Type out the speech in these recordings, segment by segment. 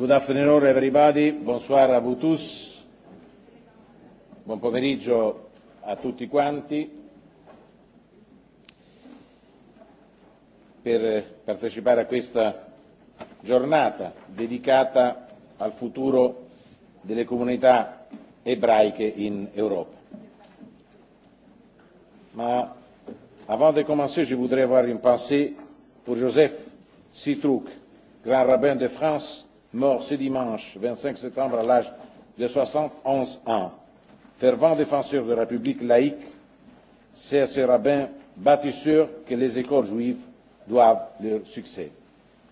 Good afternoon everybody, bonsoir a tous, buon pomeriggio a tutti quanti. Per partecipare a questa giornata dedicata al futuro delle comunità ebraiche in Europa. Ma avant de commencer, je voudrais avoir une pensée pour Joseph Citruc, grand rabbin de France, mort ce dimanche 25 septembre à l'âge de 71 ans. Fervent défenseur de la République laïque, c'est ce rabbin battu sûr que les écoles juives doivent leur succès.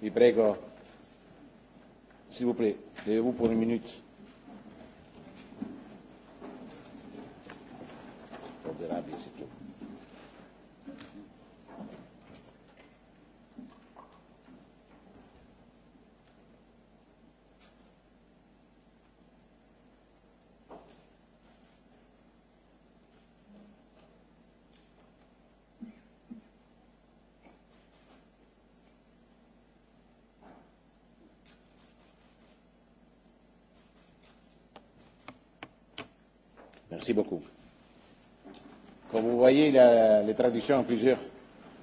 Vi prego, s'il vous plaît, levez-vous pour une minute. Pour des rabbis, Merci beaucoup. Comme vous voyez, la, les traductions en plusieurs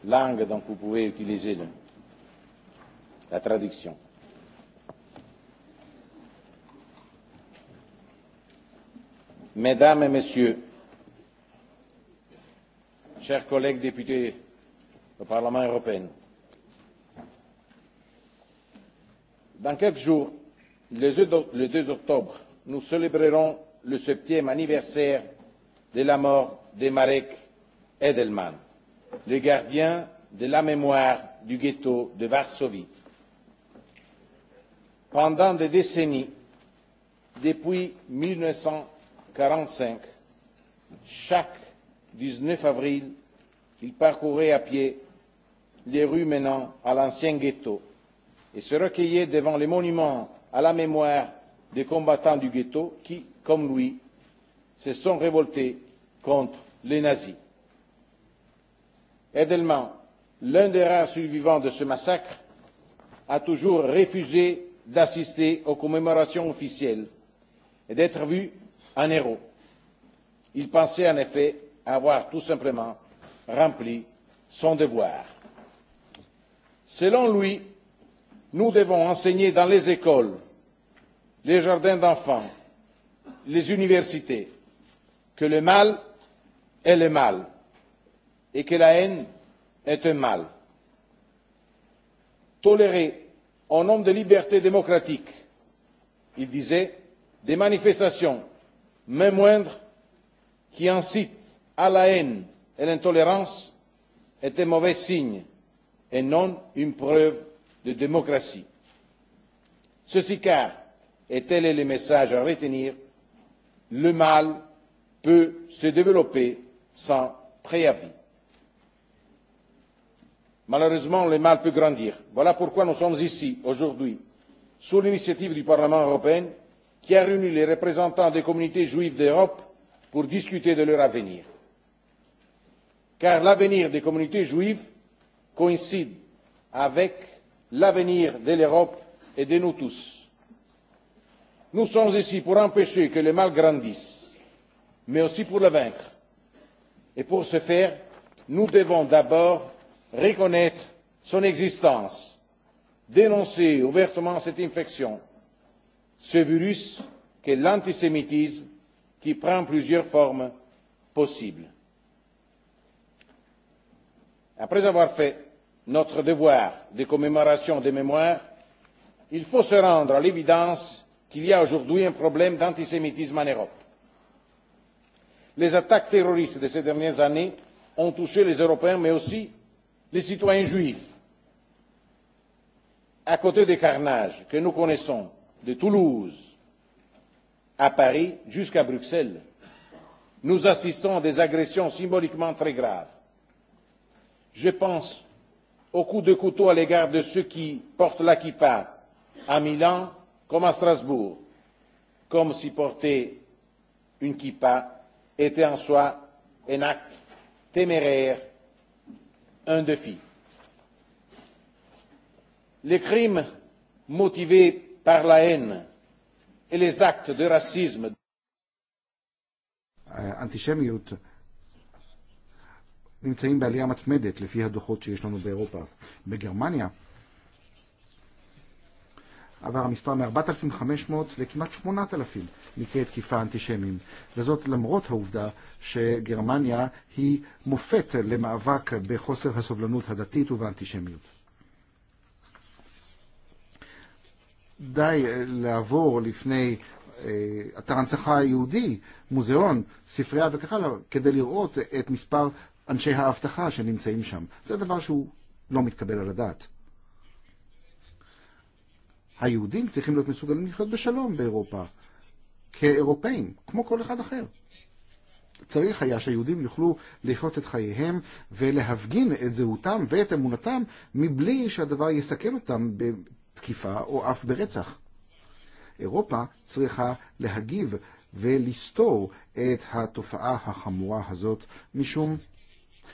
langues, donc vous pouvez utiliser le, la traduction. Mesdames et Messieurs, chers collègues députés au Parlement européen, dans quelques jours, le 2 octobre, nous célébrerons le septième anniversaire de la mort de Marek Edelman, le gardien de la mémoire du ghetto de Varsovie. Pendant des décennies, depuis 1945, chaque 19 avril, il parcourait à pied les rues menant à l'ancien ghetto et se recueillait devant les monuments à la mémoire des combattants du ghetto qui, comme lui, se sont révoltés contre les nazis. Edelman, l'un des rares survivants de ce massacre, a toujours refusé d'assister aux commémorations officielles et d'être vu en héros. Il pensait en effet avoir tout simplement rempli son devoir. Selon lui, nous devons enseigner dans les écoles, les jardins d'enfants, les universités que le mal est le mal et que la haine est un mal. Tolérer, au nom de libertés démocratiques, il disait, des manifestations, même moindres, qui incitent à la haine et l'intolérance est un mauvais signe et non une preuve de démocratie. Ceci car, et tel est le message à retenir, le mal peut se développer sans préavis. Malheureusement, le mal peut grandir. Voilà pourquoi nous sommes ici aujourd'hui, sous l'initiative du Parlement européen, qui a réuni les représentants des communautés juives d'Europe pour discuter de leur avenir. Car l'avenir des communautés juives coïncide avec l'avenir de l'Europe et de nous tous. Nous sommes ici pour empêcher que le mal grandisse, mais aussi pour le vaincre. Et pour ce faire, nous devons d'abord reconnaître son existence, dénoncer ouvertement cette infection, ce virus qu'est l'antisémitisme qui prend plusieurs formes possibles. Après avoir fait notre devoir de commémoration des mémoires, il faut se rendre à l'évidence qu'il y a aujourd'hui un problème d'antisémitisme en Europe. Les attaques terroristes de ces dernières années ont touché les Européens, mais aussi les citoyens juifs. À côté des carnages que nous connaissons de Toulouse à Paris jusqu'à Bruxelles, nous assistons à des agressions symboliquement très graves. Je pense aux coups de couteau à l'égard de ceux qui portent la kippa à Milan comme à Strasbourg, comme si porter une kippa était en soi un acte téméraire, un défi. Les crimes motivés par la haine et les actes de racisme eh, antisemijut nimtsajn għalija ma tmedet li fija duħut xiex nonu b'Europa. B'Germania, עבר המספר מ-4,500 לכמעט 8,000 מקרי תקיפה אנטישמיים, וזאת למרות העובדה שגרמניה היא מופת למאבק בחוסר הסובלנות הדתית ובאנטישמיות. די לעבור לפני אתר הנצחה יהודי, מוזיאון, ספרייה וכך הלאה, כדי לראות את מספר אנשי האבטחה שנמצאים שם. זה דבר שהוא לא מתקבל על הדעת. היהודים צריכים להיות מסוגלים לחיות בשלום באירופה, כאירופאים, כמו כל אחד אחר. צריך היה שהיהודים יוכלו לחיות את חייהם ולהפגין את זהותם ואת אמונתם מבלי שהדבר יסכן אותם בתקיפה או אף ברצח. אירופה צריכה להגיב ולסתור את התופעה החמורה הזאת משום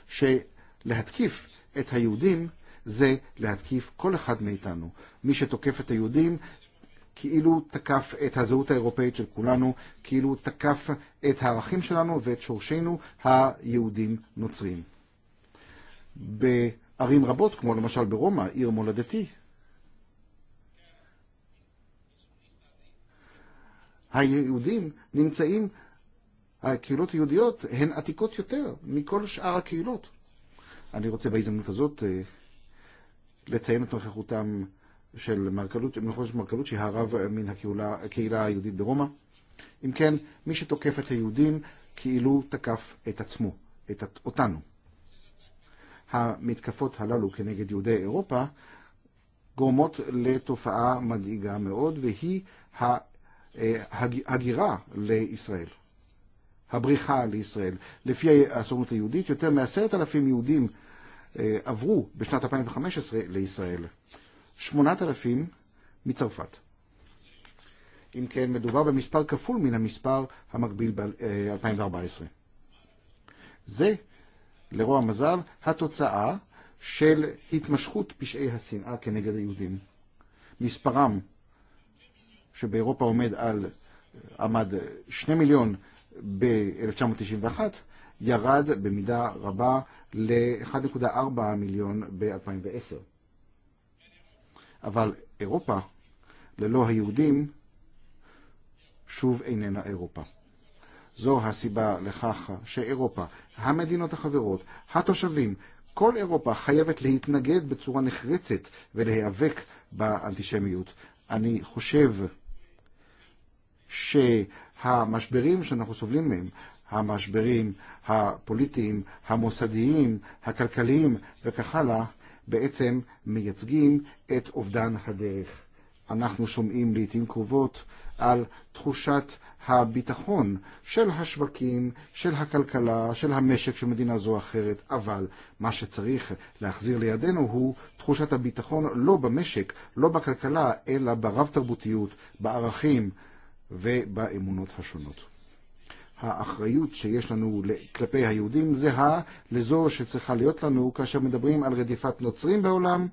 שלהתקיף את היהודים זה להתקיף כל אחד מאיתנו. מי שתוקף את היהודים כאילו תקף את הזהות האירופאית של כולנו, כאילו תקף את הערכים שלנו ואת שורשינו היהודים נוצרים. בערים רבות, כמו למשל ברומא, עיר מולדתי, היהודים נמצאים, הקהילות היהודיות הן עתיקות יותר מכל שאר הקהילות. אני רוצה בהזדמנות הזאת לציין את נוכחותם של מחוז מרקלוצ'י, הרב מן הקהילה, הקהילה היהודית ברומא. אם כן, מי שתוקף את היהודים כאילו תקף את עצמו, את אותנו. המתקפות הללו כנגד יהודי אירופה גורמות לתופעה מדאיגה מאוד, והיא ההגירה לישראל. הבריחה לישראל. לפי הסוכנות היהודית, יותר מעשרת אלפים יהודים עברו בשנת 2015 לישראל. 8,000 מצרפת. אם כן, מדובר במספר כפול מן המספר המקביל ב-2014. זה, לרוע מזל, התוצאה של התמשכות פשעי השנאה כנגד היהודים. מספרם שבאירופה עומד על, עמד 2 מיליון ב-1991, ירד במידה רבה ל-1.4 מיליון ב-2010. אבל אירופה, ללא היהודים, שוב איננה אירופה. זו הסיבה לכך שאירופה, המדינות החברות, התושבים, כל אירופה חייבת להתנגד בצורה נחרצת ולהיאבק באנטישמיות. אני חושב שהמשברים שאנחנו סובלים מהם, המשברים הפוליטיים, המוסדיים, הכלכליים וכך הלאה, בעצם מייצגים את אובדן הדרך. אנחנו שומעים לעיתים קרובות על תחושת הביטחון של השווקים, של הכלכלה, של המשק של מדינה זו או אחרת, אבל מה שצריך להחזיר לידינו הוא תחושת הביטחון לא במשק, לא בכלכלה, אלא ברב-תרבותיות, בערכים ובאמונות השונות. האחריות שיש לנו כלפי היהודים זהה לזו שצריכה להיות לנו כאשר מדברים על רדיפת נוצרים בעולם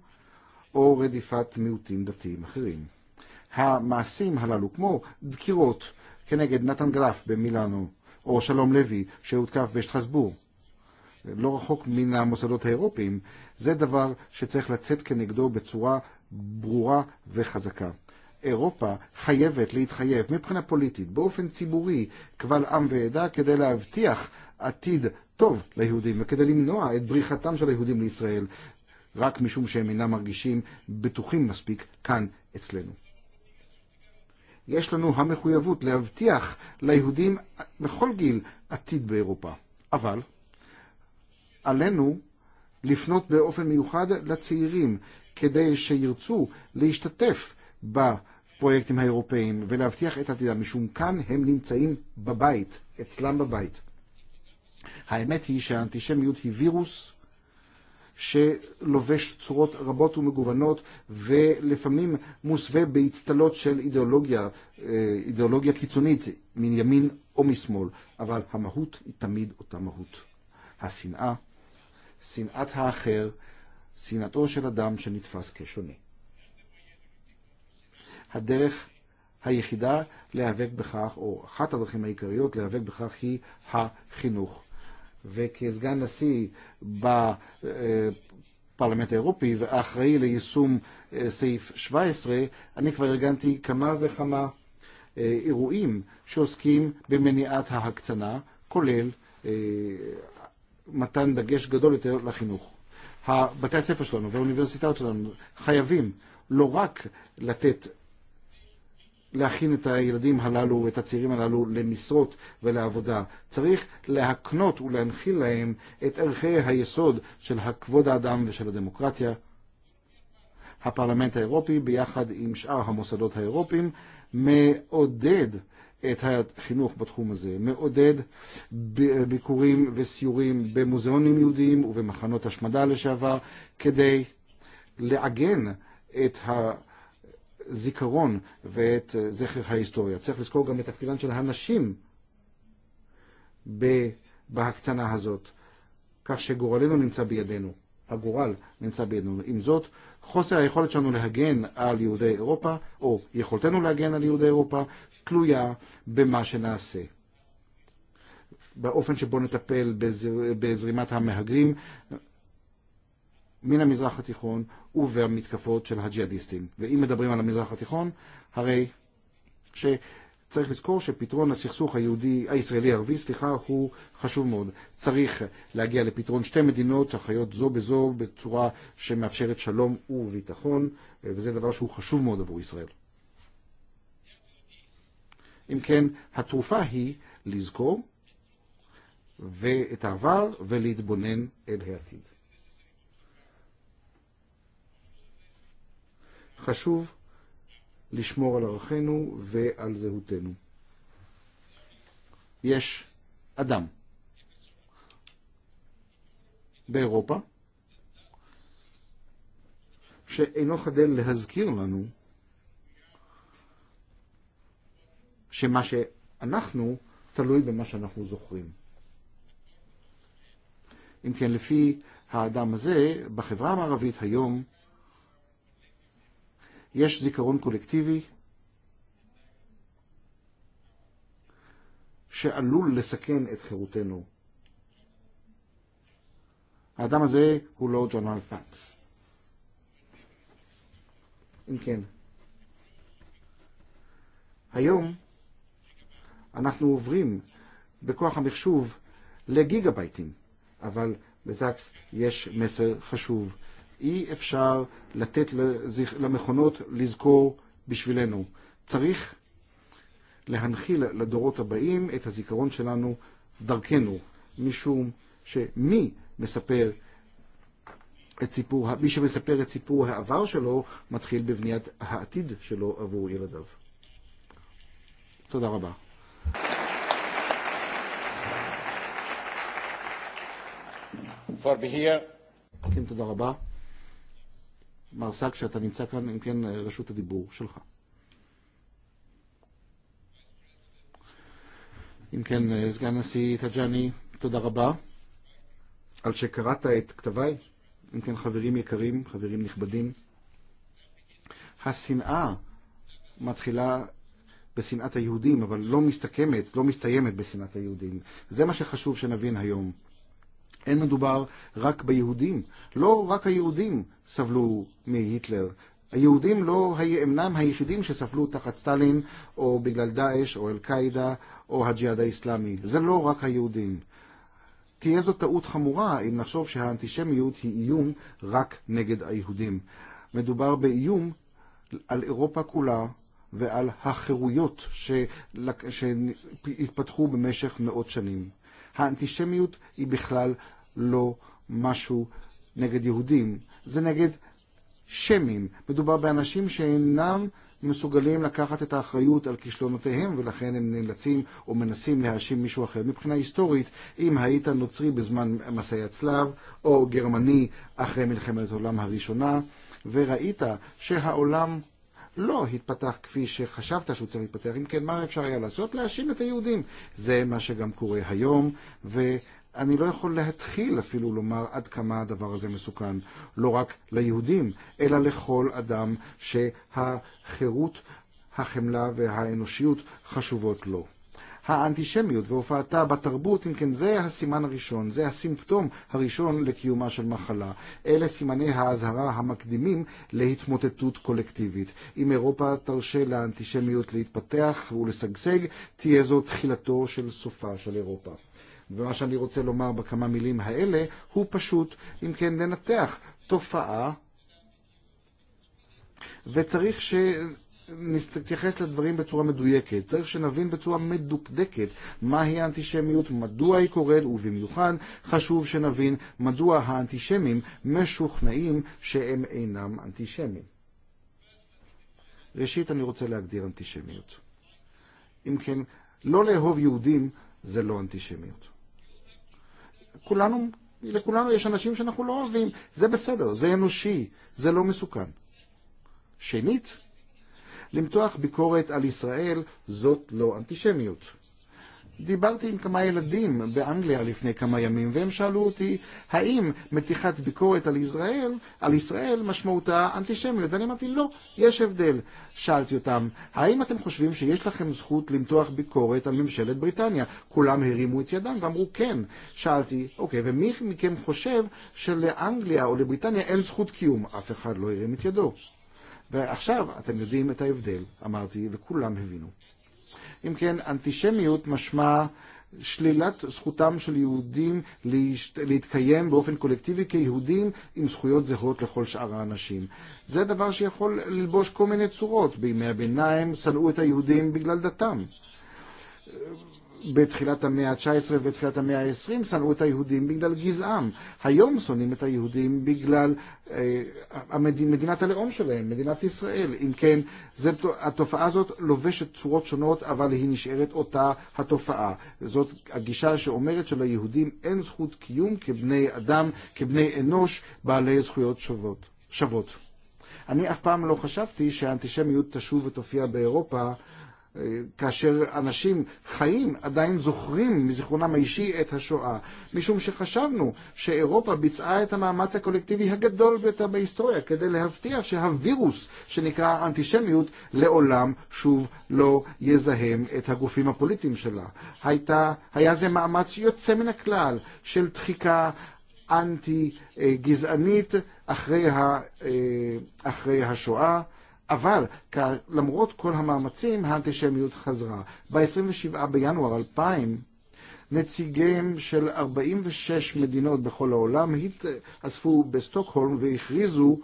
או רדיפת מיעוטים דתיים אחרים. המעשים הללו, כמו דקירות כנגד נתן גרף במילאנו, או שלום לוי שהותקף בשטרסבור, לא רחוק מן המוסדות האירופיים, זה דבר שצריך לצאת כנגדו בצורה ברורה וחזקה. אירופה חייבת להתחייב מבחינה פוליטית באופן ציבורי קבל עם ועדה כדי להבטיח עתיד טוב ליהודים וכדי למנוע את בריחתם של היהודים לישראל רק משום שהם אינם מרגישים בטוחים מספיק כאן אצלנו. יש לנו המחויבות להבטיח ליהודים בכל גיל עתיד באירופה, אבל עלינו לפנות באופן מיוחד לצעירים כדי שירצו להשתתף בפרויקטים האירופאיים ולהבטיח את עתידם, משום כאן הם נמצאים בבית, אצלם בבית. האמת היא שהאנטישמיות היא וירוס שלובש צורות רבות ומגוונות ולפעמים מוסווה ideologia של אידיאולוגיה, אידיאולוגיה קיצונית מן ימין או משמאל, אבל המהות היא תמיד אותה מהות. השנאה, שנאת האחר, שנאתו של אדם שנתפס כשונה. הדרך היחידה להיאבק בכך, או אחת הדרכים העיקריות להיאבק בכך היא החינוך. וכסגן נשיא בפרלמנט האירופי ואחראי ליישום סעיף 17, אני כבר ארגנתי כמה וכמה אירועים שעוסקים במניעת ההקצנה, כולל מתן דגש גדול יותר לחינוך. בתי הספר שלנו והאוניברסיטאות שלנו חייבים לא רק לתת להכין את הילדים הללו ואת הצעירים הללו למשרות ולעבודה. צריך להקנות ולהנחיל להם את ערכי היסוד של כבוד האדם ושל הדמוקרטיה. הפרלמנט האירופי ביחד עם שאר המוסדות האירופיים מעודד את החינוך בתחום הזה, מעודד ביקורים וסיורים במוזיאונים יהודיים ובמחנות השמדה לשעבר כדי לעגן את ה... זיכרון ואת זכר ההיסטוריה. צריך לזכור גם את תפקידן של הנשים בהקצנה הזאת, כך שגורלנו נמצא בידינו, הגורל נמצא בידינו. עם זאת, חוסר היכולת שלנו להגן על יהודי אירופה, או יכולתנו להגן על יהודי אירופה, תלויה במה שנעשה. באופן שבו נטפל בזרימת המהגרים מן המזרח התיכון ובמתקפות של הג'יהאדיסטים. ואם מדברים על המזרח התיכון, הרי שצריך לזכור שפתרון הסכסוך היהודי, הישראלי ערבי, סליחה, הוא חשוב מאוד. צריך להגיע לפתרון שתי מדינות שחיות זו בזו בצורה שמאפשרת שלום וביטחון, וזה דבר שהוא חשוב מאוד עבור ישראל. אם כן, התרופה היא לזכור ואת העבר ולהתבונן אל העתיד. חשוב לשמור על ערכינו ועל זהותנו. יש אדם באירופה שאינו חדל להזכיר לנו שמה שאנחנו תלוי במה שאנחנו זוכרים. אם כן, לפי האדם הזה, בחברה המערבית היום, יש זיכרון קולקטיבי שעלול לסכן את חירותנו. האדם הזה הוא לא ג'ון אלפאט. אם כן, היום אנחנו עוברים בכוח המחשוב לגיגה בייטים, אבל בזקס יש מסר חשוב אי אפשר לתת למכונות לזכור בשבילנו. צריך להנחיל לדורות הבאים את הזיכרון שלנו דרכנו, משום שמי מספר את סיפור, מי שמספר את סיפור העבר שלו, מתחיל בבניית העתיד שלו עבור ילדיו. תודה רבה. For be here. תודה רבה. מהסג שאתה נמצא כאן, אם כן, רשות הדיבור שלך. אם כן, סגן נשיא טג'אני, תודה רבה על שקראת את כתביי. אם כן, חברים יקרים, חברים נכבדים, השנאה מתחילה בשנאת היהודים, אבל לא מסתכמת, לא מסתיימת בשנאת היהודים. זה מה שחשוב שנבין היום. אין מדובר רק ביהודים. לא רק היהודים סבלו מהיטלר. היהודים לא אמנם היחידים שסבלו תחת סטלין, או בגלל דאעש, או אל-קאעידה, או הג'יהאד האיסלאמי. זה לא רק היהודים. תהיה זו טעות חמורה אם נחשוב שהאנטישמיות היא איום רק נגד היהודים. מדובר באיום על אירופה כולה ועל החירויות שהתפתחו במשך מאות שנים. האנטישמיות היא בכלל לא משהו נגד יהודים, זה נגד שמים. מדובר באנשים שאינם מסוגלים לקחת את האחריות על כישלונותיהם ולכן הם נאלצים או מנסים להאשים מישהו אחר. מבחינה היסטורית, אם היית נוצרי בזמן מסעי הצלב או גרמני אחרי מלחמת העולם הראשונה וראית שהעולם לא התפתח כפי שחשבת שהוא צריך להתפתח, אם כן, מה אפשר היה לעשות? להאשים את היהודים. זה מה שגם קורה היום, ו... אני לא יכול להתחיל אפילו לומר עד כמה הדבר הזה מסוכן, לא רק ליהודים, אלא לכל אדם שהחירות, החמלה והאנושיות חשובות לו. האנטישמיות והופעתה בתרבות אם כן זה הסימן הראשון, זה הסימפטום הראשון לקיומה של מחלה. אלה סימני האזהרה המקדימים להתמוטטות קולקטיבית. אם אירופה תרשה לאנטישמיות להתפתח ולשגשג, תהיה זו תחילתו של סופה של אירופה. ומה שאני רוצה לומר בכמה מילים האלה הוא פשוט, אם כן, לנתח תופעה וצריך ש... תתייחס לדברים בצורה מדויקת. צריך שנבין בצורה מדוקדקת מהי האנטישמיות, מדוע היא קורית, ובמיוחד חשוב שנבין מדוע האנטישמים משוכנעים שהם אינם אנטישמים. ראשית, אני רוצה להגדיר אנטישמיות. אם כן, לא לאהוב יהודים זה לא אנטישמיות. כולנו, לכולנו יש אנשים שאנחנו לא אוהבים, זה בסדר, זה אנושי, זה לא מסוכן. שנית, למתוח ביקורת על ישראל, זאת לא אנטישמיות. דיברתי עם כמה ילדים באנגליה לפני כמה ימים, והם שאלו אותי האם מתיחת ביקורת על ישראל, על ישראל משמעותה אנטישמיות. ואני אמרתי, לא, יש הבדל. שאלתי אותם, האם אתם חושבים שיש לכם זכות למתוח ביקורת על ממשלת בריטניה? כולם הרימו את ידם ואמרו כן. שאלתי, אוקיי, ומי מכם חושב שלאנגליה או לבריטניה אין זכות קיום? אף אחד לא הרים את ידו. ועכשיו אתם יודעים את ההבדל, אמרתי, וכולם הבינו. אם כן, אנטישמיות משמע שלילת זכותם של יהודים להתקיים באופן קולקטיבי כיהודים עם זכויות זהות לכל שאר האנשים. זה דבר שיכול ללבוש כל מיני צורות. בימי הביניים שנאו את היהודים בגלל דתם. בתחילת המאה ה-19 ובתחילת המאה ה-20 שנאו את היהודים בגלל גזעם. היום שונאים את היהודים בגלל אה, המדינ, מדינת הלאום שלהם, מדינת ישראל. אם כן, זה, התופעה הזאת לובשת צורות שונות, אבל היא נשארת אותה התופעה. זאת הגישה שאומרת שליהודים אין זכות קיום כבני אדם, כבני אנוש, בעלי זכויות שוות. שוות. אני אף פעם לא חשבתי שהאנטישמיות תשוב ותופיע באירופה. כאשר אנשים חיים עדיין זוכרים מזיכרונם האישי את השואה, משום שחשבנו שאירופה ביצעה את המאמץ הקולקטיבי הגדול ביותר בהיסטוריה כדי להבטיח שהווירוס שנקרא אנטישמיות לעולם שוב לא יזהם את הגופים הפוליטיים שלה. הייתה, היה זה מאמץ יוצא מן הכלל של דחיקה אנטי גזענית אחרי, ה, אחרי השואה. אבל למרות כל המאמצים, האנטישמיות חזרה. ב-27 בינואר 2000, נציגיהם של 46 מדינות בכל העולם התאספו בסטוקהולם והכריזו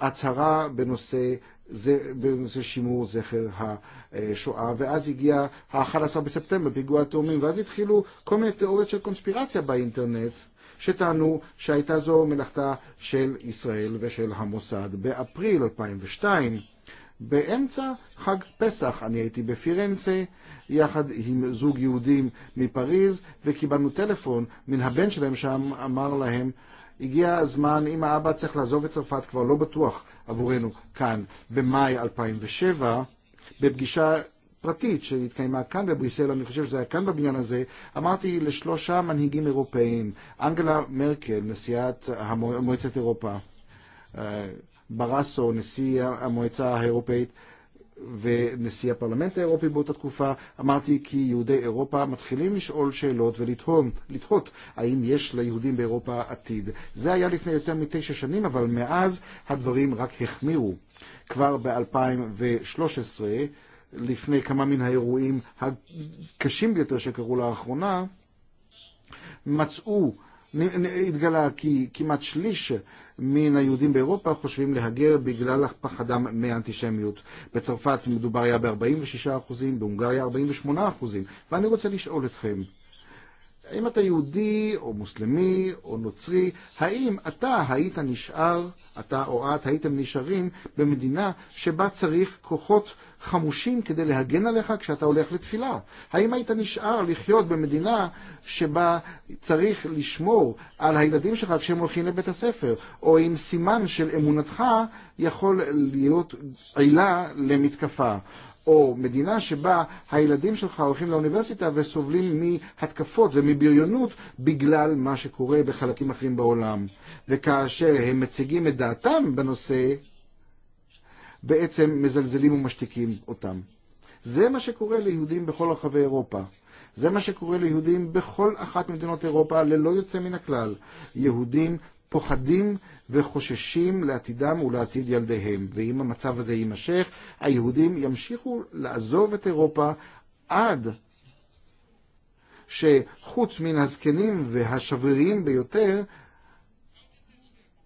הצהרה בנושא, זה, בנושא שימור זכר השואה, ואז הגיע ה-11 בספטמבר, פיגוע התאומים, ואז התחילו כל מיני תיאוריות של קונספירציה באינטרנט. שטענו שהייתה זו מלאכתה של ישראל ושל המוסד. באפריל 2002 באמצע חג פסח אני הייתי בפירנצה יחד עם זוג יהודים מפריז וקיבלנו טלפון מן הבן שלהם שם אמר להם הגיע הזמן, אם האבא צריך לעזוב את צרפת, כבר לא בטוח עבורנו כאן, במאי 2007, בפגישה פרטית שהתקיימה כאן בבריסל, אני חושב שזה היה כאן בבניין הזה, אמרתי לשלושה מנהיגים אירופאים, אנגלה מרקל, נשיאת מועצת אירופה, ברסו, נשיא המועצה האירופאית, ונשיא הפרלמנט האירופי באותה תקופה, אמרתי כי יהודי אירופה מתחילים לשאול שאלות ולתהות האם יש ליהודים באירופה עתיד. זה היה לפני יותר מתשע שנים, אבל מאז הדברים רק החמירו. כבר ב-2013 לפני כמה מן האירועים הקשים ביותר שקרו לאחרונה, מצאו, התגלה כי כמעט שליש מן היהודים באירופה חושבים להגר בגלל פחדם מאנטישמיות. בצרפת מדובר היה ב-46%, בהונגריה 48%. ואני רוצה לשאול אתכם, האם אתה יהודי או מוסלמי או נוצרי, האם אתה היית נשאר, אתה או את הייתם נשארים במדינה שבה צריך כוחות חמושים כדי להגן עליך כשאתה הולך לתפילה? האם היית נשאר לחיות במדינה שבה צריך לשמור על הילדים שלך כשהם הולכים לבית הספר, או אם סימן של אמונתך יכול להיות עילה למתקפה? או מדינה שבה הילדים שלך הולכים לאוניברסיטה וסובלים מהתקפות ומבריונות בגלל מה שקורה בחלקים אחרים בעולם. וכאשר הם מציגים את דעתם בנושא, בעצם מזלזלים ומשתיקים אותם. זה מה שקורה ליהודים בכל רחבי אירופה. זה מה שקורה ליהודים בכל אחת ממדינות אירופה ללא יוצא מן הכלל. יהודים פוחדים וחוששים לעתידם ולעתיד ילדיהם. ואם המצב הזה יימשך, היהודים ימשיכו לעזוב את אירופה עד שחוץ מן הזקנים והשברירים ביותר,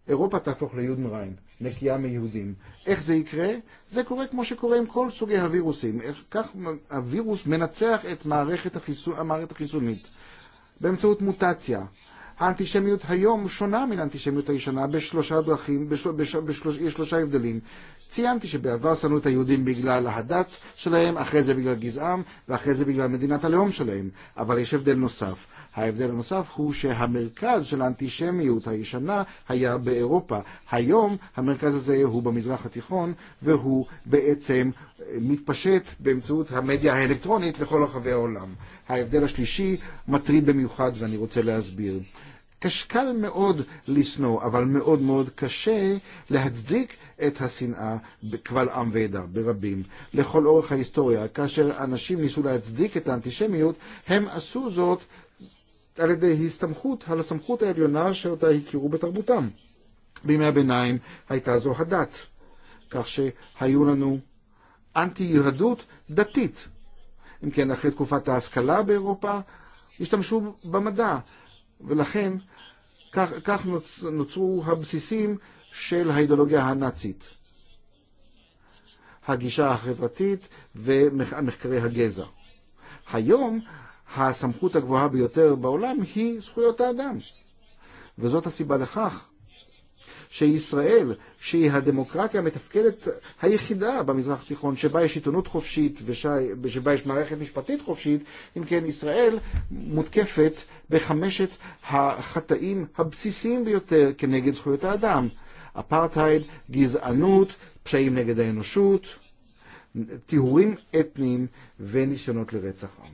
אירופה תהפוך ליודנריין. נקייה מיהודים. איך זה יקרה? זה קורה כמו שקורה עם כל סוגי הווירוסים. איך כך הווירוס מנצח את מערכת, החיסו, המערכת החיסונית באמצעות מוטציה. האנטישמיות היום שונה מן האנטישמיות הישנה בשלושה דרכים, בשלוש, בשלוש, יש שלושה הבדלים. ציינתי שבעבר שנאו את היהודים בגלל הדת שלהם, אחרי זה בגלל גזעם, ואחרי זה בגלל מדינת הלאום שלהם. אבל יש הבדל נוסף. ההבדל הנוסף הוא שהמרכז של האנטישמיות הישנה היה באירופה. היום המרכז הזה הוא במזרח התיכון, והוא בעצם מתפשט באמצעות המדיה האלקטרונית לכל רחבי העולם. ההבדל השלישי מטריד במיוחד, ואני רוצה להסביר. קל מאוד לשנוא, אבל מאוד מאוד קשה להצדיק את השנאה קבל עם ועדה ברבים. לכל אורך ההיסטוריה, כאשר אנשים ניסו להצדיק את האנטישמיות, הם עשו זאת על ידי הסתמכות על הסמכות העליונה שאותה הכירו בתרבותם. בימי הביניים הייתה זו הדת, כך שהיו לנו אנטי-יהדות דתית. אם כן, אחרי תקופת ההשכלה באירופה, השתמשו במדע, ולכן כך, כך נוצ, נוצרו הבסיסים של ההידאולוגיה הנאצית, הגישה החברתית ומחקרי הגזע. היום הסמכות הגבוהה ביותר בעולם היא זכויות האדם, וזאת הסיבה לכך שישראל, שהיא הדמוקרטיה המתפקדת היחידה במזרח התיכון, שבה יש עיתונות חופשית ושבה יש מערכת משפטית חופשית, אם כן ישראל מותקפת בחמשת החטאים הבסיסיים ביותר כנגד זכויות האדם apartheid, gizqanut, פשעים נגד האנושות, טיהורים אתניים וניסיונות לרצח עם.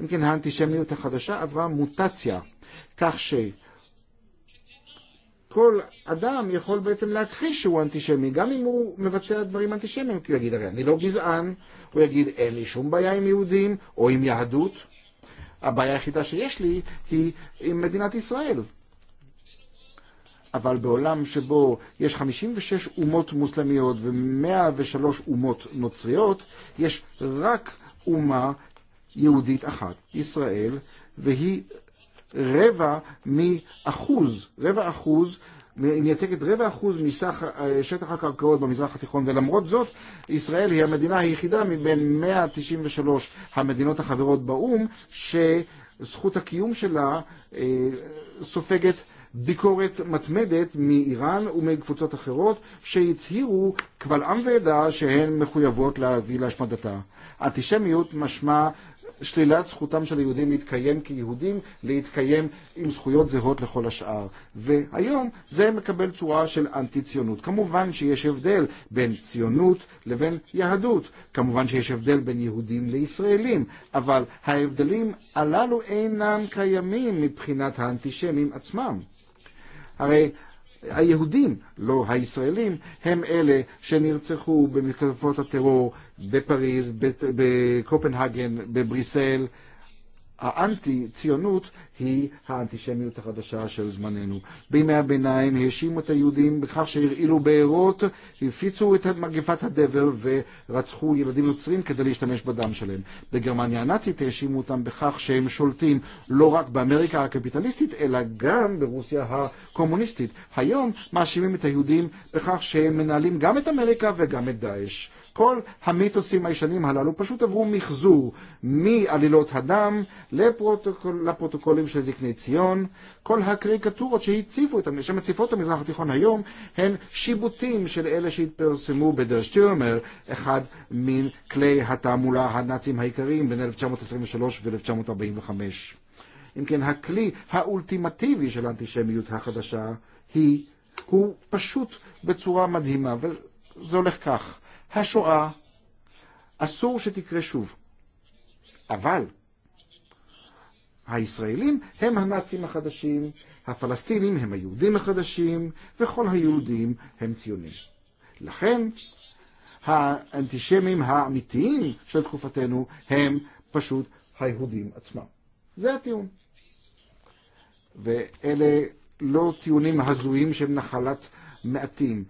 אם כן, האנטישמיות החדשה עברה מוטציה, כך שכל אדם יכול בעצם להכחיש שהוא אנטישמי, גם אם הוא מבצע דברים אנטישמיים, כי הוא יגיד, הרי אני לא גזען, הוא יגיד, אין לי שום בעיה עם יהודים או עם יהדות, הבעיה היחידה שיש לי היא עם מדינת ישראל. אבל בעולם שבו יש 56 אומות מוסלמיות ו-103 אומות נוצריות, יש רק אומה יהודית אחת, ישראל, והיא רבע מאחוז, רבע אחוז, היא מייצגת רבע אחוז מסך שטח הקרקעות במזרח התיכון, ולמרות זאת, ישראל היא המדינה היחידה מבין 193 המדינות החברות באו"ם, שזכות הקיום שלה אה, סופגת ביקורת מתמדת מאיראן ומקבוצות אחרות שהצהירו קבל עם ועדה שהן מחויבות להביא להשמדתה. אנטישמיות משמע שלילת זכותם של היהודים להתקיים כיהודים, להתקיים עם זכויות זהות לכל השאר. והיום זה מקבל צורה של אנטי-ציונות. כמובן שיש הבדל בין ציונות לבין יהדות. כמובן שיש הבדל בין יהודים לישראלים, אבל ההבדלים הללו אינם קיימים מבחינת האנטישמים עצמם. הרי היהודים, לא הישראלים, הם אלה שנרצחו במתקפות הטרור בפריז, בקופנהגן, בבריסל. האנטי-ציונות היא האנטישמיות החדשה של זמננו. בימי הביניים האשימו את היהודים בכך שהרעילו בארות, הפיצו את מגפת הדבר ורצחו ילדים נוצרים כדי להשתמש בדם שלהם. בגרמניה הנאצית האשימו אותם בכך שהם שולטים לא רק באמריקה הקפיטליסטית, אלא גם ברוסיה הקומוניסטית. היום מאשימים את היהודים בכך שהם מנהלים גם את אמריקה וגם את דאעש. כל המיתוסים הישנים הללו פשוט עברו מחזור מעלילות הדם לפרוטוקול, לפרוטוקולים המחקרים של זקני ציון, כל הקריקטורות שהציפו את המרשם הציפות המזרח התיכון היום הן שיבוטים של אלה שהתפרסמו בדר שטרמר, אחד מן כלי התעמולה הנאצים העיקריים בין 1923 ו-1945. אם כן, הכלי האולטימטיבי של האנטישמיות החדשה היא, הוא פשוט בצורה מדהימה, וזה הולך כך. השואה, אסור שתקרה שוב. אבל הישראלים הם הנאצים החדשים, הפלסטינים הם היהודים החדשים, וכל היהודים הם ציונים. לכן, האנטישמים האמיתיים של תקופתנו הם פשוט היהודים עצמם. זה הטיעון. ואלה לא טיעונים הזויים שהם נחלת מעטים,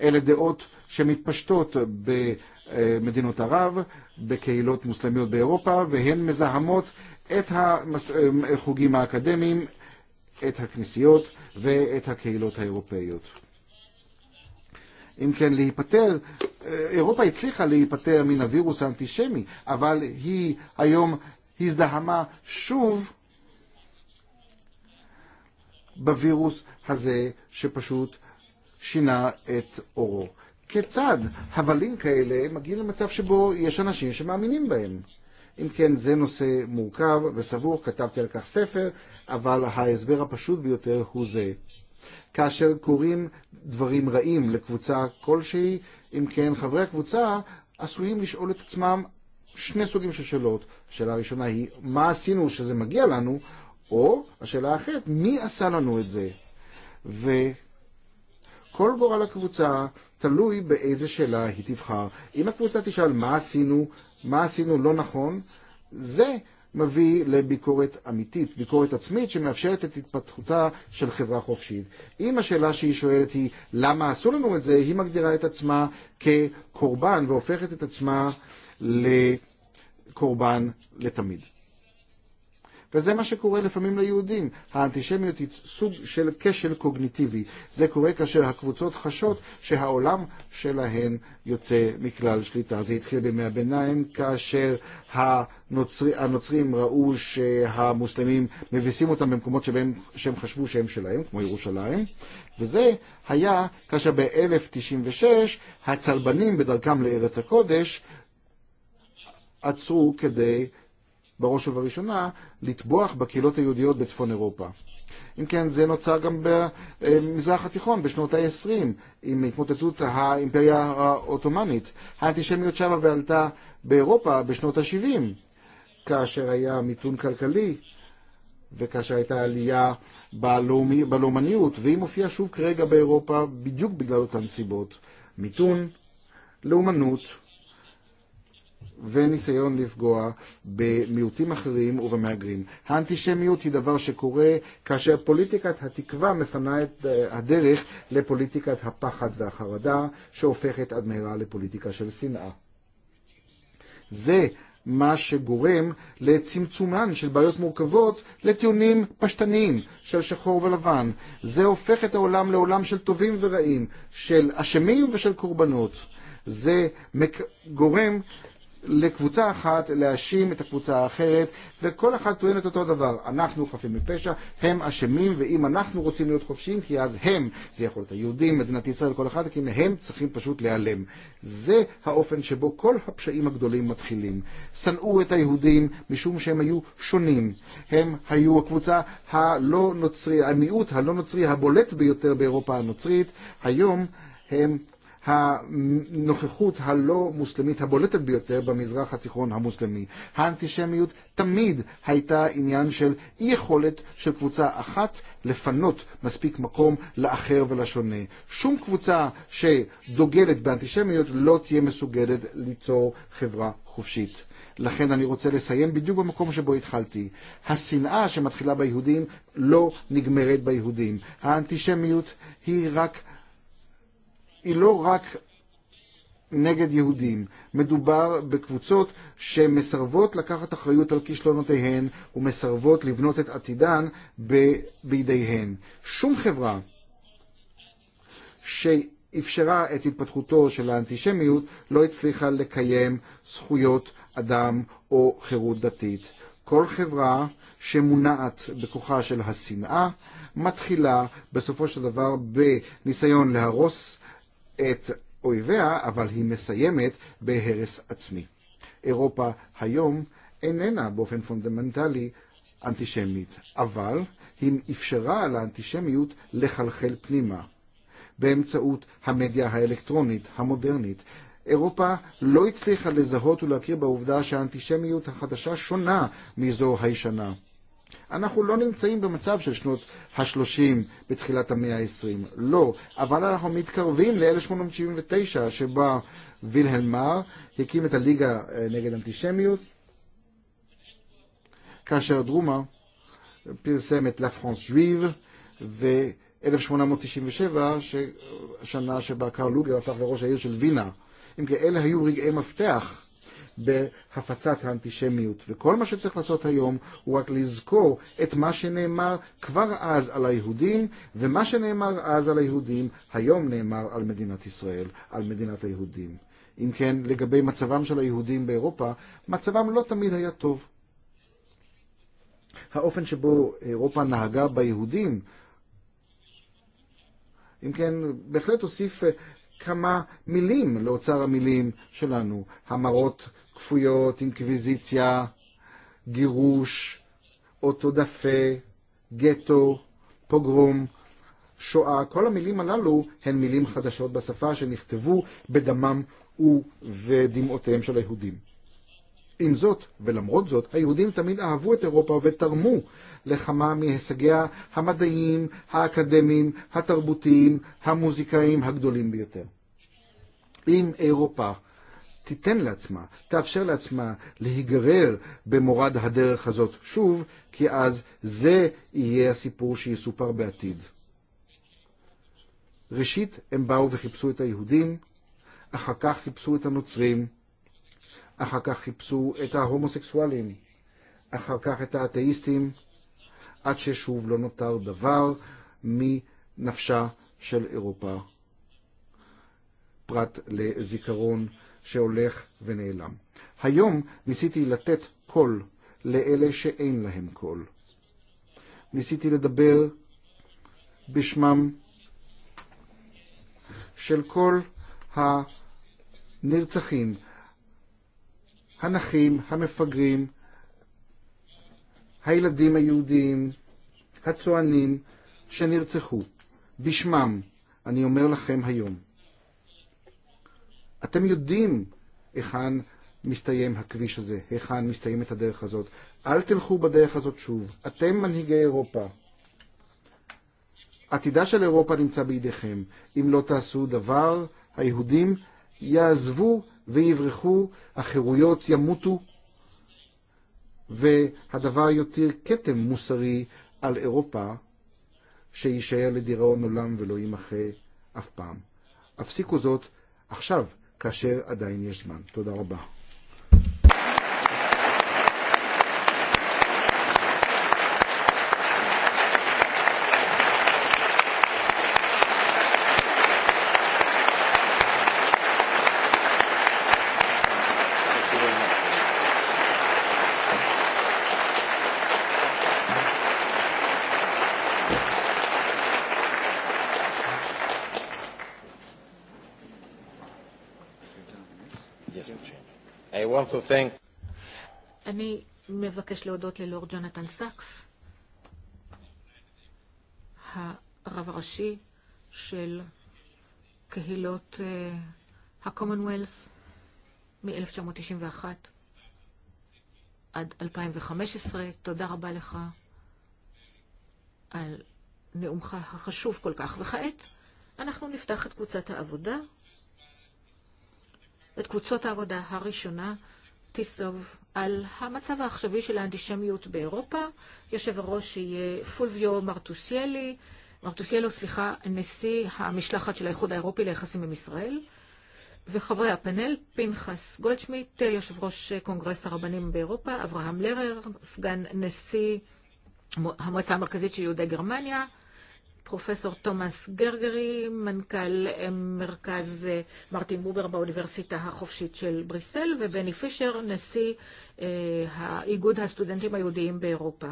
אלה דעות שמתפשטות במדינות ערב, בקהילות מוסלמיות באירופה, והן מזהמות את החוגים האקדמיים, את הכנסיות ואת הקהילות האירופאיות. אם כן להיפטר, אירופה הצליחה להיפטר מן הווירוס האנטישמי, אבל היא היום הזדהמה שוב בווירוס הזה שפשוט שינה את אורו. כיצד הבלים כאלה מגיעים למצב שבו יש אנשים שמאמינים בהם? אם כן, זה נושא מורכב וסבוך, כתבתי על כך ספר, אבל ההסבר הפשוט ביותר הוא זה. כאשר קורים דברים רעים לקבוצה כלשהי, אם כן, חברי הקבוצה עשויים לשאול את עצמם שני סוגים של שאלות. השאלה הראשונה היא, מה עשינו שזה מגיע לנו? או השאלה האחרת, מי עשה לנו את זה? ו... כל גורל הקבוצה תלוי באיזה שאלה היא תבחר. אם הקבוצה תשאל מה עשינו, מה עשינו לא נכון, זה מביא לביקורת אמיתית, ביקורת עצמית שמאפשרת את התפתחותה של חברה חופשית. אם השאלה שהיא שואלת היא למה עשו לנו את זה, היא מגדירה את עצמה כקורבן והופכת את עצמה לקורבן לתמיד. וזה מה שקורה לפעמים ליהודים. האנטישמיות היא סוג של כשל קוגניטיבי. זה קורה כאשר הקבוצות חשות שהעולם שלהן יוצא מכלל שליטה. זה התחיל בימי הביניים, כאשר הנוצרי, הנוצרים ראו שהמוסלמים מביסים אותם במקומות שבהם, שהם חשבו שהם שלהם, כמו ירושלים, וזה היה כאשר ב-1096 הצלבנים בדרכם לארץ הקודש עצרו כדי בראש ובראשונה, לטבוח בקהילות היהודיות בצפון אירופה. אם כן, זה נוצר גם במזרח התיכון בשנות ה-20, עם התמוטטות האימפריה העות'מאנית. האנטישמיות שבה ועלתה באירופה בשנות ה-70, כאשר היה מיתון כלכלי וכאשר הייתה עלייה בלאומי, בלאומניות, והיא מופיעה שוב כרגע באירופה בדיוק בגלל אותן סיבות. מיתון, לאומנות, וניסיון לפגוע במיעוטים אחרים ובמהגרים. האנטישמיות היא דבר שקורה כאשר פוליטיקת התקווה מפנה את הדרך לפוליטיקת הפחד והחרדה, שהופכת עד מהרה לפוליטיקה של שנאה. זה מה שגורם לצמצומן של בעיות מורכבות לטיעונים פשטניים של שחור ולבן. זה הופך את העולם לעולם של טובים ורעים, של אשמים ושל קורבנות. זה גורם לקבוצה אחת להאשים את הקבוצה האחרת, וכל אחד טוען את אותו דבר, אנחנו חפים מפשע, הם אשמים, ואם אנחנו רוצים להיות חופשיים, כי אז הם, זה יכול להיות היהודים, מדינת ישראל, כל אחד, כי הם צריכים פשוט להיעלם. זה האופן שבו כל הפשעים הגדולים מתחילים. שנאו את היהודים משום שהם היו שונים. הם היו הקבוצה הלא נוצרי, המיעוט הלא נוצרי הבולט ביותר באירופה הנוצרית. היום הם הנוכחות הלא מוסלמית הבולטת ביותר במזרח התיכון המוסלמי. האנטישמיות תמיד הייתה עניין של אי יכולת של קבוצה אחת לפנות מספיק מקום לאחר ולשונה. שום קבוצה שדוגלת באנטישמיות לא תהיה מסוגלת ליצור חברה חופשית. לכן אני רוצה לסיים בדיוק במקום שבו התחלתי. השנאה שמתחילה ביהודים לא נגמרת ביהודים. האנטישמיות היא רק היא לא רק נגד יהודים. מדובר בקבוצות שמסרבות לקחת אחריות על כישלונותיהן ומסרבות לבנות את עתידן ב- בידיהן. שום חברה שאפשרה את התפתחותו של האנטישמיות לא הצליחה לקיים זכויות אדם או חירות דתית. כל חברה שמונעת בכוחה של השנאה מתחילה בסופו של דבר בניסיון להרוס את אויביה, אבל היא מסיימת בהרס עצמי. אירופה היום איננה באופן פונדמנטלי אנטישמית, אבל היא אפשרה לאנטישמיות לחלחל פנימה. באמצעות המדיה האלקטרונית המודרנית. אירופה לא הצליחה לזהות ולהכיר בעובדה שהאנטישמיות החדשה שונה מזו הישנה. אנחנו לא נמצאים במצב של שנות ה-30 בתחילת המאה ה-20, לא, אבל אנחנו מתקרבים ל-1879 שבה מר הקים את הליגה נגד אנטישמיות, כאשר דרומה פרסם את לה פרנס שוויב, ו-1897, שנה שבה קרל לוגר הפך לראש העיר של וינה. אם כאלה היו רגעי מפתח בהפצת האנטישמיות. וכל מה שצריך לעשות היום הוא רק לזכור את מה שנאמר כבר אז על היהודים, ומה שנאמר אז על היהודים היום נאמר על מדינת ישראל, על מדינת היהודים. אם כן, לגבי מצבם של היהודים באירופה, מצבם לא תמיד היה טוב. האופן שבו אירופה נהגה ביהודים, אם כן, בהחלט הוסיף כמה מילים לאוצר המילים שלנו. המרות כפויות, אינקוויזיציה, גירוש, אוטודפה, גטו, פוגרום, שואה. כל המילים הללו הן מילים חדשות בשפה שנכתבו בדמם ובדמעותיהם של היהודים. עם זאת, ולמרות זאת, היהודים תמיד אהבו את אירופה ותרמו לכמה מהישגיה המדעיים, האקדמיים, התרבותיים, המוזיקאים הגדולים ביותר. אם אירופה תיתן לעצמה, תאפשר לעצמה להיגרר במורד הדרך הזאת שוב, כי אז זה יהיה הסיפור שיסופר בעתיד. ראשית, הם באו וחיפשו את היהודים, אחר כך חיפשו את הנוצרים, אחר כך חיפשו את ההומוסקסואלים, אחר כך את האתאיסטים, עד ששוב לא נותר דבר מנפשה של אירופה, פרט לזיכרון שהולך ונעלם. היום ניסיתי לתת קול לאלה שאין להם קול. ניסיתי לדבר בשמם של כל הנרצחים הנכים, המפגרים, הילדים היהודים, הצוענים שנרצחו, בשמם אני אומר לכם היום. אתם יודעים היכן מסתיים הכביש הזה, היכן מסתיימת הדרך הזאת. אל תלכו בדרך הזאת שוב. אתם מנהיגי אירופה. עתידה של אירופה נמצא בידיכם. אם לא תעשו דבר, היהודים יעזבו ויברחו, החירויות ימותו, והדבר יותיר כתם מוסרי על אירופה, שיישאר לדיראון עולם ולא יימחה אף פעם. הפסיקו זאת עכשיו, כאשר עדיין יש זמן. תודה רבה. thank. אני commonwealth מ-1991 עד 2015. תודה רבה לך על נאומך החשוב כל כך. וכעת אנחנו נפתח את קבוצת העבודה, את קבוצות העבודה הראשונה טיסוב על המצב העכשווי של האנטישמיות באירופה. יושב הראש יהיה פולביו מרטוסיאלי, מרטוסיאלו, סליחה, נשיא המשלחת של האיחוד האירופי ליחסים עם ישראל. וחברי הפאנל, פנחס גולדשמיט, יושב ראש קונגרס הרבנים באירופה, אברהם לרר, סגן נשיא המועצה המרכזית של יהודי גרמניה, פרופסור תומאס גרגרי, מנכ"ל מרכז מרטין בובר באוניברסיטה החופשית של בריסל, ובני פישר, נשיא איגוד הסטודנטים היהודיים באירופה.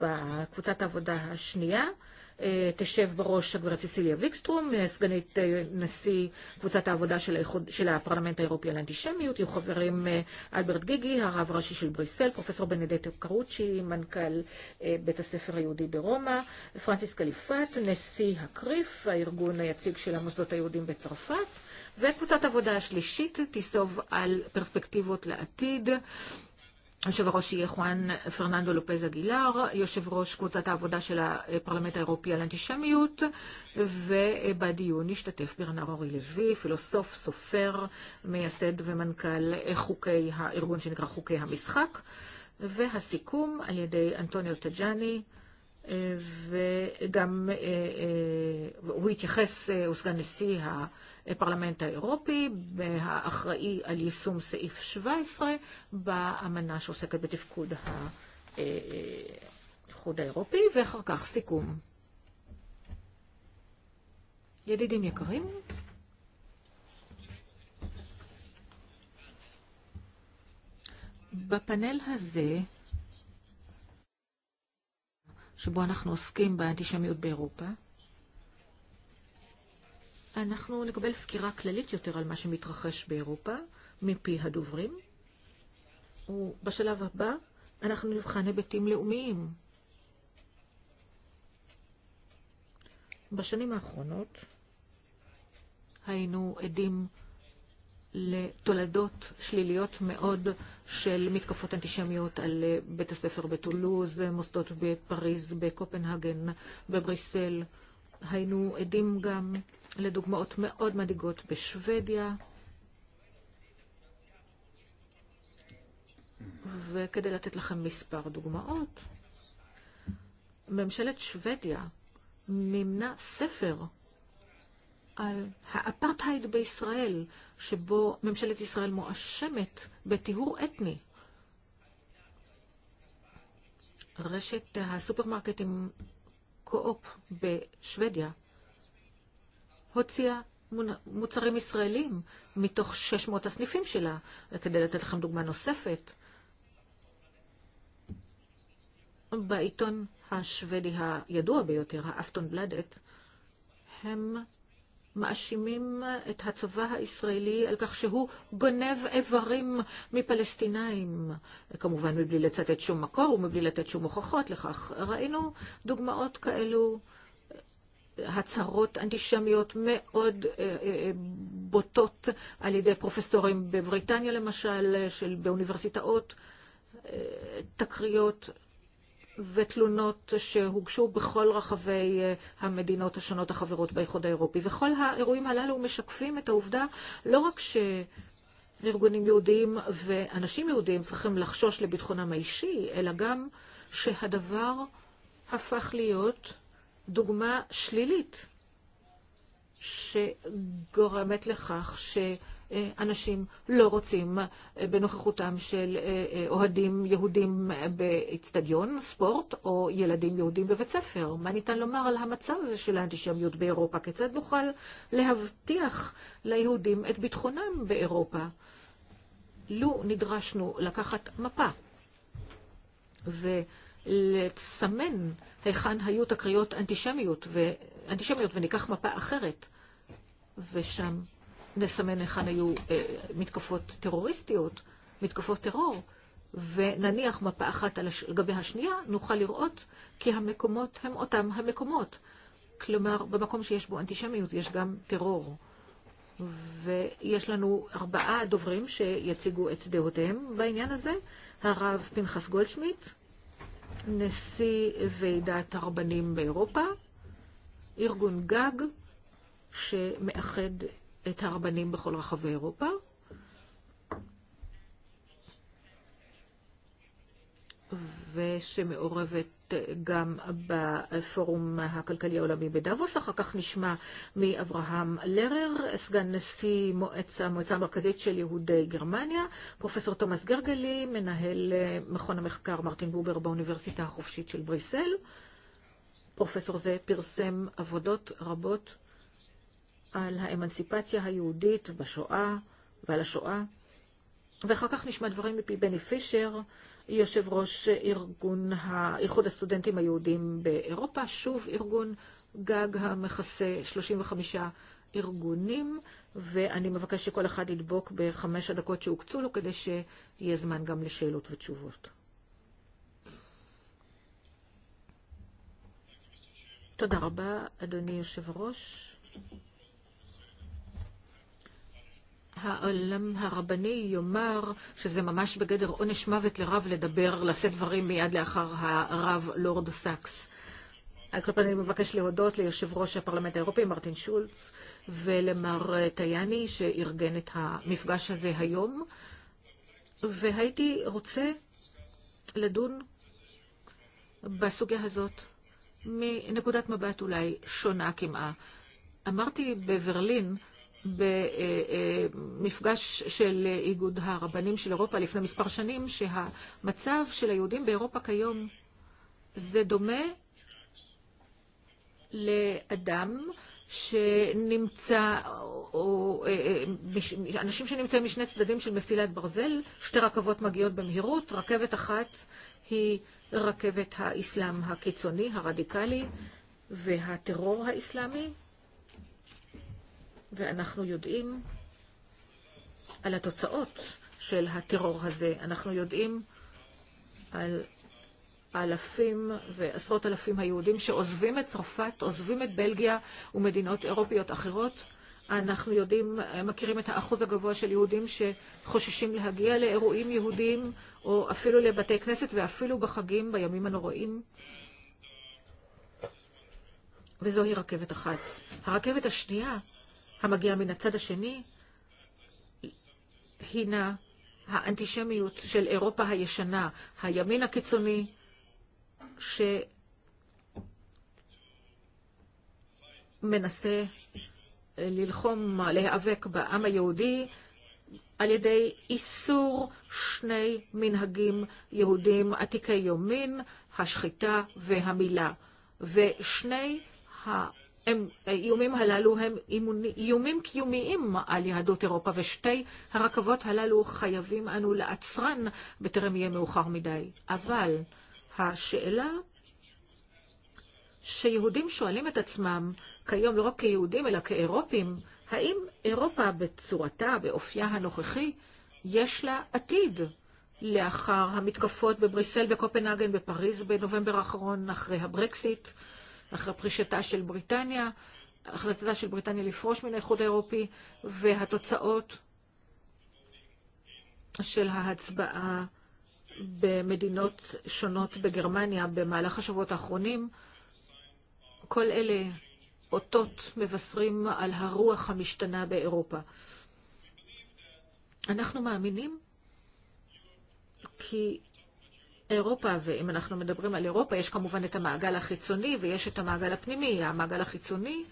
בקבוצת העבודה השנייה תשב בראש הגברת סיסיליה ויקסטרום, סגנית נשיא קבוצת העבודה של, היחוד, של הפרלמנט האירופי על אנטישמיות, יהיו חברים אלברט גיגי, הרב הראשי של בריסל, פרופסור בנדטו קרוצ'י, מנכ"ל בית הספר היהודי ברומא, פרנסיס קליפת, נשיא הקריף, הארגון היציג של המוסדות היהודים בצרפת, וקבוצת עבודה השלישית תיסוב על פרספקטיבות לעתיד יושב ראש היא חואן פרננדו לופז אגילר, יושב ראש קבוצת העבודה של הפרלמנט האירופי על אנטישמיות, ובדיון השתתף ברנר אורי לוי, פילוסוף, סופר, מייסד ומנכ"ל חוקי הארגון שנקרא חוקי המשחק, והסיכום על ידי אנטוניו טג'אני, וגם הוא התייחס, הוא סגן נשיא הפרלמנט האירופי, האחראי על יישום סעיף 17 באמנה שעוסקת בתפקוד האיחוד האירופי, ואחר כך סיכום. ידידים יקרים, בפאנל הזה שבו אנחנו עוסקים באנטישמיות באירופה. אנחנו נקבל סקירה כללית יותר על מה שמתרחש באירופה מפי הדוברים, ובשלב הבא אנחנו נבחן היבטים לאומיים. בשנים האחרונות היינו עדים לתולדות שליליות מאוד של מתקפות אנטישמיות על בית הספר בטולוז, מוסדות בפריז, בקופנהגן, בבריסל. היינו עדים גם לדוגמאות מאוד מדאיגות בשוודיה. וכדי לתת לכם מספר דוגמאות, ממשלת שוודיה מימנה ספר על האפרטהייד בישראל, שבו ממשלת ישראל מואשמת בטיהור אתני. רשת הסופרמרקטים קו-אופ בשוודיה הוציאה מוצרים ישראלים מתוך 600 הסניפים שלה, כדי לתת לכם דוגמה נוספת. בעיתון השוודי הידוע ביותר, האפטון בלדת, הם מאשימים את הצבא הישראלי על כך שהוא גונב איברים מפלסטינאים, כמובן מבלי לצטט שום מקור ומבלי לתת שום הוכחות לכך. ראינו דוגמאות כאלו, הצהרות אנטישמיות מאוד בוטות על ידי פרופסורים בבריטניה למשל, של, באוניברסיטאות, תקריות ותלונות שהוגשו בכל רחבי המדינות השונות החברות באיחוד האירופי. וכל האירועים הללו משקפים את העובדה לא רק ש... ארגונים יהודיים ואנשים יהודיים צריכים לחשוש לביטחונם האישי, אלא גם שהדבר הפך להיות דוגמה שלילית שגורמת לכך ש... אנשים לא רוצים בנוכחותם של אוהדים יהודים באיצטדיון ספורט או ילדים יהודים בבית ספר. מה ניתן לומר על המצב הזה של האנטישמיות באירופה? כיצד נוכל להבטיח ליהודים את ביטחונם באירופה? לו נדרשנו לקחת מפה ולסמן היכן היו תקריות אנטישמיות, ו... אנטישמיות וניקח מפה אחרת ושם נסמן היכן היו מתקפות טרוריסטיות, מתקפות טרור, ונניח מפה אחת על גבי השנייה, נוכל לראות כי המקומות הם אותם המקומות. כלומר, במקום שיש בו אנטישמיות יש גם טרור. ויש לנו ארבעה דוברים שיציגו את דעותיהם בעניין הזה, הרב פנחס גולדשמיט, נשיא ועידת הרבנים באירופה, ארגון גג שמאחד את הרבנים בכל רחבי אירופה. ושמעורבת גם בפורום הכלכלי העולמי בדאבוס. אחר כך נשמע מאברהם לרר, סגן נשיא מועצה, המועצה המרכזית של יהודי גרמניה, פרופסור תומאס גרגלי, מנהל מכון המחקר מרטין בובר באוניברסיטה החופשית של בריסל. פרופסור זה פרסם עבודות רבות על האמנסיפציה היהודית בשואה ועל השואה. ואחר כך נשמע דברים מפי בני פישר, יושב ראש ארגון איחוד הסטודנטים היהודים באירופה, שוב ארגון גג המכסה 35 ארגונים, ואני מבקש שכל אחד ידבוק בחמש הדקות שהוקצו לו כדי שיהיה זמן גם לשאלות ותשובות. תודה רבה, אדוני יושב-ראש. העולם הרבני יאמר שזה ממש בגדר עונש מוות לרב לדבר, לשאת דברים מיד לאחר הרב לורד סאקס. על כל פנים, אני מבקש להודות ליושב ראש הפרלמנט האירופי, מרטין שולץ, ולמר טייני, שארגן את המפגש הזה היום. והייתי רוצה לדון בסוגיה הזאת מנקודת מבט אולי שונה כמעט. אמרתי בברלין, במפגש של איגוד הרבנים של אירופה לפני מספר שנים, שהמצב של היהודים באירופה כיום זה דומה לאדם שנמצא, או אנשים שנמצאים משני צדדים של מסילת ברזל, שתי רכבות מגיעות במהירות, רכבת אחת היא רכבת האסלאם הקיצוני, הרדיקלי, והטרור האסלאמי, ואנחנו יודעים על התוצאות של הטרור הזה. אנחנו יודעים על אלפים ועשרות אלפים היהודים שעוזבים את צרפת, עוזבים את בלגיה ומדינות אירופיות אחרות. אנחנו יודעים, מכירים את האחוז הגבוה של יהודים שחוששים להגיע לאירועים יהודיים או אפילו לבתי כנסת ואפילו בחגים בימים הנוראים. וזוהי רכבת אחת. הרכבת השנייה המגיע מן הצד השני הינה האנטישמיות של אירופה הישנה, הימין הקיצוני, שמנסה ללחום, להיאבק בעם היהודי על ידי איסור שני מנהגים יהודים עתיקי יומין, השחיטה והמילה. ושני jumim halaluhem jumim קיומיים על יהדות אירופה ושתי הרכבות הללו חייבים אנו לעצרן בטרם יהיה מאוחר מדי. אבל השאלה שיהודים שואלים את עצמם כיום לא רק כיהודים אלא כאירופים, האם אירופה בצורתה, באופייה הנוכחי, יש לה עתיד לאחר המתקפות בבריסל, בקופנהגן, בפריז בנובמבר האחרון, אחרי הברקסיט, אחרי פרישתה של בריטניה, החלטתה של בריטניה לפרוש מן האיחוד האירופי והתוצאות של ההצבעה במדינות שונות בגרמניה במהלך השבועות האחרונים, כל אלה אותות מבשרים על הרוח המשתנה באירופה. אנחנו מאמינים כי אירופה, ואם אנחנו מדברים על אירופה, יש כמובן את המעגל החיצוני ויש את המעגל הפנימי. המעגל החיצוני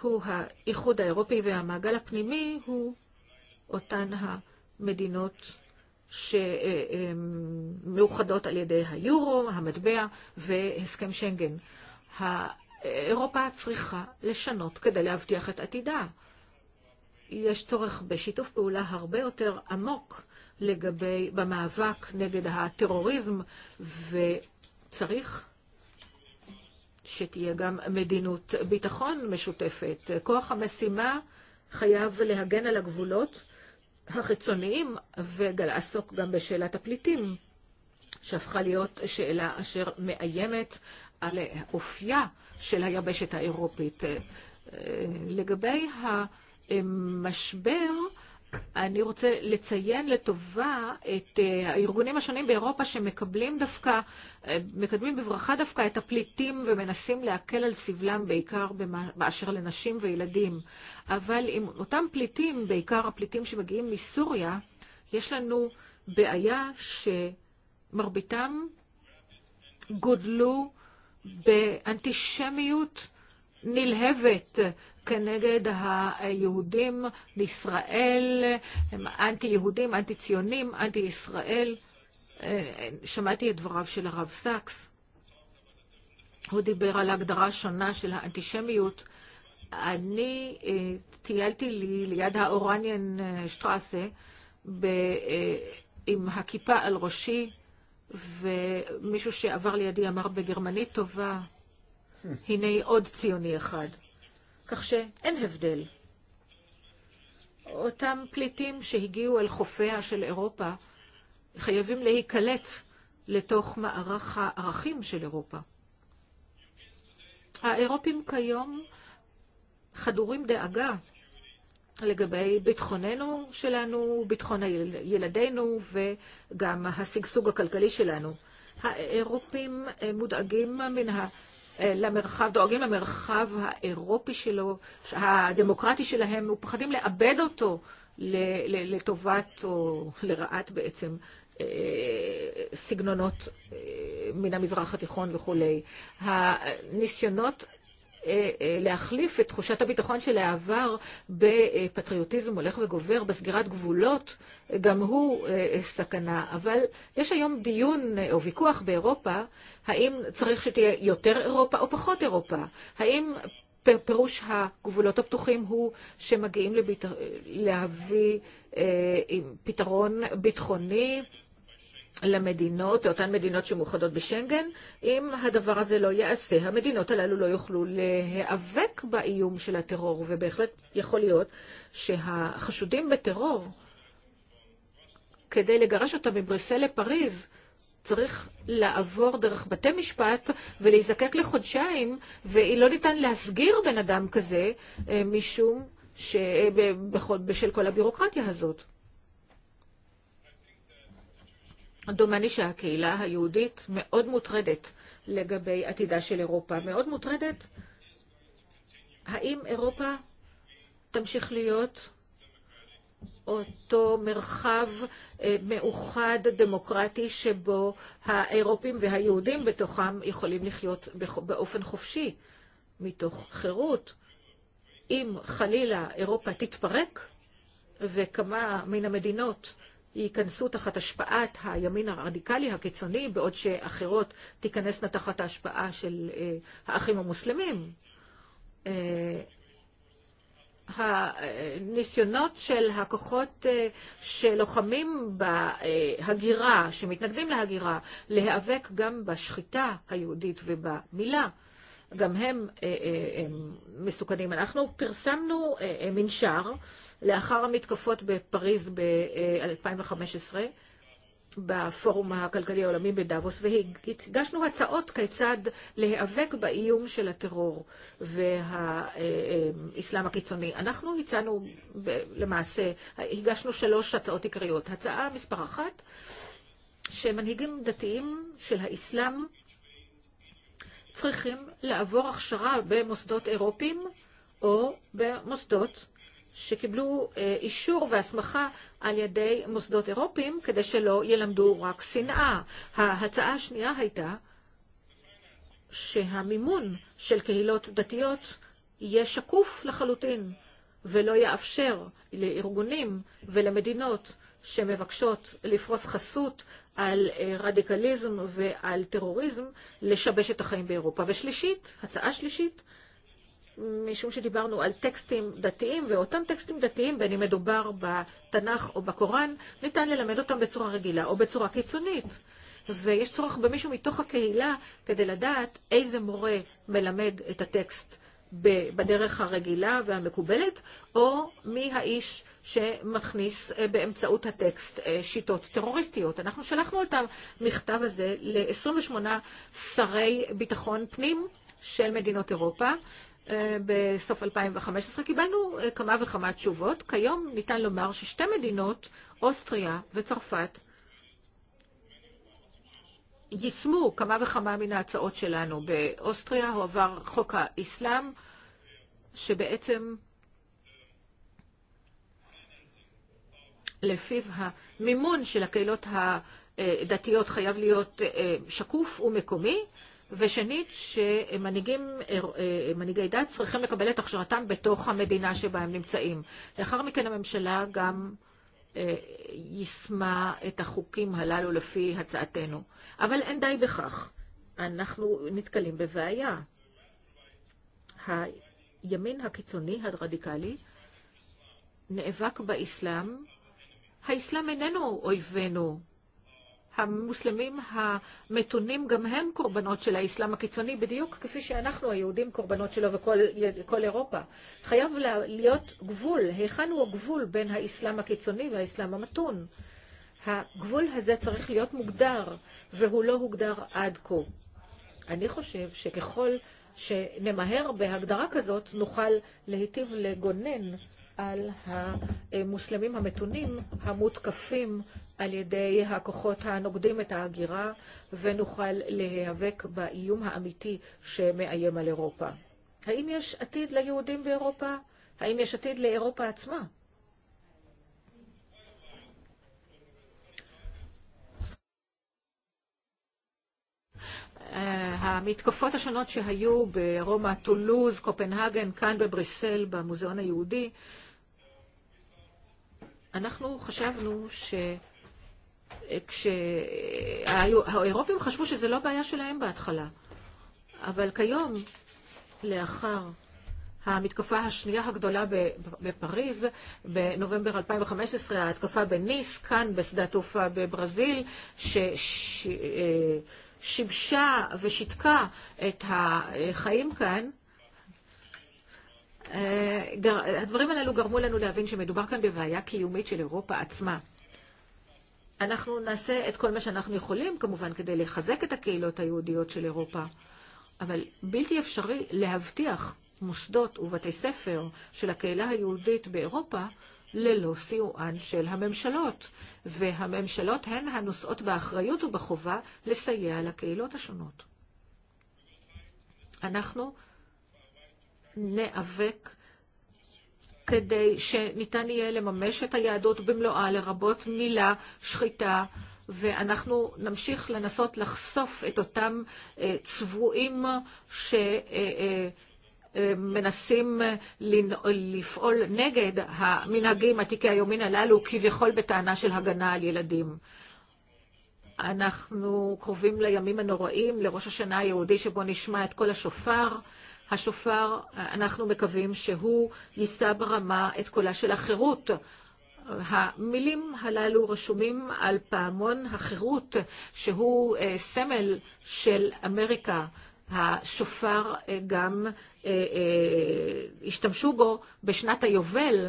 הוא האיחוד האירופי והמעגל הפנימי הוא אותן המדינות שמאוחדות על ידי היורו, המטבע והסכם שנגן. אירופה צריכה לשנות כדי להבטיח את עתידה. יש צורך בשיתוף פעולה הרבה יותר עמוק לגבי, במאבק נגד הטרוריזם, וצריך שתהיה גם מדינות ביטחון משותפת. כוח המשימה חייב להגן על הגבולות החיצוניים ולעסוק גם בשאלת הפליטים, שהפכה להיות שאלה אשר מאיימת על אופייה של היבשת האירופית. לגבי המשבר, אני רוצה לציין לטובה את הארגונים השונים באירופה שמקבלים דווקא, מקדמים בברכה דווקא את הפליטים ומנסים להקל על סבלם בעיקר באשר לנשים וילדים. אבל עם אותם פליטים, בעיקר הפליטים שמגיעים מסוריה, יש לנו בעיה שמרביתם גודלו באנטישמיות נלהבת כנגד היהודים בישראל, הם אנטי-יהודים, אנטי-ציונים, אנטי-ישראל. שמעתי את דבריו של הרב סאקס. הוא דיבר על הגדרה שונה של האנטישמיות. אני טיילתי לי ליד האורניאן שטרסה ב, עם הכיפה על ראשי, ומישהו שעבר לידי אמר בגרמנית טובה, hmm. הנה עוד ציוני אחד. כך שאין הבדל. אותם פליטים שהגיעו אל חופיה של אירופה חייבים להיקלט לתוך מערך הערכים של אירופה. האירופים כיום חדורים דאגה לגבי ביטחוננו שלנו, ביטחון ילדינו וגם השגשוג הכלכלי שלנו. האירופים מודאגים מן ה... למרחב, דואגים למרחב האירופי שלו, הדמוקרטי שלהם, ופחדים לאבד אותו לטובת או לרעת בעצם סגנונות מן המזרח התיכון וכולי. הניסיונות להחליף את תחושת הביטחון של העבר בפטריוטיזם הולך וגובר, בסגירת גבולות, גם הוא סכנה. אבל יש היום דיון או ויכוח באירופה, האם צריך שתהיה יותר אירופה או פחות אירופה? האם פירוש הגבולות הפתוחים הוא שמגיעים לביט... להביא אה, פתרון ביטחוני למדינות, אותן מדינות שמאוחדות בשנגן, אם הדבר הזה לא ייעשה. המדינות הללו לא יוכלו להיאבק באיום של הטרור, ובהחלט יכול להיות שהחשודים בטרור, כדי לגרש אותם מבריסל לפריז, צריך לעבור דרך בתי משפט ולהיזקק לחודשיים, ולא ניתן להסגיר בן אדם כזה משום ש... בשל כל הבירוקרטיה הזאת domani שהקהילה היהודית me מוטרדת לגבי עתידה Europa. אירופה. מאוד מוטרדת האם אירופה תמשיך להיות אותו מרחב מאוחד דמוקרטי שבו האירופים והיהודים בתוכם יכולים לחיות באופן חופשי, מתוך חירות. אם חלילה אירופה תתפרק וכמה מן המדינות ייכנסו תחת השפעת הימין הרדיקלי הקיצוני, בעוד שאחרות תיכנסנה תחת ההשפעה של האחים המוסלמים. הניסיונות של הכוחות שלוחמים בהגירה, שמתנגדים להגירה, להיאבק גם בשחיטה היהודית ובמילה גם הם מסוכנים. אנחנו פרסמנו מנשר לאחר המתקפות בפריז ב-2015 בפורום הכלכלי העולמי בדאבוס, והגשנו הצעות כיצד להיאבק באיום של הטרור והאסלאם הקיצוני. אנחנו הצענו למעשה, הגשנו שלוש הצעות עיקריות. הצעה מספר אחת, שמנהיגים דתיים של האסלאם צריכים לעבור הכשרה במוסדות אירופיים או במוסדות שקיבלו אישור והסמכה על ידי מוסדות אירופיים כדי שלא ילמדו רק שנאה. ההצעה השנייה הייתה שהמימון של קהילות דתיות יהיה שקוף לחלוטין ולא יאפשר לארגונים ולמדינות שמבקשות לפרוס חסות על רדיקליזם ועל טרוריזם לשבש את החיים באירופה. ושלישית, הצעה שלישית, משום שדיברנו על טקסטים דתיים, ואותם טקסטים דתיים, בין אם מדובר בתנ"ך או בקוראן, ניתן ללמד אותם בצורה רגילה או בצורה קיצונית. ויש צורך במישהו מתוך הקהילה כדי לדעת איזה מורה מלמד את הטקסט בדרך הרגילה והמקובלת, או מי האיש שמכניס באמצעות הטקסט שיטות טרוריסטיות. אנחנו שלחנו את המכתב הזה ל-28 שרי ביטחון פנים של מדינות אירופה. בסוף 2015 קיבלנו כמה וכמה תשובות. כיום ניתן לומר ששתי מדינות, אוסטריה וצרפת, יישמו כמה וכמה מן ההצעות שלנו. באוסטריה Islam, חוק האסלאם, שבעצם לפיו המימון של הקהילות הדתיות חייב להיות שקוף ומקומי, ושנית, שמנהיגים, מנהיגי דת צריכים לקבל את הכשרתם בתוך המדינה שבה הם נמצאים. לאחר מכן הממשלה גם יישמה את החוקים הללו לפי הצעתנו. אבל אין די בכך. אנחנו נתקלים בבעיה. הימין הקיצוני הרדיקלי נאבק באסלאם. האסלאם איננו אויבינו. המוסלמים המתונים גם הם קורבנות של האסלאם הקיצוני, בדיוק כפי שאנחנו היהודים קורבנות שלו וכל אירופה. חייב להיות גבול, היכן הוא הגבול בין האסלאם הקיצוני והאסלאם המתון? הגבול הזה צריך להיות מוגדר. והוא לא הוגדר עד כה. אני חושב שככל שנמהר בהגדרה כזאת, נוכל להיטיב לגונן על המוסלמים המתונים המותקפים על ידי הכוחות הנוגדים את ההגירה, ונוכל להיאבק באיום האמיתי שמאיים על אירופה. האם יש עתיד ליהודים באירופה? האם יש עתיד לאירופה עצמה? המתקפות השונות שהיו ברומא, טולוז, קופנהגן, כאן בבריסל, במוזיאון היהודי, אנחנו חשבנו ש... כשהאירופים חשבו שזה לא בעיה שלהם בהתחלה, אבל כיום, לאחר המתקפה השנייה הגדולה בפריז, בנובמבר 2015, ההתקפה בניס, כאן בשדה התעופה בברזיל, ש... ש... שיבשה ושיתקה את החיים כאן, הדברים הללו גרמו לנו להבין שמדובר כאן בבעיה קיומית של אירופה עצמה. אנחנו נעשה את כל מה שאנחנו יכולים, כמובן, כדי לחזק את הקהילות היהודיות של אירופה, אבל בלתי אפשרי להבטיח מוסדות ובתי ספר של הקהילה היהודית באירופה ללוסי ואן של הממשלות, והממשלות הן הנושאות באחריות ובחובה לסייע לקהילות השונות. אנחנו ניאבק כדי שניתן יהיה לממש את היהדות במלואה, לרבות מילה, שחיטה, ואנחנו נמשיך לנסות לחשוף את אותם צבועים ש... מנסים לפעול נגד המנהגים עתיקי היומין הללו כביכול בטענה של הגנה על ילדים. אנחנו קרובים לימים הנוראים, לראש השנה היהודי שבו נשמע את כל השופר. השופר, אנחנו מקווים שהוא יישא ברמה את קולה של החירות. המילים הללו רשומים על פעמון החירות, שהוא סמל של אמריקה. השופר גם השתמשו בו בשנת היובל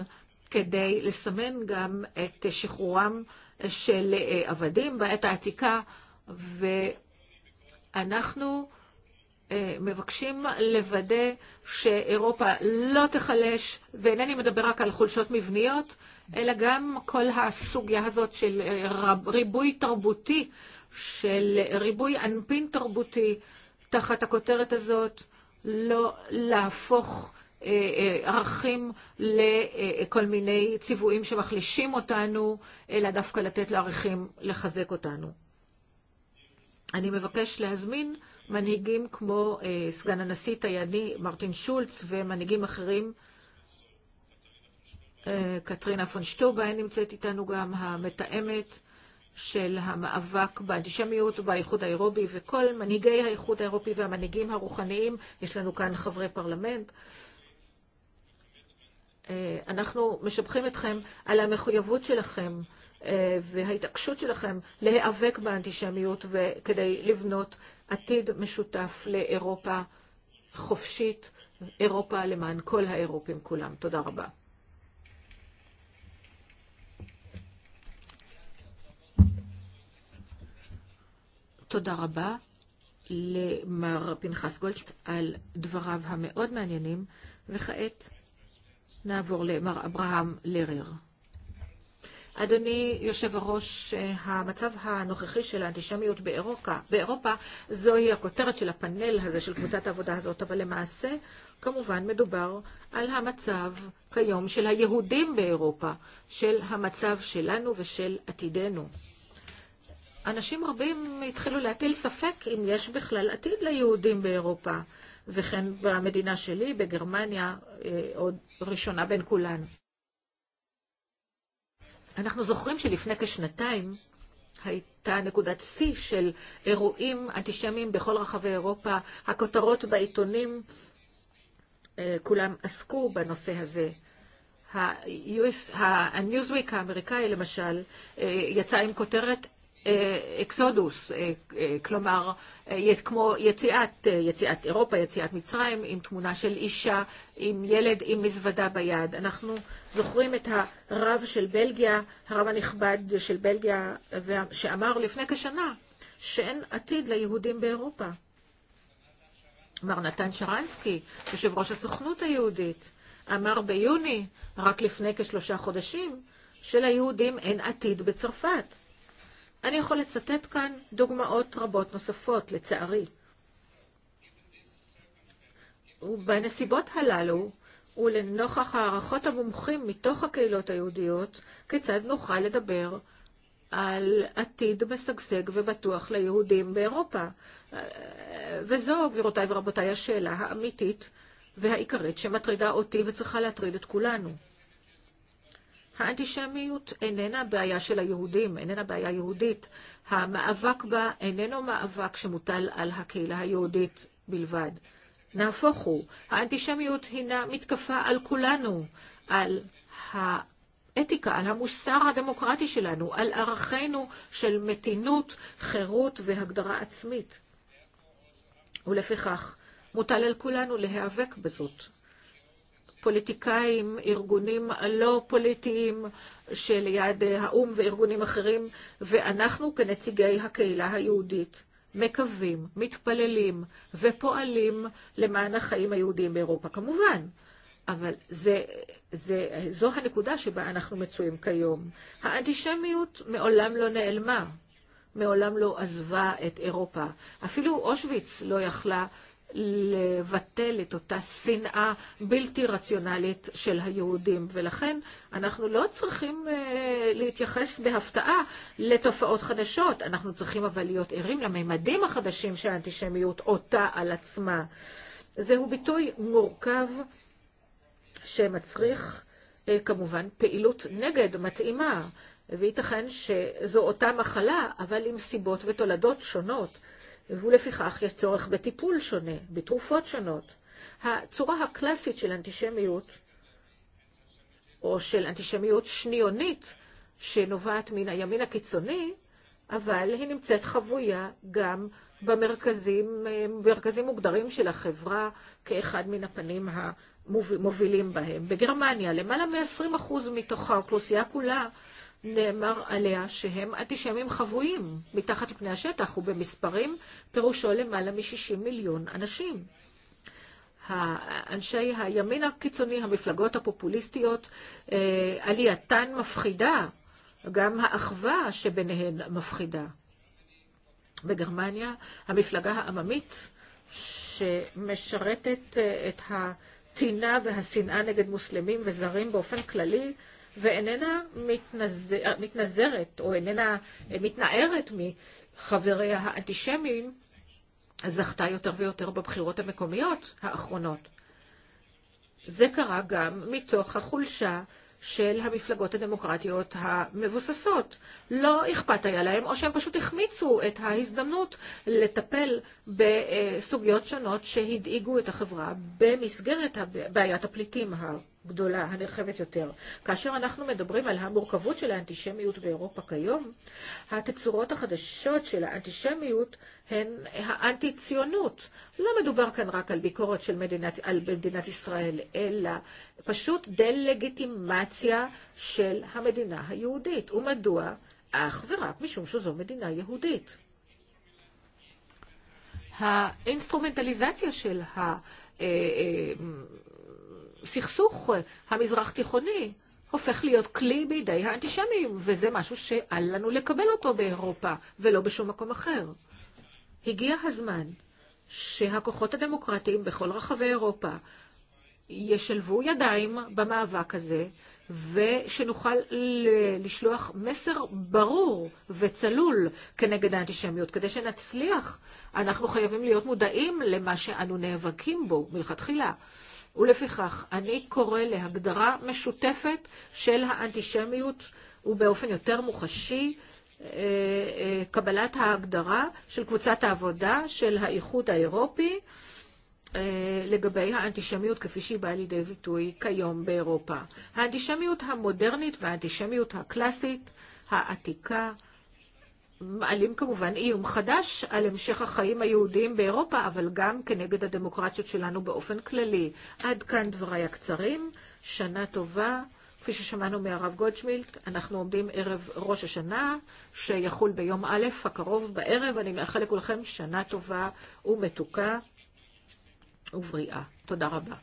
כדי לסמן גם את שחרורם של עבדים בעת העתיקה, ואנחנו מבקשים לוודא שאירופה לא תיחלש, ואינני מדבר רק על חולשות מבניות, אלא גם כל הסוגיה הזאת של רב, ריבוי תרבותי, של ריבוי אנפין תרבותי תחת הכותרת הזאת לא להפוך ערכים לכל מיני ציוויים שמחלישים אותנו, אלא דווקא לתת לערכים לחזק אותנו. אני מבקש להזמין מנהיגים כמו סגן הנשיא טייני מרטין שולץ ומנהיגים אחרים, קטרינה פון שטובה נמצאת איתנו גם, המתאמת של המאבק באנטישמיות באיחוד האירופי וכל מנהיגי האיחוד האירופי והמנהיגים הרוחניים, יש לנו כאן חברי פרלמנט. אנחנו משבחים אתכם על המחויבות שלכם וההתעקשות שלכם להיאבק באנטישמיות וכדי לבנות עתיד משותף לאירופה חופשית, אירופה למען כל האירופים כולם. תודה רבה. תודה רבה למר פנחס גולדשט על דבריו המאוד מעניינים, וכעת נעבור למר אברהם לרר. אדוני יושב הראש, המצב הנוכחי של האנטישמיות באירופה, באירופה זוהי הכותרת של הפאנל הזה של קבוצת העבודה הזאת, אבל למעשה כמובן מדובר על המצב כיום של היהודים באירופה, של המצב שלנו ושל עתידנו. אנשים רבים התחילו להטיל ספק אם יש בכלל עתיד ליהודים באירופה, וכן במדינה שלי, בגרמניה, עוד ראשונה בין כולן. אנחנו זוכרים שלפני כשנתיים הייתה נקודת שיא של אירועים אנטישמיים בכל רחבי אירופה. הכותרות בעיתונים כולם עסקו בנושא הזה. ה-Newsweek האמריקאי למשל יצא עם כותרת Exodus, כלומר כמו יציאת, יציאת אירופה, יציאת מצרים, עם תמונה של אישה, עם ילד, עם מזוודה ביד. אנחנו זוכרים את הרב של בלגיה, הרב הנכבד של בלגיה, שאמר לפני כשנה שאין עתיד ליהודים באירופה. מר נתן שרנסקי, יושב ראש הסוכנות היהודית, אמר ביוני, רק לפני כשלושה חודשים, שליהודים אין עתיד בצרפת. אני יכול לצטט כאן דוגמאות רבות נוספות, לצערי. ובנסיבות הללו, ולנוכח הערכות המומחים מתוך הקהילות היהודיות, כיצד נוכל לדבר על עתיד משגשג ובטוח ליהודים באירופה? וזו, גבירותיי ורבותיי, השאלה האמיתית והעיקרית שמטרידה אותי וצריכה להטריד את כולנו. האנטישמיות איננה בעיה של היהודים, איננה בעיה יהודית. המאבק בה איננו מאבק שמוטל על הקהילה היהודית בלבד. נהפוך הוא, האנטישמיות הינה מתקפה על כולנו, על האתיקה, על המוסר הדמוקרטי שלנו, על ערכינו של מתינות, חירות והגדרה עצמית. ולפיכך, מוטל על כולנו להיאבק בזאת. פוליטיקאים, ארגונים לא פוליטיים של יעד האו"ם וארגונים אחרים, ואנחנו כנציגי הקהילה היהודית מקווים, מתפללים ופועלים למען החיים היהודיים באירופה, כמובן. אבל זה, זה, זו הנקודה שבה אנחנו מצויים כיום. האנטישמיות מעולם לא נעלמה, מעולם לא עזבה את אירופה. אפילו אושוויץ לא יכלה לבטל את אותה שנאה בלתי רציונלית של היהודים. ולכן אנחנו לא צריכים להתייחס בהפתעה לתופעות חדשות, אנחנו צריכים אבל להיות ערים לממדים החדשים שהאנטישמיות אותה על עצמה. זהו ביטוי מורכב שמצריך כמובן פעילות נגד מתאימה, וייתכן שזו אותה מחלה, אבל עם סיבות ותולדות שונות. ולפיכך יש צורך בטיפול שונה, בתרופות שונות. הצורה הקלאסית של אנטישמיות, או של אנטישמיות שניונית, שנובעת מן הימין הקיצוני, אבל היא נמצאת חבויה גם במרכזים, במרכזים מוגדרים של החברה כאחד מן הפנים המובילים בהם. בגרמניה, למעלה מ-20% מתוך האוכלוסייה כולה נאמר עליה שהם אנטישמים חבויים מתחת לפני השטח ובמספרים פירושו למעלה מ-60 מיליון אנשים. אנשי הימין הקיצוני, המפלגות הפופוליסטיות, עלייתן מפחידה, גם האחווה שביניהן מפחידה. בגרמניה, המפלגה העממית שמשרתת את הטינה והשנאה נגד מוסלמים וזרים באופן כללי, ואיננה מתנזרת או איננה מתנערת מחבריה האנטישמיים, זכתה יותר ויותר בבחירות המקומיות האחרונות. זה קרה גם מתוך החולשה של המפלגות הדמוקרטיות המבוססות. לא אכפת היה להם, או שהם פשוט החמיצו את ההזדמנות לטפל בסוגיות שונות שהדאיגו את החברה במסגרת בעיית הפליטים גדולה, הנרחבת יותר. כאשר אנחנו מדברים על המורכבות של האנטישמיות באירופה כיום, התצורות החדשות של האנטישמיות הן האנטי-ציונות. לא מדובר כאן רק על ביקורת של מדינת, על מדינת ישראל, אלא פשוט דה-לגיטימציה של המדינה היהודית. ומדוע? אך ורק משום שזו מדינה יהודית. האינסטרומנטליזציה של ה... הסכסוך המזרח תיכוני הופך להיות כלי בידי האנטישמים, וזה משהו שאל לנו לקבל אותו באירופה, ולא בשום מקום אחר. הגיע הזמן שהכוחות הדמוקרטיים בכל רחבי אירופה ישלבו ידיים במאבק הזה, ושנוכל לשלוח מסר ברור וצלול כנגד האנטישמיות, כדי שנצליח. אנחנו חייבים להיות מודעים למה שאנו נאבקים בו מלכתחילה. ולפיכך אני קורא להגדרה משותפת של האנטישמיות ובאופן יותר מוחשי קבלת ההגדרה של קבוצת העבודה של האיחוד האירופי לגבי האנטישמיות כפי שהיא באה לידי ביטוי כיום באירופה. האנטישמיות המודרנית והאנטישמיות הקלאסית העתיקה מעלים כמובן איום חדש על המשך החיים היהודיים באירופה, אבל גם כנגד הדמוקרטיות שלנו באופן כללי. עד כאן דבריי הקצרים, שנה טובה. כפי ששמענו מהרב גודשמילט, אנחנו עומדים ערב ראש השנה, שיחול ביום א' הקרוב בערב. אני מאחל לכולכם שנה טובה ומתוקה ובריאה. תודה רבה.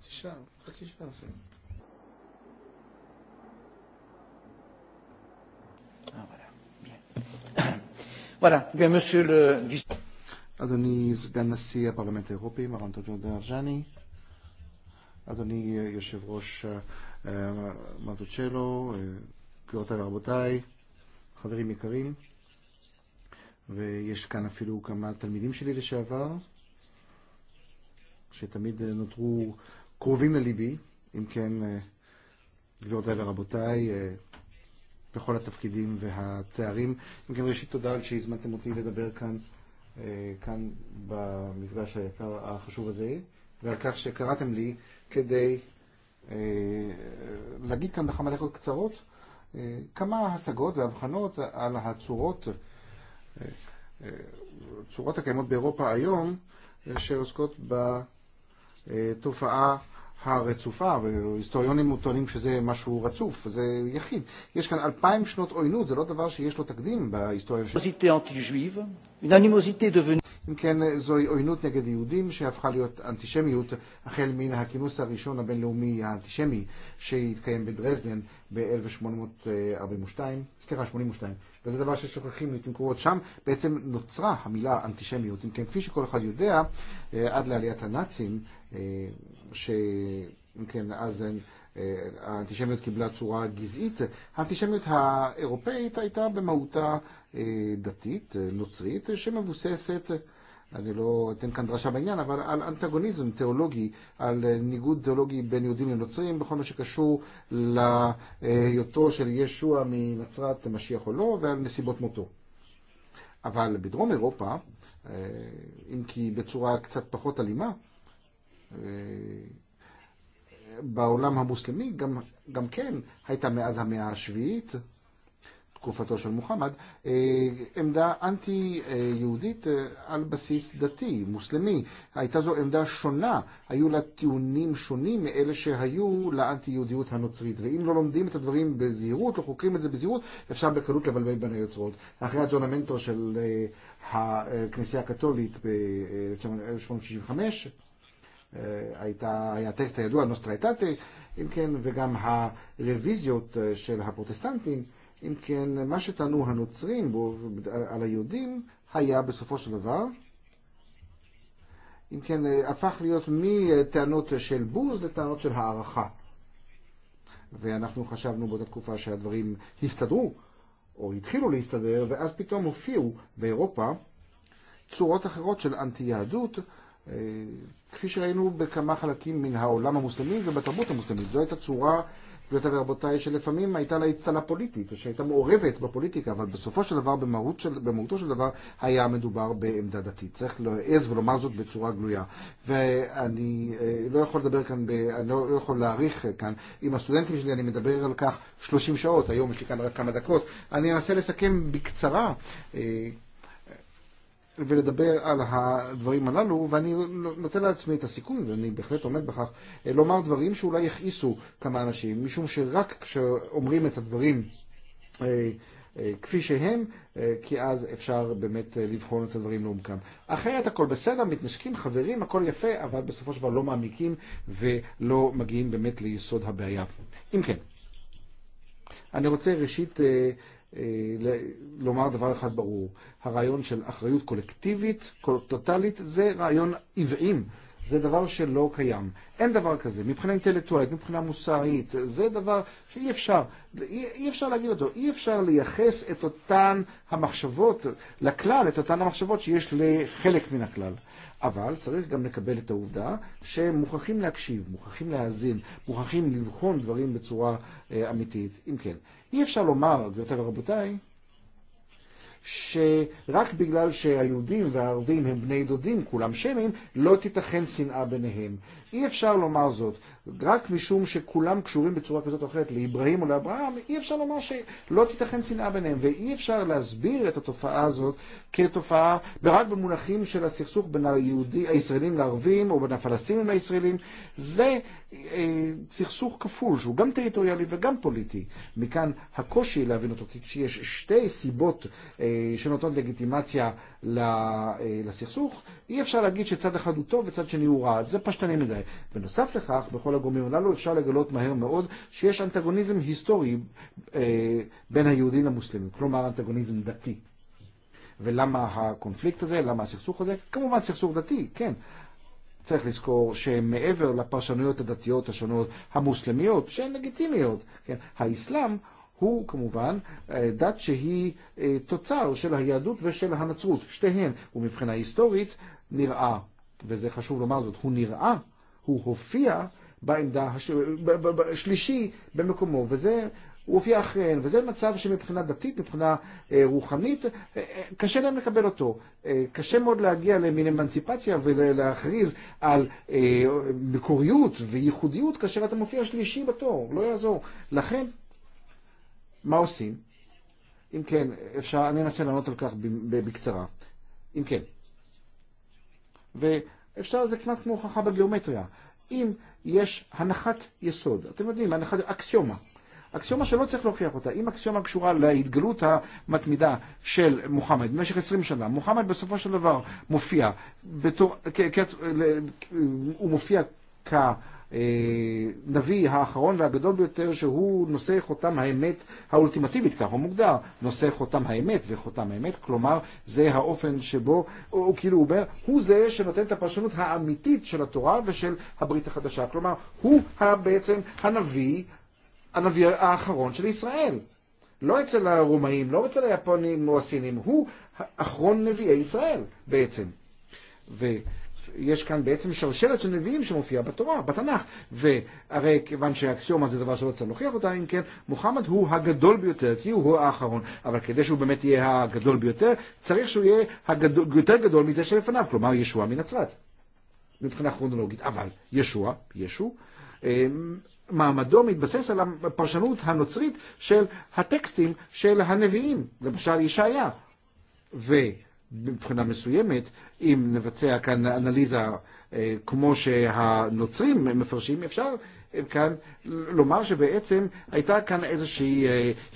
חצי שעה, חצי שעה. Ah, voilà, bien, monsieur le vice. Adoni Zganassi, Parlament Européen, Mar Antonio Darjani. Adoni Yoshevrosh Matucello, גבירותיי ורבותיי, חברים יקרים, ויש כאן אפילו כמה תלמידים שלי לשעבר, שתמיד נותרו קרובים לליבי, אם כן, גבירותיי ורבותיי, בכל התפקידים והתארים. אם כן, ראשית תודה על שהזמנתם אותי לדבר כאן, כאן במפגש היקר, החשוב הזה, ועל כך שקראתם לי כדי להגיד כאן בכמה דקות קצרות כמה השגות והבחנות על הצורות, צורות הקיימות באירופה היום, שעוסקות בתופעה הרצופה, והיסטוריונים טוענים שזה משהו רצוף, זה יחיד. יש כאן אלפיים שנות עוינות, זה לא דבר שיש לו תקדים בהיסטוריה של... אם כן, זוהי עוינות נגד יהודים שהפכה להיות אנטישמיות החל מן הכינוס הראשון הבינלאומי האנטישמי שהתקיים בדרזדן ב-1842, סליחה, 82, וזה דבר ששוכחים לעיתים קרובות שם, בעצם נוצרה המילה אנטישמיות. אם כן, כפי שכל אחד יודע, עד לעליית הנאצים, שימכן אזן kibla קיבלה għizit, גזעית, האנטישמיות האירופאית הייתה במהותה דתית, נוצרית, שמבוססת, אני לא אתן כאן דרשה בעניין, אבל על אנטגוניזם תיאולוגי, על ניגוד תיאולוגי בין יהודים לנוצרים, בכל מה שקשור להיותו של ישוע מנצרת משיח או לא, ועל נסיבות מותו. אבל בדרום אירופה, אם כי בצורה קצת paħot għalima, בעולם המוסלמי גם, גם כן הייתה מאז המאה השביעית, תקופתו של מוחמד, עמדה אנטי-יהודית על בסיס דתי, מוסלמי. הייתה זו עמדה שונה, היו לה טיעונים שונים מאלה שהיו לאנטי-יהודיות הנוצרית. ואם לא לומדים את הדברים בזהירות, לא חוקרים את זה בזהירות, אפשר בקלות לבלבל בין היוצרות. אחרי הג'ונמנטו של הכנסייה הקתולית ב 1865 הייתה, היה טקסט הידוע נוסטרייטטי, אם כן, וגם הרוויזיות של הפרוטסטנטים, אם כן, מה שטענו הנוצרים בו, על היהודים, היה בסופו של דבר, אם כן, הפך להיות מטענות של בוז לטענות של הערכה. ואנחנו חשבנו באותה תקופה שהדברים הסתדרו, או התחילו להסתדר, ואז פתאום הופיעו באירופה צורות אחרות של אנטי-יהדות, כפי שראינו בכמה חלקים מן העולם המוסלמי ובתרבות המוסלמית. זו הייתה צורה, גבירותיי ורבותיי, שלפעמים הייתה לה אצטלה פוליטית, או שהייתה מעורבת בפוליטיקה, אבל בסופו של דבר, במהות של, במהותו של דבר, היה מדובר בעמדה דתית. צריך להעז ולומר זאת בצורה גלויה. ואני לא יכול לדבר כאן, ב, אני לא יכול להעריך כאן. עם הסטודנטים שלי אני מדבר על כך 30 שעות, היום יש לי כאן רק כמה דקות. אני אנסה לסכם בקצרה. ולדבר על הדברים הללו, ואני נותן לעצמי את הסיכון, ואני בהחלט עומד בכך, לומר דברים שאולי יכעיסו כמה אנשים, משום שרק כשאומרים את הדברים כפי שהם, כי אז אפשר באמת לבחון את הדברים לעומקם. אחרת הכל בסדר, מתנשקים, חברים, הכל יפה, אבל בסופו של דבר לא מעמיקים ולא מגיעים באמת ליסוד הבעיה. אם כן, אני רוצה ראשית לומר דבר אחד ברור, הרעיון של אחריות קולקטיבית, טוטאלית, זה רעיון עוועים, זה דבר שלא קיים. אין דבר כזה, מבחינה אינטלקטואלית, מבחינה מוסרית, זה דבר שאי אפשר, אי, אי אפשר להגיד אותו, אי אפשר לייחס את אותן המחשבות לכלל, את אותן המחשבות שיש לחלק מן הכלל. אבל צריך גם לקבל את העובדה שמוכרחים להקשיב, מוכרחים להאזין, מוכרחים לבחון דברים בצורה אה, אמיתית. אם כן, אי אפשר לומר, גבירותיי ורבותיי, שרק בגלל שהיהודים והערבים הם בני דודים, כולם שמים, לא תיתכן שנאה ביניהם. אי אפשר לומר זאת. רק משום שכולם קשורים בצורה כזאת או אחרת לאברהים או לאברהם, אי אפשר לומר שלא תיתכן שנאה ביניהם, ואי אפשר להסביר את התופעה הזאת כתופעה רק במונחים של הסכסוך בין היהודי, הישראלים לערבים או בין הפלסטינים לישראלים. זה אה, סכסוך כפול שהוא גם טריטוריאלי וגם פוליטי. מכאן הקושי להבין אותו, כי כשיש שתי סיבות אה, שנותנות לגיטימציה לסכסוך, אי אפשר להגיד שצד אחד הוא טוב וצד שני הוא רע, זה פשטני מדי. בנוסף לכך, בכל הגורמים הללו אפשר לגלות מהר מאוד שיש אנטגוניזם היסטורי בין היהודים למוסלמים, כלומר אנטגוניזם דתי. ולמה הקונפליקט הזה, למה הסכסוך הזה? כמובן סכסוך דתי, כן. צריך לזכור שמעבר לפרשנויות הדתיות השונות המוסלמיות, שהן לגיטימיות, כן, האסלאם הוא כמובן דת שהיא תוצר של היהדות ושל הנצרות, שתיהן, ומבחינה היסטורית נראה, וזה חשוב לומר זאת, הוא נראה, הוא הופיע בעמדה השלישי במקומו, וזה הופיע אחריהן, וזה מצב שמבחינה דתית, מבחינה רוחנית, קשה להם לקבל אותו. קשה מאוד להגיע למין אמנציפציה ולהכריז על מקוריות וייחודיות כאשר אתה מופיע שלישי בתור, לא יעזור. לכן מה עושים? אם כן, אפשר, אני אנסה לענות על כך בקצרה. אם כן. ואפשר, זה כמעט כמו הוכחה בגיאומטריה. אם יש הנחת יסוד, אתם יודעים, הנחת אקסיומה. אקסיומה שלא צריך להוכיח אותה. אם אקסיומה קשורה להתגלות המתמידה של מוחמד במשך 20 שנה, מוחמד בסופו של דבר מופיע בתור, הוא מופיע כ... נביא האחרון והגדול ביותר שהוא נושא חותם האמת האולטימטיבית, כך הוא מוגדר, נושא חותם האמת וחותם האמת, כלומר זה האופן שבו, הוא כאילו אומר, הוא זה שנותן את הפרשנות האמיתית של התורה ושל הברית החדשה, כלומר הוא בעצם הנביא, הנביא האחרון של ישראל. לא אצל הרומאים, לא אצל היפונים או הסינים, הוא אחרון נביאי ישראל בעצם. ו... יש כאן בעצם שרשרת של נביאים שמופיעה בתורה, בתנ"ך, והרי כיוון שהאקסיומה זה דבר שלא צריך להוכיח אותה, אם כן, מוחמד הוא הגדול ביותר, כי הוא האחרון, אבל כדי שהוא באמת יהיה הגדול ביותר, צריך שהוא יהיה הגדול, יותר גדול מזה שלפניו, כלומר ישוע מנצרת, מבחינה כרונולוגית, אבל ישוע, ישו, מעמדו מתבסס על הפרשנות הנוצרית של הטקסטים של הנביאים, למשל ישעיה. ו... מבחינה מסוימת, אם נבצע כאן אנליזה כמו שהנוצרים מפרשים, אפשר כאן לומר שבעצם הייתה כאן איזושהי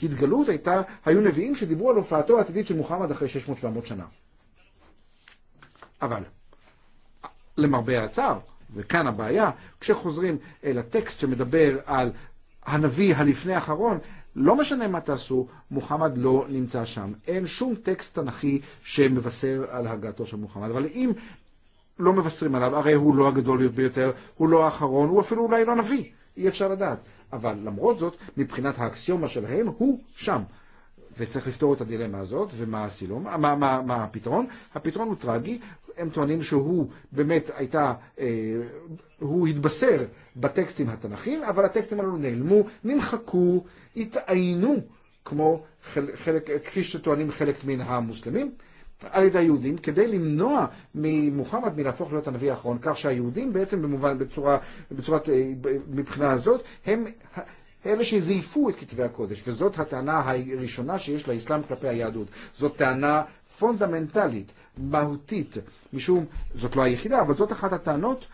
התגלות, הייתה, היו נביאים שדיברו על הופעתו העתידית של מוחמד אחרי 600-700 שנה. אבל, למרבה הצער, וכאן הבעיה, כשחוזרים אל הטקסט שמדבר על הנביא הלפני האחרון, לא משנה מה תעשו, מוחמד לא נמצא שם. אין שום טקסט תנכי שמבשר על הגעתו של מוחמד. אבל אם לא מבשרים עליו, הרי הוא לא הגדול ביותר, הוא לא האחרון, הוא אפילו אולי לא נביא, אי אפשר לדעת. אבל למרות זאת, מבחינת האקסיומה שלהם, הוא שם. וצריך לפתור את הדילמה הזאת, ומה הסילום, מה, מה, מה הפתרון? הפתרון הוא טרגי, הם טוענים שהוא באמת הייתה, הוא התבשר בטקסטים התנ"כיים, אבל הטקסטים הללו נעלמו, נמחקו, התעיינו, כמו חלק, כפי שטוענים חלק מן המוסלמים. על ידי היהודים כדי למנוע ממוחמד מלהפוך להיות הנביא האחרון, כך שהיהודים בעצם במובן, בצורה, בצורת, מבחינה הזאת, הם אלה שזייפו את כתבי הקודש, וזאת הטענה הראשונה שיש לאסלאם כלפי היהדות. זאת טענה פונדמנטלית מהותית, משום זאת לא היחידה, אבל זאת אחת הטענות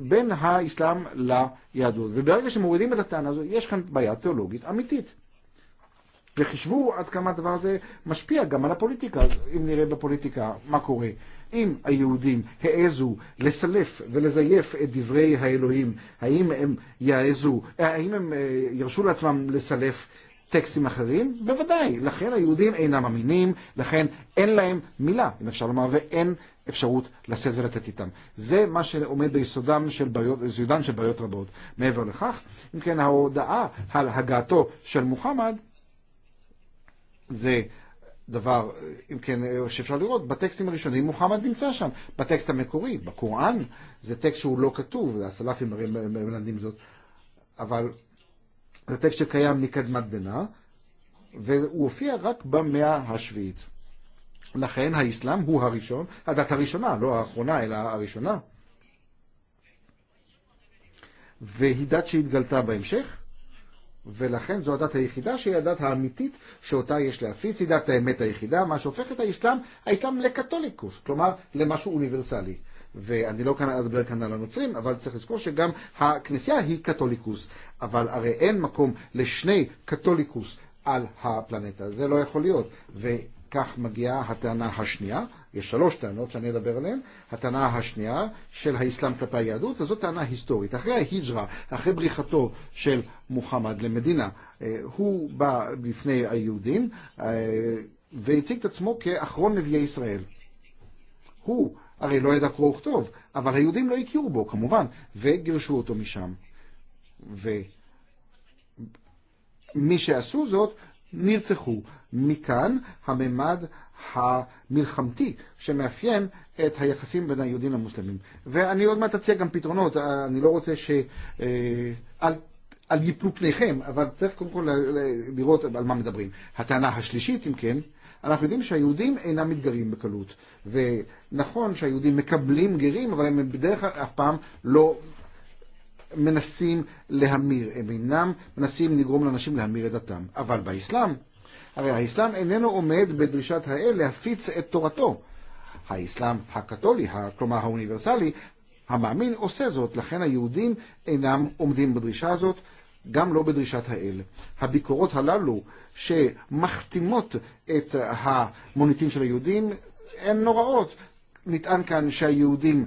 בין האסלאם ליהדות. וברגע שמורידים את הטענה הזו, יש כאן בעיה תיאולוגית אמיתית. וחישבו עד כמה הדבר הזה משפיע גם על הפוליטיקה, אם נראה בפוליטיקה מה קורה. אם היהודים העזו לסלף ולזייף את דברי האלוהים, האם הם יעזו, האם הם ירשו לעצמם לסלף טקסטים אחרים? בוודאי, לכן היהודים אינם אמינים, לכן אין להם מילה, אם אפשר לומר, ואין אפשרות לשאת ולתת איתם. זה מה שעומד ביסודם של של בעיות רבות. מעבר לכך, אם כן, ההודעה על הגעתו של מוחמד, זה דבר, אם כן, שאפשר לראות, בטקסטים הראשונים מוחמד נמצא שם, בטקסט המקורי, בקוראן, זה טקסט שהוא לא כתוב, הסלאפים מלמדים זאת, אבל הטקסט שקיים מקדמת דנא, והוא הופיע רק במאה השביעית. לכן האסלאם הוא הראשון, הדת הראשונה, לא האחרונה אלא הראשונה. והיא דת שהתגלתה בהמשך, ולכן זו הדת היחידה שהיא הדת האמיתית שאותה יש להפיץ, היא דת האמת היחידה, מה שהופך את האסלאם, האסלאם לקתוליקוס, כלומר למשהו אוניברסלי. ואני לא כאן אדבר כאן על הנוצרים, אבל צריך לזכור שגם הכנסייה היא קתוליקוס, אבל הרי אין מקום לשני קתוליקוס על הפלנטה, זה לא יכול להיות. וכך מגיעה הטענה השנייה, יש שלוש טענות שאני אדבר עליהן, הטענה השנייה של האסלאם כלפי היהדות, וזו טענה היסטורית. אחרי ההיג'רה, אחרי בריחתו של מוחמד למדינה, הוא בא בפני היהודים והציג את עצמו כאחרון נביאי ישראל. הוא הרי לא ידעו וכתוב, אבל היהודים לא הכירו בו כמובן, וגירשו אותו משם. ומי שעשו זאת נרצחו. מכאן הממד המלחמתי שמאפיין את היחסים בין היהודים למוסלמים. ואני עוד מעט אציע גם פתרונות, אני לא רוצה ש... אל... על יפלו פניכם, אבל צריך קודם כל לראות על מה מדברים. הטענה השלישית, אם כן, אנחנו יודעים שהיהודים אינם מתגרים בקלות. ונכון שהיהודים מקבלים גרים, אבל הם בדרך כלל אף פעם לא מנסים להמיר, הם אינם מנסים לגרום לאנשים להמיר את דתם. אבל באסלאם, הרי האסלאם איננו עומד בדרישת האל להפיץ את תורתו. האסלאם הקתולי, כלומר האוניברסלי, המאמין עושה זאת, לכן היהודים אינם עומדים בדרישה הזאת, גם לא בדרישת האל. הביקורות הללו שמכתימות את המוניטין של היהודים הן נוראות. נטען כאן שהיהודים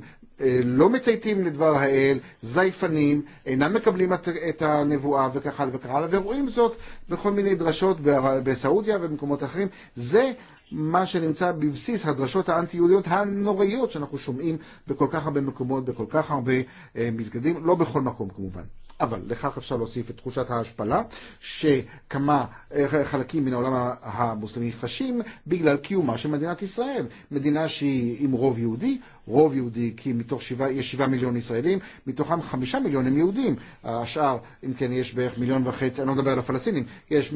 לא מצייתים לדבר האל, זייפנים, אינם מקבלים את הנבואה וכך הלאה וכך הלאה, ורואים זאת בכל מיני דרשות בסעודיה ובמקומות אחרים. זה מה שנמצא בבסיס הדרשות האנטי-יהודיות הנוראיות שאנחנו שומעים בכל כך הרבה מקומות, בכל כך הרבה מסגדים, לא בכל מקום כמובן. אבל לכך אפשר להוסיף את תחושת ההשפלה שכמה חלקים מן העולם המוסלמי חשים בגלל קיומה של מדינת ישראל. מדינה שהיא עם רוב יהודי, רוב יהודי כי מתוך שבע, יש שבעה מיליון ישראלים, מתוכם חמישה מיליון הם יהודים. השאר, אם כן, יש בערך מיליון וחצי, אני לא מדבר על הפלסטינים, יש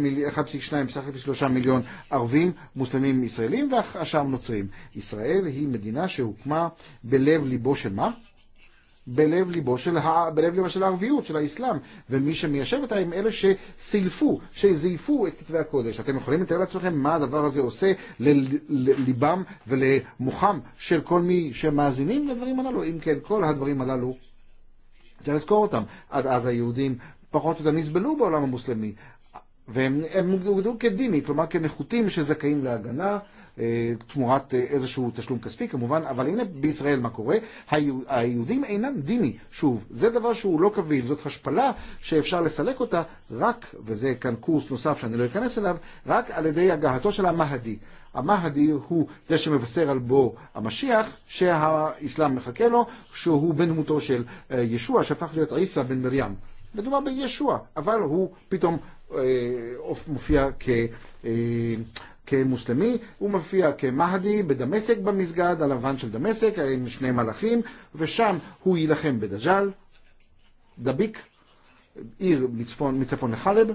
1.2, בסך הכל שלושה מיליון ערבים, מוסלמים ישראלים והשאר נוצרים. ישראל היא מדינה שהוקמה בלב ליבו של מה? בלב ליבו של, ה, בלב ליבו של הערביות, של האסלאם. ומי שמיישב אותה הם אלה שסילפו, שזייפו את כתבי הקודש. אתם יכולים לתאר לעצמכם מה הדבר הזה עושה לליבם ולמוחם של כל מי שמאזינים לדברים הללו. אם כן, כל הדברים הללו. צריך לזכור אותם. עד אז היהודים פחות או יותר נסבלו בעולם המוסלמי, והם הוגדרו כדימי, כלומר כנחותים שזכאים להגנה תמורת איזשהו תשלום כספי כמובן, אבל הנה בישראל מה קורה, היהודים אינם דימי, שוב, זה דבר שהוא לא קביל, זאת השפלה שאפשר לסלק אותה רק, וזה כאן קורס נוסף שאני לא אכנס אליו, רק על ידי הגהתו של המהדי. המהדי הוא זה שמבשר על בו המשיח, שהאסלאם מחכה לו, שהוא בן דמותו של ישוע, שהפך להיות עיסא בן מרים. מדובר בישוע, אבל הוא פתאום Eh, mufija ke eh, ke muslimi, u מופיע כמהדי בדמשק במסגד, הלבן של דמשק, עם שני מלאכים, ושם הוא יילחם בדג'אל, דביק, עיר מצפון, מצפון לחלב,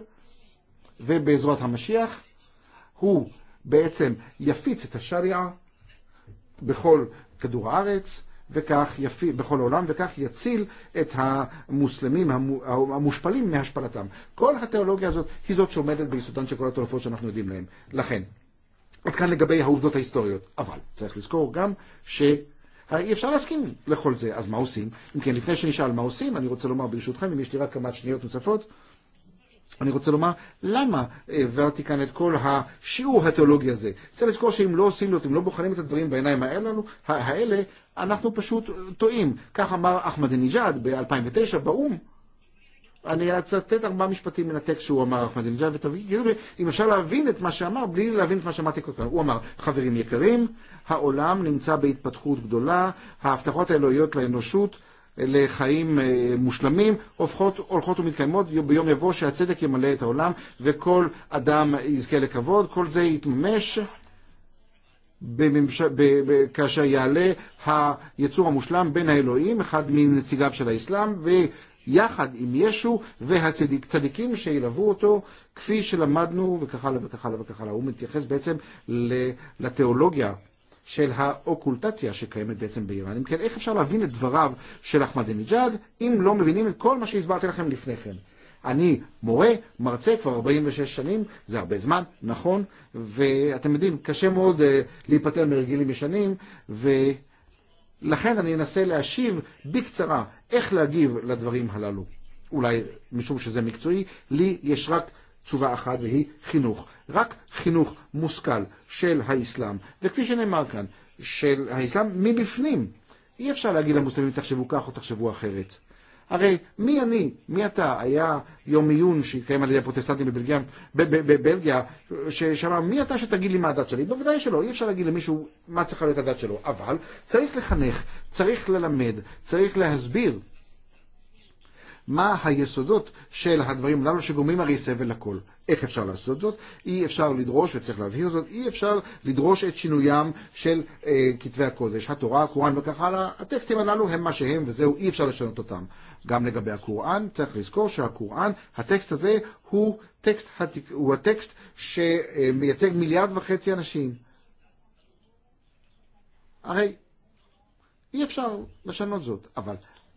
ובעזרת המשיח הוא בעצם יפיץ את השריעה בכל כדור הארץ, וכך יפיל, בכל העולם, וכך יציל את המוסלמים המושפלים מהשפלתם. כל התיאולוגיה הזאת היא זאת שעומדת ביסודן של כל התולפות שאנחנו יודעים להן. לכן, עד כאן לגבי העובדות ההיסטוריות. אבל צריך לזכור גם ש... אי אפשר להסכים לכל זה, אז מה עושים? אם כן, לפני שנשאל מה עושים, אני רוצה לומר ברשותכם, אם יש לי רק כמה שניות נוספות, אני רוצה לומר, למה העברתי כאן את כל השיעור התיאולוגי הזה? צריך לזכור שאם לא עושים לו, אם לא בוחנים את הדברים בעיניים האלו, האלה, אנחנו פשוט טועים. כך אמר אחמדינג'אד ב-2009 באו"ם. אני אצטט ארבעה משפטים מן הטקסט שהוא אמר, אחמדינג'אד, ותגידו לי אם אפשר להבין את מה שאמר בלי להבין את מה שאמרתי כל כך. הוא אמר, חברים יקרים, העולם נמצא בהתפתחות גדולה, ההבטחות האלוהיות לאנושות לחיים מושלמים, הופכות, הולכות ומתקיימות ביום יבוא שהצדק ימלא את העולם וכל אדם יזכה לכבוד, כל זה יתממש בממש... ב... ב... כאשר יעלה היצור המושלם בין האלוהים, אחד מנציגיו של האסלאם, ויחד עם ישו והצדיקים שילוו אותו, כפי שלמדנו וכך הלאה וכך הלאה וכך הלאה. הוא מתייחס בעצם לתיאולוגיה. של האוקולטציה שקיימת בעצם באיראן. אם כן, איך אפשר להבין את דבריו של אחמדינג'אד אם לא מבינים את כל מה שהסברתי לכם לפני כן? אני מורה, מרצה כבר 46 שנים, זה הרבה זמן, נכון, ואתם יודעים, קשה מאוד uh, להיפטר מרגילים ישנים, ולכן אני אנסה להשיב בקצרה איך להגיב לדברים הללו. אולי משום שזה מקצועי, לי יש רק תשובה אחת והיא חינוך. רק חינוך מושכל של האסלאם, וכפי שנאמר כאן, של האסלאם מבפנים. אי אפשר להגיד למוסלמים תחשבו כך או תחשבו אחרת. הרי מי אני, מי אתה, היה יום עיון שהתקיים על ידי הפרוטסטנטים בבלגיה, בבלגיה ששמע, מי אתה שתגיד לי מה הדת שלי? בוודאי שלא, אי אפשר להגיד למישהו מה צריכה להיות הדת שלו, אבל צריך לחנך, צריך ללמד, צריך להסביר מה היסודות של הדברים הללו שגורמים הרי סבל לכל. איך אפשר לעשות זאת? אי אפשר לדרוש, וצריך להבהיר זאת, אי אפשר לדרוש את שינוים של אה, כתבי הקודש, התורה, הקוראן וכך הלאה. הטקסטים הללו הם מה שהם, וזהו, אי אפשר לשנות אותם. גם לגבי הקוראן, צריך לזכור שהקוראן, הטקסט הזה הוא טקסט, הוא הטקסט שמייצג מיליארד וחצי אנשים. הרי אי אפשר לשנות זאת, אבל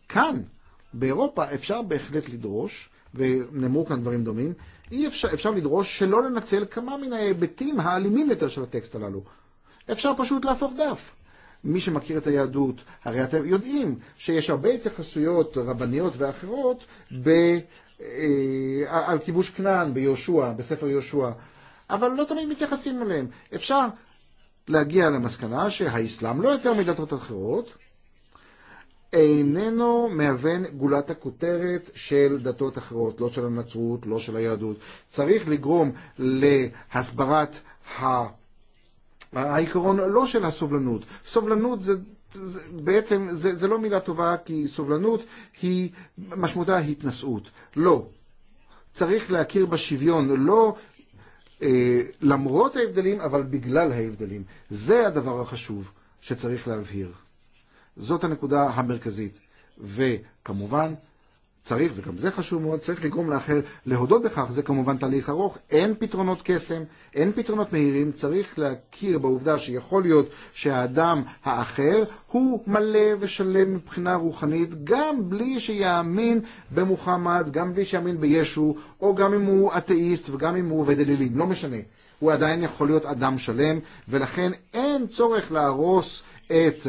כאן באירופה אפשר בהחלט לדרוש, ונאמרו כאן דברים דומים, אי אפשר, אפשר לדרוש שלא לנצל כמה מן ההיבטים האלימים יותר של הטקסט הללו. אפשר פשוט להפוך דף. מי שמכיר את היהדות, הרי אתם יודעים שיש הרבה התייחסויות רבניות ואחרות ב, אה, על כיבוש כנען ביהושע, בספר יהושע, אבל לא תמיד מתייחסים אליהם. אפשר להגיע למסקנה שהאסלאם לא יותר מדתות אחרות, איננו מהוון גולת הכותרת של דתות אחרות, לא של הנצרות, לא של היהדות. צריך לגרום להסברת ה... העיקרון לא של הסובלנות. סובלנות זה זה, בעצם זה, זה לא מילה טובה כי סובלנות היא, משמעותה התנשאות. לא. צריך להכיר בשוויון, לא אה, למרות ההבדלים, אבל בגלל ההבדלים. זה הדבר החשוב שצריך להבהיר. זאת הנקודה המרכזית. וכמובן, צריך, וגם זה חשוב מאוד, צריך לגרום לאחר להודות בכך, זה כמובן תהליך ארוך, אין פתרונות קסם, אין פתרונות מהירים, צריך להכיר בעובדה שיכול להיות שהאדם האחר הוא מלא ושלם מבחינה רוחנית, גם בלי שיאמין במוחמד, גם בלי שיאמין בישו, או גם אם הוא אתאיסט וגם אם הוא עובד אלילים, לא משנה. הוא עדיין יכול להיות אדם שלם, ולכן אין צורך להרוס את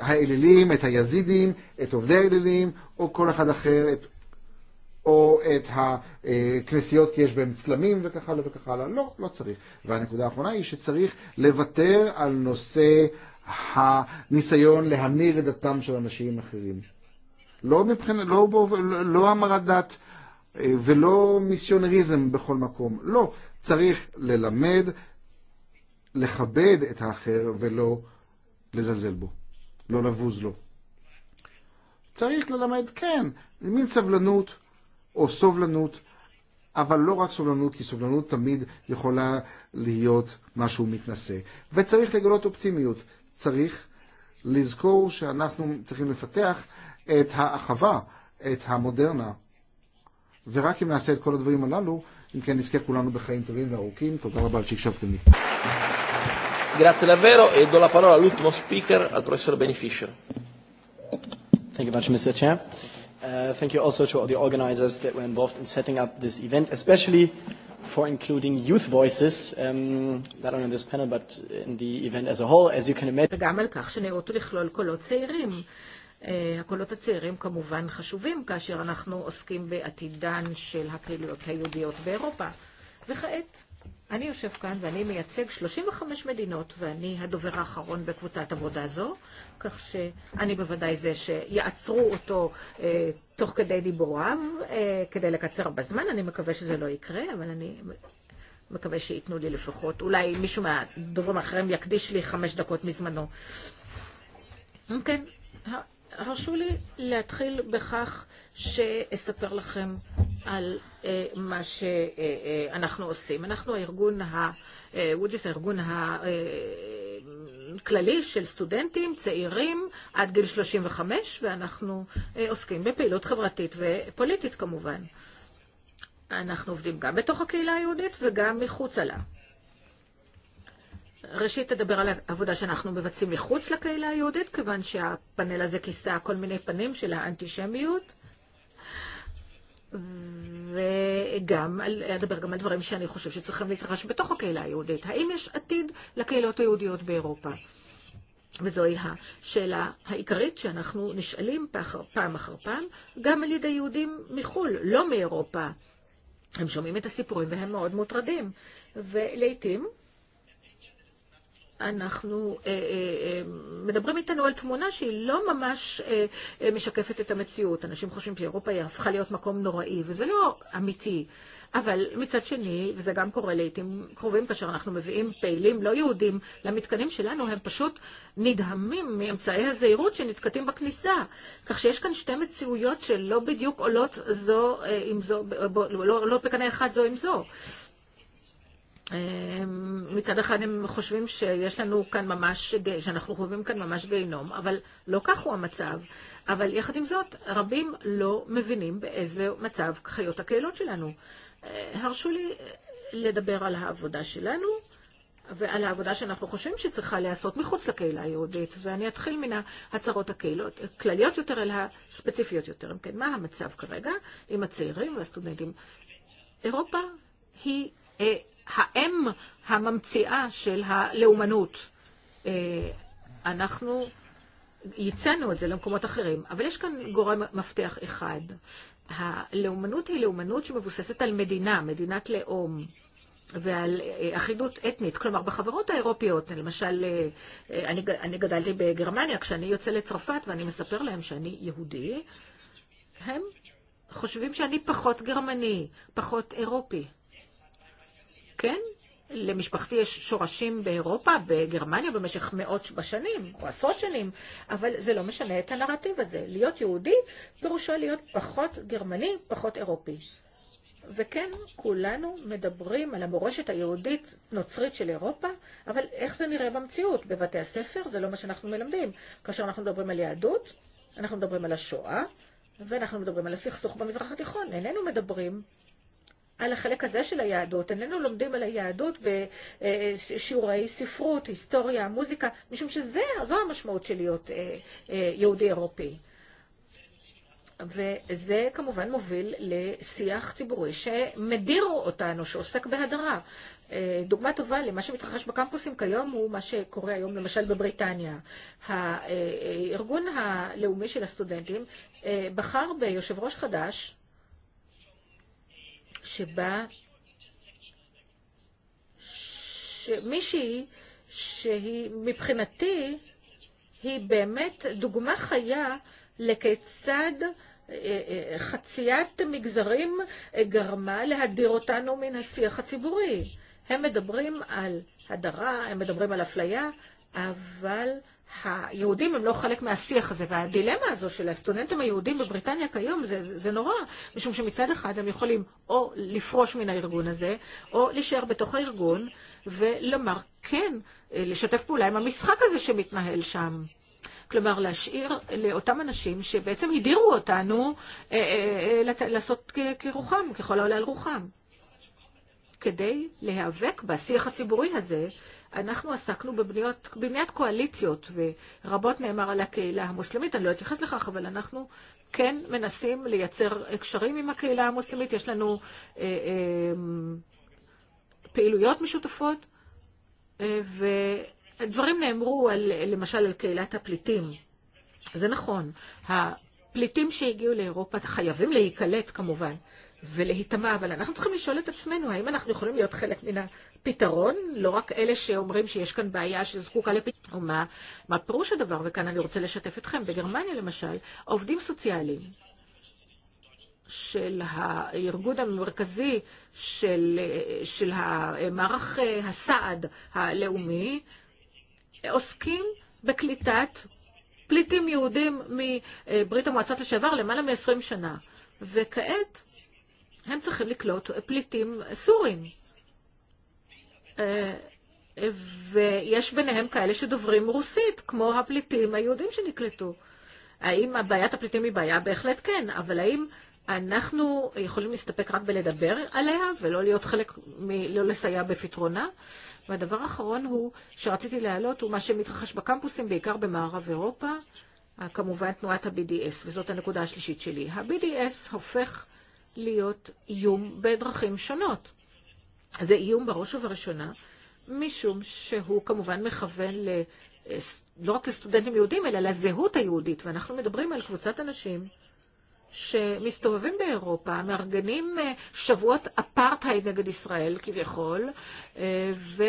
האלילים, את היזידים, את עובדי האלילים, או כל אחד אחר, את, או את הכנסיות כי יש בהם צלמים וכך הלאה וכך הלאה. לא, לא צריך. והנקודה האחרונה היא שצריך לוותר על נושא הניסיון להמיר את דתם של אנשים אחרים. לא, מבחינת, לא, בו, לא המרת דת ולא מיסיונריזם בכל מקום. לא, צריך ללמד, לכבד את האחר ולא li nizalżilbu. Lo għu navvużlu. Tsariħ la lamed ken, min sovlanut o sovlanut אבל לא רק סובלנות, כי סובלנות תמיד יכולה להיות משהו מתנשא. וצריך לגלות אופטימיות, צריך לזכור שאנחנו צריכים לפתח את האחווה, את המודרנה. ורק אם נעשה את כל הדברים הללו, אם כן נזכה כולנו בחיים טובים וארוכים. תודה רבה על שהקשבתם לי. Grazie davvero e do la parola all'ultimo speaker, al professor Beneficio. Thank you much, Mr. Chair. Uh, thank you also to all the organizers that were involved in setting up this event, especially for including youth voices, um, not only in this panel, but in the event as a whole, as you can imagine. גם הקולות הצעירים כמובן חשובים כאשר אנחנו עוסקים בעתידן של הקהילות היהודיות באירופה. וכעת אני יושב כאן ואני מייצג 35 מדינות ואני הדובר האחרון בקבוצת עבודה זו, כך שאני בוודאי זה שיעצרו אותו אה, תוך כדי דיבוריו, אה, כדי לקצר בזמן, אני מקווה שזה לא יקרה, אבל אני מקווה שייתנו לי לפחות, אולי מישהו מהדוברים האחרים יקדיש לי חמש דקות מזמנו. כן, הרשו לי להתחיל בכך שאספר לכם על מה שאנחנו עושים. אנחנו הארגון, ה... ווג'ס הארגון הכללי של סטודנטים צעירים עד גיל 35, ואנחנו עוסקים בפעילות חברתית ופוליטית כמובן. אנחנו עובדים גם בתוך הקהילה היהודית וגם מחוצה לה. ראשית תדבר על העבודה שאנחנו מבצעים מחוץ לקהילה היהודית, כיוון שהפאנל הזה כיסה כל מיני פנים של האנטישמיות. וגם, אדבר גם על דברים שאני חושב שצריכים להתרחש בתוך הקהילה היהודית. האם יש עתיד לקהילות היהודיות באירופה? וזוהי השאלה העיקרית שאנחנו נשאלים פעם אחר פעם, גם על ידי יהודים מחו"ל, לא מאירופה. הם שומעים את הסיפורים והם מאוד מוטרדים. ולעיתים אנחנו מדברים איתנו על תמונה שהיא לא ממש משקפת את המציאות. אנשים חושבים שאירופה היא הפכה להיות מקום נוראי, וזה לא אמיתי. אבל מצד שני, וזה גם קורה לעיתים קרובים כאשר אנחנו מביאים פעילים לא יהודים למתקנים שלנו, הם פשוט נדהמים מאמצעי הזהירות שנתקטים בכניסה. כך שיש כאן שתי מציאויות שלא בדיוק עולות זו עם זו, לא, לא בקנה אחד זו עם זו. מצד אחד הם חושבים שיש לנו כאן ממש, שאנחנו חווים כאן ממש גיהינום, אבל לא כך הוא המצב. אבל יחד עם זאת, רבים לא מבינים באיזה מצב חיות הקהילות שלנו. הרשו לי לדבר על העבודה שלנו ועל העבודה שאנחנו חושבים שצריכה להיעשות מחוץ לקהילה היהודית, ואני אתחיל מן ההצהרות הקהילות, כלליות יותר אל הספציפיות יותר. כן, מה המצב כרגע עם הצעירים והסטודנטים? אירופה היא... האם הממציאה של הלאומנות. אנחנו ייצאנו את זה למקומות אחרים, אבל יש כאן גורם מפתח אחד. הלאומנות היא לאומנות שמבוססת על מדינה, מדינת לאום. ועל אחידות אתנית. כלומר, בחברות האירופיות, למשל, אני, אני גדלתי בגרמניה, כשאני יוצא לצרפת ואני מספר להם שאני יהודי, הם חושבים שאני פחות גרמני, פחות אירופי. כן, למשפחתי יש שורשים באירופה, בגרמניה, במשך מאות בשנים, או עשרות שנים, אבל זה לא משנה את הנרטיב הזה. להיות יהודי פירושו להיות פחות גרמני, פחות אירופי. וכן, כולנו מדברים על המורשת היהודית-נוצרית של אירופה, אבל איך זה נראה במציאות? בבתי הספר זה לא מה שאנחנו מלמדים. כאשר אנחנו מדברים על יהדות, אנחנו מדברים על השואה, ואנחנו מדברים על הסכסוך במזרח התיכון. איננו מדברים על החלק הזה של היהדות. איננו לומדים על היהדות בשיעורי ספרות, היסטוריה, מוזיקה, משום שזו המשמעות של להיות יהודי אירופי. וזה כמובן מוביל לשיח ציבורי שמדיר אותנו, שעוסק בהדרה. דוגמה טובה למה שמתרחש בקמפוסים כיום הוא מה שקורה היום למשל בבריטניה. הארגון הלאומי של הסטודנטים בחר ביושב ראש חדש שבה מישהי שהיא מבחינתי היא באמת דוגמה חיה לכיצד חציית מגזרים גרמה להדיר אותנו מן השיח הציבורי. הם מדברים על הדרה, הם מדברים על אפליה, אבל היהודים הם לא חלק מהשיח הזה, והדילמה הזו של הסטודנטים היהודים בבריטניה כיום זה, זה נורא, משום שמצד אחד הם יכולים או לפרוש מן הארגון הזה, או להישאר בתוך הארגון ולומר כן, לשתף פעולה עם המשחק הזה שמתנהל שם. כלומר להשאיר לאותם אנשים שבעצם הדירו אותנו לעשות כרוחם, ככל העולה על רוחם. כדי להיאבק בשיח הציבורי הזה אנחנו עסקנו בבניות, בבניית קואליציות, ורבות נאמר על הקהילה המוסלמית, אני לא אתייחס לכך, אבל אנחנו כן מנסים לייצר הקשרים עם הקהילה המוסלמית, יש לנו אה, אה, פעילויות משותפות, אה, ודברים נאמרו על, למשל על קהילת הפליטים. זה נכון, הפליטים שהגיעו לאירופה חייבים להיקלט כמובן. ולהיטמע, אבל אנחנו צריכים לשאול את עצמנו האם אנחנו יכולים להיות חלק מן פתרון, לא רק אלה שאומרים שיש כאן בעיה שזקוקה לפתרון. מה, מה פירוש הדבר, וכאן אני רוצה לשתף אתכם, בגרמניה למשל, עובדים סוציאליים של הארגון המרכזי של, של המערך הסעד הלאומי, עוסקים בקליטת פליטים יהודים מברית המועצות לשעבר למעלה מ-20 שנה. וכעת הם צריכים לקלוט פליטים סורים. ויש ביניהם כאלה שדוברים רוסית, כמו הפליטים היהודים שנקלטו. האם הבעיית הפליטים היא בעיה? בהחלט כן, אבל האם אנחנו יכולים להסתפק רק בלדבר עליה ולא להיות חלק, מ- לא לסייע בפתרונה? והדבר האחרון הוא, שרציתי להעלות, הוא מה שמתרחש בקמפוסים, בעיקר במערב אירופה, כמובן תנועת ה-BDS, וזאת הנקודה השלישית שלי. ה-BDS הופך להיות איום בדרכים שונות. זה איום בראש ובראשונה, משום שהוא כמובן מכוון ל... לא רק לסטודנטים יהודים, אלא לזהות היהודית, ואנחנו מדברים על קבוצת אנשים שמסתובבים באירופה, מארגנים שבועות אפרטהייד נגד ישראל כביכול, ו...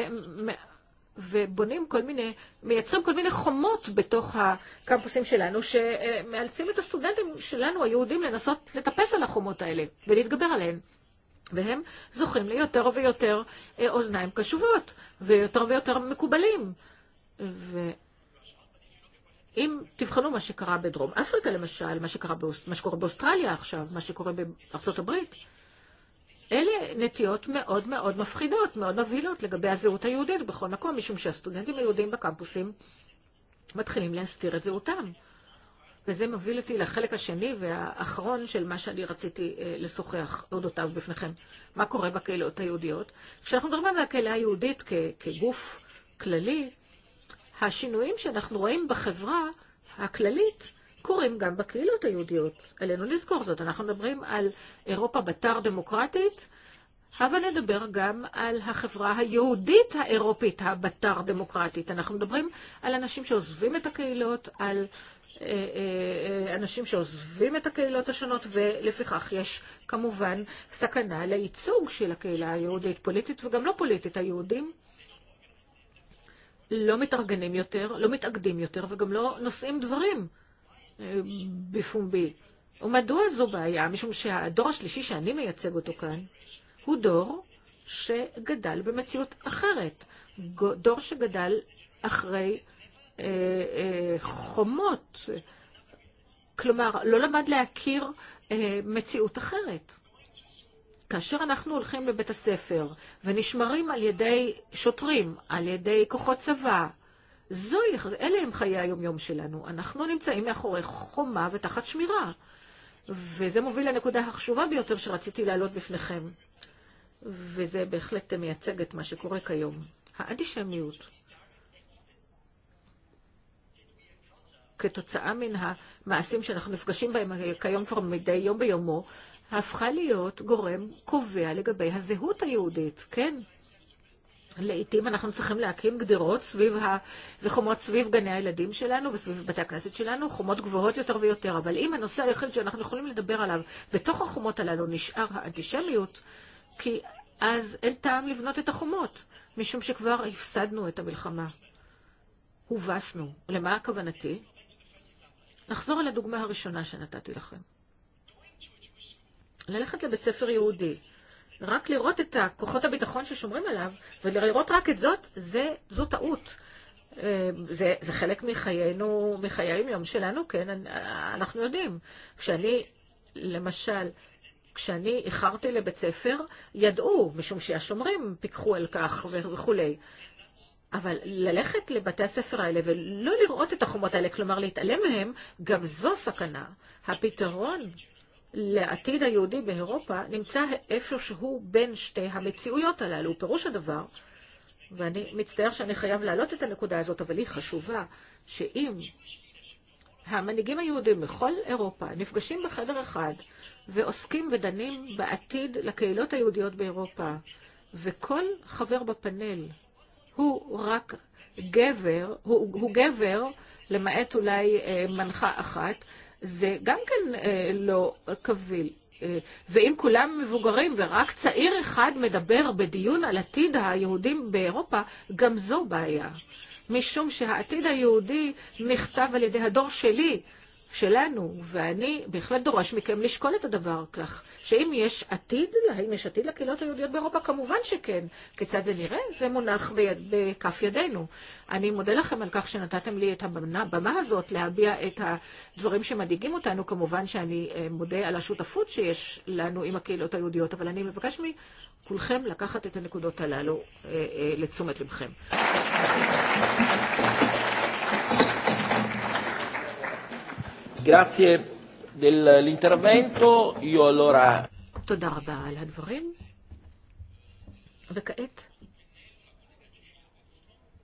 ובונים כל מיני, מייצרים כל מיני חומות בתוך הקמפוסים שלנו, שמאלצים את הסטודנטים שלנו, היהודים, לנסות לטפס על החומות האלה ולהתגבר עליהן. והם זוכים ליותר ויותר אוזניים קשובות ויותר ויותר מקובלים. ו... אם תבחנו מה שקרה בדרום אפריקה למשל, מה, שקרה באוס... מה שקורה באוסטרליה עכשיו, מה שקורה בארצות הברית, אלה נטיות מאוד מאוד מפחידות, מאוד מבהילות לגבי הזהות היהודית בכל מקום, משום שהסטודנטים היהודים בקמפוסים מתחילים להסתיר את זהותם. וזה מוביל אותי לחלק השני והאחרון של מה שאני רציתי לשוחח אודותיו בפניכם. מה קורה בקהילות היהודיות? כשאנחנו מדברים על הקהילה היהודית כגוף כללי, השינויים שאנחנו רואים בחברה הכללית קורים גם בקהילות היהודיות. עלינו לזכור זאת. אנחנו מדברים על אירופה בתר דמוקרטית, אבל נדבר גם על החברה היהודית האירופית הבתר דמוקרטית. אנחנו מדברים על אנשים שעוזבים את הקהילות, על אנשים שעוזבים את הקהילות השונות ולפיכך יש כמובן סכנה לייצוג של הקהילה היהודית, פוליטית וגם לא פוליטית. היהודים לא מתארגנים יותר, לא מתאגדים יותר וגם לא נושאים דברים בפומבי. ומדוע זו בעיה? משום שהדור השלישי שאני מייצג אותו כאן הוא דור שגדל במציאות אחרת. דור שגדל אחרי חומות. כלומר, לא למד להכיר מציאות אחרת. כאשר אנחנו הולכים לבית הספר ונשמרים על ידי שוטרים, על ידי כוחות צבא, זוהי, אלה הם חיי היומיום שלנו. אנחנו נמצאים מאחורי חומה ותחת שמירה. וזה מוביל לנקודה החשובה ביותר שרציתי להעלות בפניכם. וזה בהחלט מייצג את מה שקורה כיום. האנטישמיות כתוצאה מן המעשים שאנחנו נפגשים בהם כיום כבר מדי יום ביומו, הפכה להיות גורם קובע לגבי הזהות היהודית, כן? לעתים אנחנו צריכים להקים גדרות סביב ה... וחומות סביב גני הילדים שלנו וסביב בתי הכנסת שלנו, חומות גבוהות יותר ויותר. אבל אם הנושא היחיד שאנחנו יכולים לדבר עליו בתוך החומות הללו נשאר האנטישמיות, כי אז אין טעם לבנות את החומות, משום שכבר הפסדנו את המלחמה. הובסנו. למה הכוונתי? נחזור על הדוגמה הראשונה שנתתי לכם. ללכת לבית ספר יהודי, רק לראות את כוחות הביטחון ששומרים עליו, ולראות רק את זאת, זה, זו טעות. זה, זה חלק מחיינו, מחיי היום שלנו, כן, אנחנו יודעים. כשאני, למשל, כשאני איחרתי לבית ספר, ידעו, משום שהשומרים פיקחו על כך וכולי. אבל ללכת לבתי הספר האלה ולא לראות את החומות האלה, כלומר להתעלם מהם, גם זו סכנה. הפתרון לעתיד היהודי באירופה נמצא איפשהו בין שתי המציאויות הללו. פירוש הדבר, ואני מצטער שאני חייב להעלות את הנקודה הזאת, אבל היא חשובה, שאם המנהיגים היהודים מכל אירופה נפגשים בחדר אחד ועוסקים ודנים בעתיד לקהילות היהודיות באירופה, וכל חבר בפאנל הוא רק גבר, הוא, הוא גבר, למעט אולי מנחה אחת, זה גם כן לא קביל. ואם כולם מבוגרים ורק צעיר אחד מדבר בדיון על עתיד היהודים באירופה, גם זו בעיה. משום שהעתיד היהודי נכתב על ידי הדור שלי, שלנו, ואני בהחלט דורש מכם לשקול את הדבר כך, שאם יש עתיד, האם יש עתיד לקהילות היהודיות באירופה? כמובן שכן. כיצד זה נראה? זה מונח ביד, בכף ידינו. אני מודה לכם על כך שנתתם לי את הבמה הזאת להביע את הדברים שמדאיגים אותנו. כמובן שאני מודה על השותפות שיש לנו עם הקהילות היהודיות, אבל אני מבקש מכולכם לקחת את הנקודות הללו לתשומת לבכם. Grazie dell'intervento, io allora... Tודה רבה Vekaet.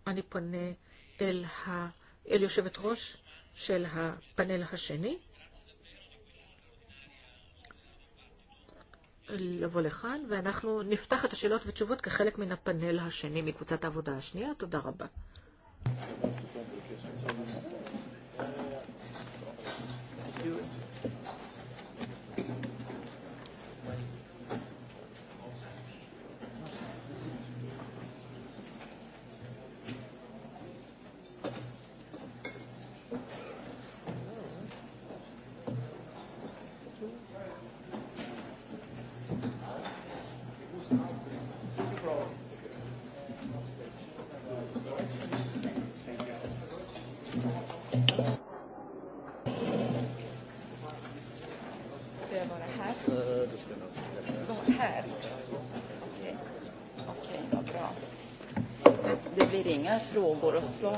Ani ponne el ha el yoshevet rosh shel ha panel ha sheni. לבוא לכאן, ואנחנו נפתח את השאלות ותשובות כחלק מן הפאנל השני מקבוצת העבודה השנייה. תודה רבה. frågor och svar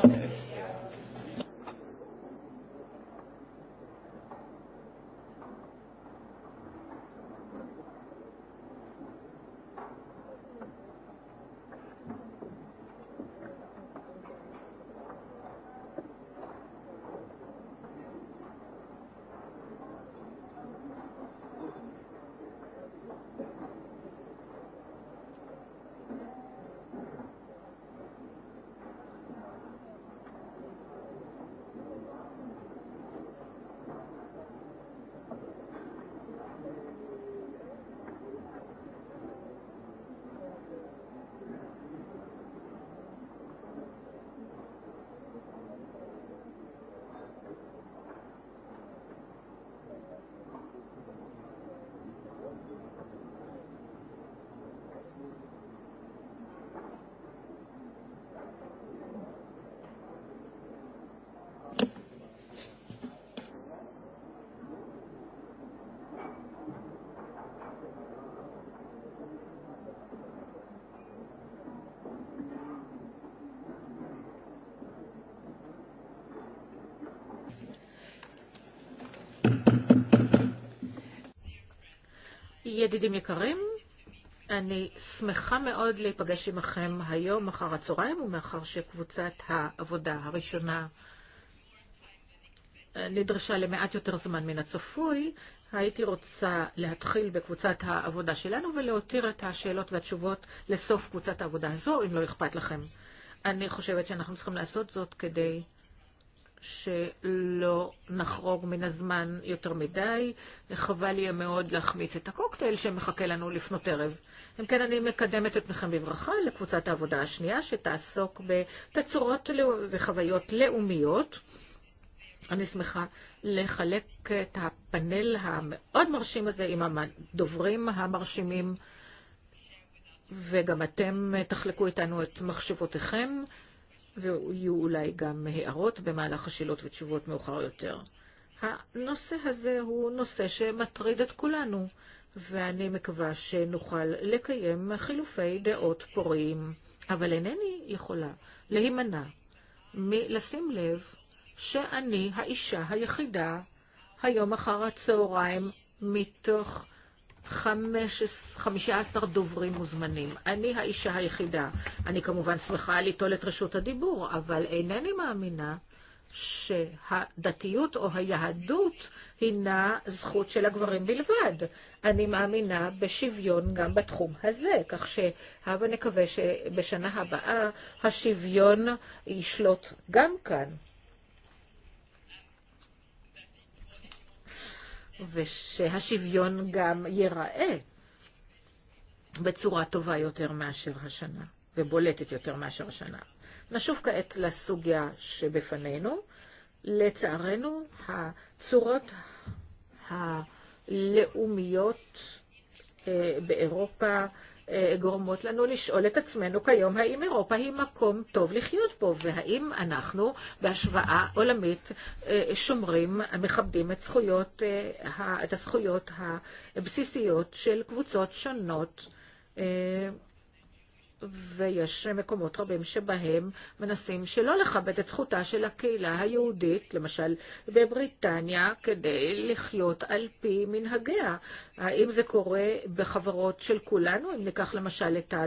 ידידים יקרים, אני שמחה מאוד להיפגש עמכם היום אחר הצהריים, ומאחר שקבוצת העבודה הראשונה נדרשה למעט יותר זמן מן הצפוי, הייתי רוצה להתחיל בקבוצת העבודה שלנו ולהותיר את השאלות והתשובות לסוף קבוצת העבודה הזו, אם לא אכפת לכם. אני חושבת שאנחנו צריכים לעשות זאת כדי שלא נחרוג מן הזמן יותר מדי. חבל יהיה מאוד להחמיץ את הקוקטייל שמחכה לנו לפנות ערב. אם כן, אני מקדמת את פניכם בברכה לקבוצת העבודה השנייה, שתעסוק בתצורות וחוויות לאומיות. אני שמחה לחלק את הפאנל המאוד מרשים הזה עם הדוברים המרשימים, וגם אתם תחלקו איתנו את מחשבותיכם. ויהיו אולי גם הערות במהלך השאלות ותשובות מאוחר יותר. הנושא הזה הוא נושא שמטריד את כולנו, ואני מקווה שנוכל לקיים חילופי דעות פוריים, אבל אינני יכולה להימנע מלשים לב שאני האישה היחידה היום אחר הצהריים מתוך 15 דוברים מוזמנים. אני האישה היחידה. אני כמובן שמחה ליטול את רשות הדיבור, אבל אינני מאמינה שהדתיות או היהדות הינה זכות של הגברים בלבד. אני מאמינה בשוויון גם בתחום הזה, כך שהבה נקווה שבשנה הבאה השוויון ישלוט גם כאן. ושהשוויון גם ייראה בצורה טובה יותר מאשר השנה, ובולטת יותר מאשר השנה. נשוב כעת לסוגיה שבפנינו. לצערנו, הצורות הלאומיות באירופה גורמות לנו לשאול את עצמנו כיום האם אירופה היא מקום טוב לחיות בו והאם אנחנו בהשוואה עולמית שומרים, מכבדים את, זכויות, את הזכויות הבסיסיות של קבוצות שונות ויש מקומות רבים שבהם מנסים שלא לכבד את זכותה של הקהילה היהודית, למשל בבריטניה, כדי לחיות על פי מנהגיה. האם זה קורה בחברות של כולנו? אם ניקח למשל את, ה,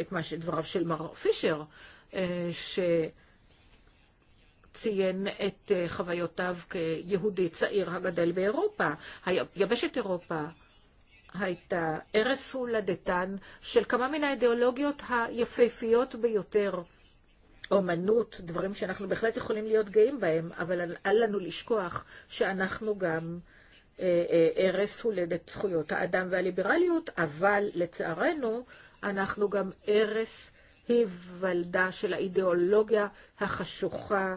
את מה שדבריו של מר פישר, ש... ציין את חוויותיו כיהודי צעיר הגדל באירופה, יבשת אירופה. הייתה ערש הולדתן של כמה מן האידיאולוגיות היפהפיות ביותר. אומנות, דברים שאנחנו בהחלט יכולים להיות גאים בהם, אבל אל לנו לשכוח שאנחנו גם ערש הולדת זכויות האדם והליברליות, אבל לצערנו אנחנו גם ערש היוולדה של האידיאולוגיה החשוכה,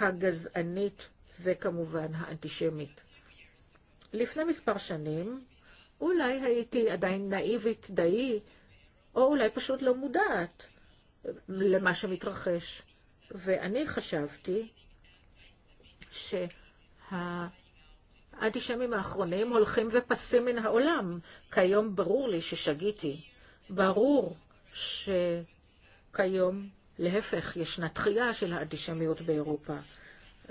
הגזענית וכמובן האנטישמית. לפני מספר שנים אולי הייתי עדיין נאיבית די, או אולי פשוט לא מודעת למה שמתרחש. ואני חשבתי שהאנטישמים האחרונים הולכים ופסים מן העולם. כיום ברור לי ששגיתי. ברור שכיום להפך, ישנה תחייה של האנטישמיות באירופה.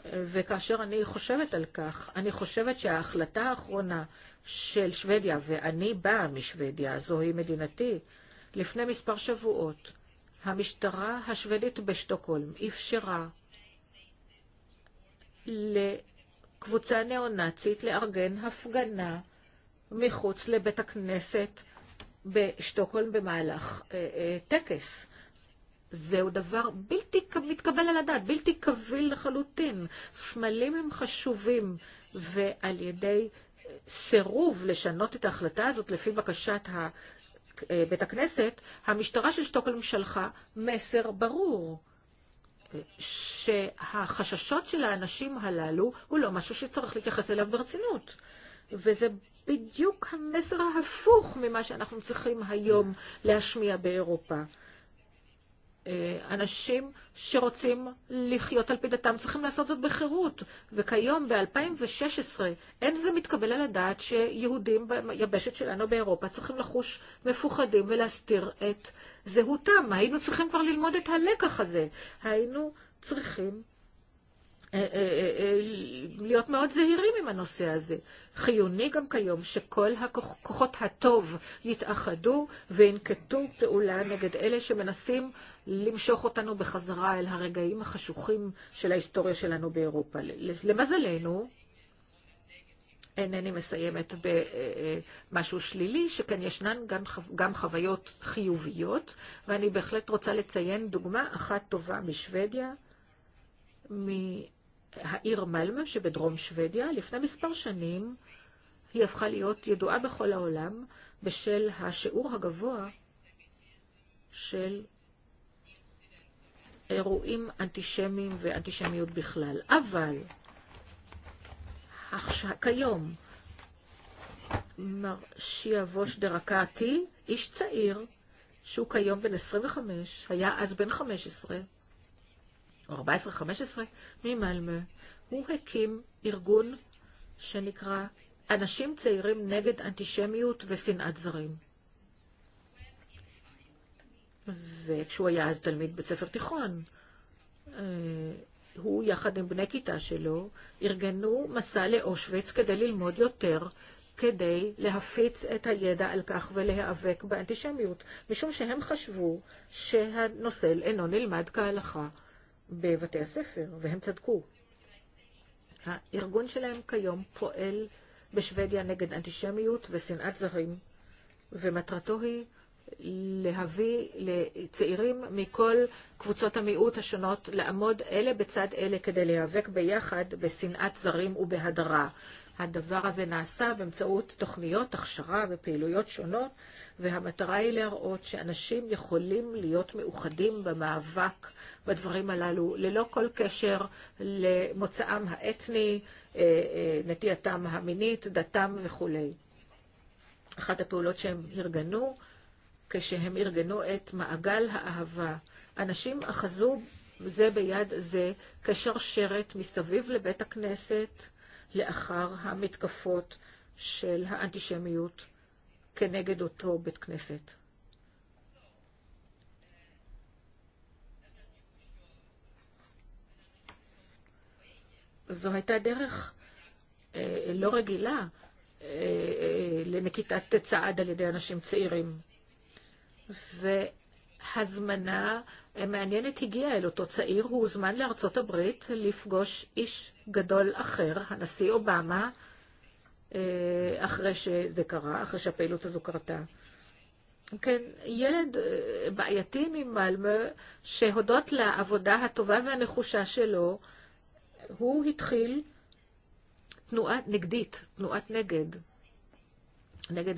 וכאשר אני חושבת על כך, אני חושבת שההחלטה האחרונה xel Xvedja, ve għanni ba' mi Xvedja, zoħi medinati, lifne mispar xavuot, ha-mishtara ha-Xvedit b-Stokholm, ifxira li kvuza neonazit li argen hafganna miħuċ li betta kneset b-Stokholm b-malax e, e, tekes. Zew davar bilti mitkabel al adat, bilti kabel l-ħalutin, smalim im ve għal סירוב לשנות את ההחלטה הזאת לפי בקשת בית הכנסת, המשטרה של שטוקלם שלחה מסר ברור שהחששות של האנשים הללו הוא לא משהו שצריך להתייחס אליו ברצינות. וזה בדיוק המסר ההפוך ממה שאנחנו צריכים היום להשמיע באירופה. אנשים שרוצים לחיות על פי דתם צריכים לעשות זאת בחירות. וכיום, ב-2016, אין זה מתקבל על הדעת שיהודים ביבשת שלנו באירופה צריכים לחוש מפוחדים ולהסתיר את זהותם. היינו צריכים כבר ללמוד את הלקח הזה. היינו צריכים להיות מאוד זהירים עם הנושא הזה. חיוני גם כיום שכל הכוחות הטוב יתאחדו וינקטו פעולה נגד אלה שמנסים למשוך אותנו בחזרה אל הרגעים החשוכים של ההיסטוריה שלנו באירופה. למזלנו, אינני מסיימת במשהו שלילי, שכן ישנן גם, חו... גם חוויות חיוביות, ואני בהחלט רוצה לציין דוגמה אחת טובה משוודיה, העיר מלמה שבדרום שוודיה, לפני מספר שנים היא הפכה להיות ידועה בכל העולם בשל השיעור הגבוה של אירועים אנטישמיים ואנטישמיות בכלל. אבל כיום מר שיאבוש דרקתי, איש צעיר, שהוא כיום בן 25, היה אז בן 15, 14-15 ממלמה, הוא הקים ארגון שנקרא אנשים צעירים נגד אנטישמיות ושנאת זרים. וכשהוא היה אז תלמיד בית ספר תיכון, הוא יחד עם בני כיתה שלו ארגנו מסע לאושוויץ כדי ללמוד יותר, כדי להפיץ את הידע על כך ולהיאבק באנטישמיות, משום שהם חשבו שהנושא אינו נלמד כהלכה בבתי הספר, והם צדקו. הארגון שלהם כיום פועל בשוודיה נגד אנטישמיות ושנאת זרים, ומטרתו היא להביא לצעירים מכל קבוצות המיעוט השונות לעמוד אלה בצד אלה כדי להיאבק ביחד בשנאת זרים ובהדרה. הדבר הזה נעשה באמצעות תוכניות הכשרה ופעילויות שונות והמטרה היא להראות שאנשים יכולים להיות מאוחדים במאבק בדברים הללו, ללא כל קשר למוצאם האתני, נטייתם המינית, דתם וכולי. אחת הפעולות שהם ארגנו, כשהם ארגנו את מעגל האהבה. אנשים אחזו זה ביד זה כשרשרת מסביב לבית הכנסת לאחר המתקפות של האנטישמיות כנגד אותו בית כנסת. זו הייתה דרך אה, לא רגילה לנקיטת צעד על ידי אנשים צעירים. והזמנה מעניינת הגיעה אל אותו צעיר, הוא הוזמן לארצות הברית לפגוש איש גדול אחר, הנשיא אובמה, אחרי שזה קרה, אחרי שהפעילות הזו קרתה. כן, ילד בעייתי ממלמה, שהודות לעבודה הטובה והנחושה שלו, הוא התחיל תנועה נגדית, תנועת נגד, נגד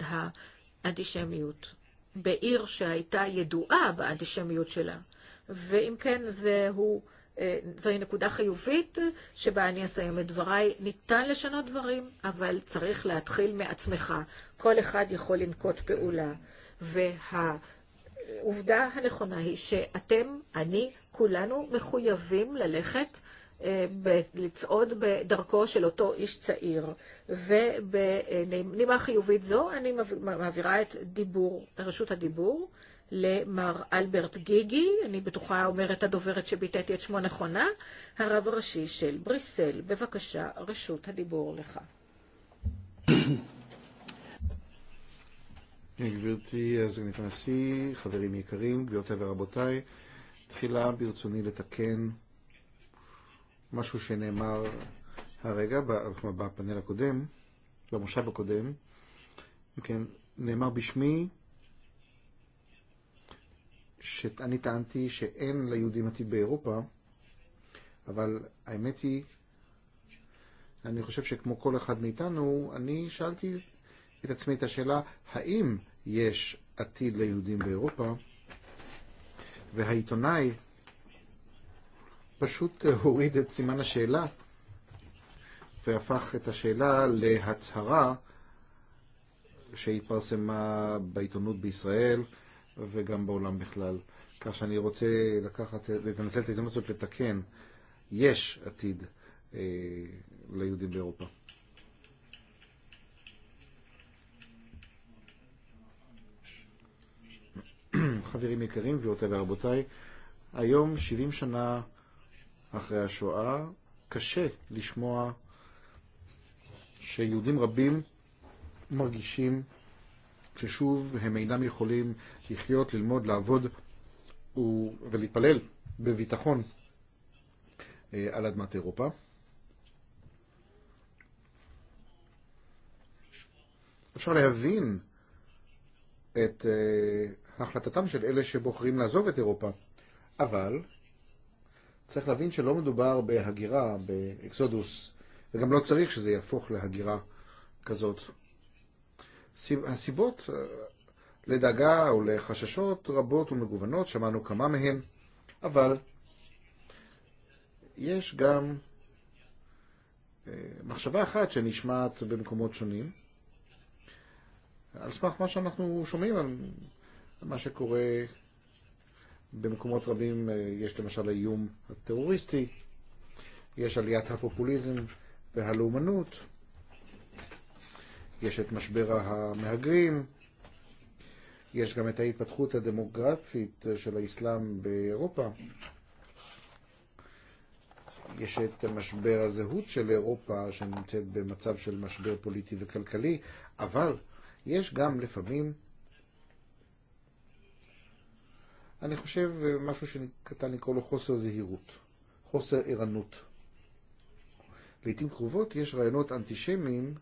האנטישמיות, בעיר שהייתה ידועה באנטישמיות שלה. ואם כן, זהו זוהי נקודה חיובית שבה אני אסיים את דבריי. ניתן לשנות דברים, אבל צריך להתחיל מעצמך. כל אחד יכול לנקוט פעולה. והעובדה הנכונה היא שאתם, אני, כולנו מחויבים ללכת לצעוד בדרכו של אותו איש צעיר. ובנימה חיובית זו אני מעבירה את דיבור, רשות הדיבור למר אלברט גיגי, אני בטוחה אומרת הדוברת שביטאתי את שמו נכונה, הרב הראשי של בריסל. בבקשה, רשות הדיבור לך. גברתי אז אני הנשיא, חברים יקרים, גבירותיי ורבותיי, תחילה ברצוני לתקן משהו שנאמר הרגע בפאנל הקודם, במושב הקודם, כן, נאמר בשמי שאני טענתי שאין ליהודים עתיד באירופה, אבל האמת היא, אני חושב שכמו כל אחד מאיתנו, אני שאלתי את עצמי את השאלה, האם יש עתיד ליהודים באירופה? והעיתונאי פשוט הוריד את סימן השאלה והפך את השאלה להצהרה שהתפרסמה בעיתונות בישראל, וגם בעולם בכלל. כך שאני רוצה לקחת, לנצל את ההזדמנות הזאת לתקן, יש עתיד אה, ליהודים באירופה. חברים יקרים, גבירותיי ורבותיי, היום, 70 שנה אחרי השואה, קשה לשמוע שיהודים רבים מרגישים ששוב הם אינם יכולים לחיות, ללמוד, לעבוד ולהתפלל בביטחון על אדמת אירופה. אפשר להבין את החלטתם של אלה שבוחרים לעזוב את אירופה, אבל צריך להבין שלא מדובר בהגירה, באקסודוס, וגם לא צריך שזה יהפוך להגירה כזאת. הסיבות לדאגה ולחששות רבות ומגוונות, שמענו כמה מהן, אבל יש גם מחשבה אחת שנשמעת במקומות שונים, על סמך מה שאנחנו שומעים על מה שקורה במקומות רבים, יש למשל האיום הטרוריסטי, יש עליית הפופוליזם והלאומנות, יש את משבר המהגרים, יש גם את ההתפתחות הדמוגרפית של האסלאם באירופה, יש את משבר הזהות של אירופה שנמצאת במצב של משבר פוליטי וכלכלי, אבל יש גם לפעמים, אני חושב, משהו שקטן לקרוא לו חוסר זהירות, חוסר ערנות. לעיתים קרובות יש רעיונות אנטישמיים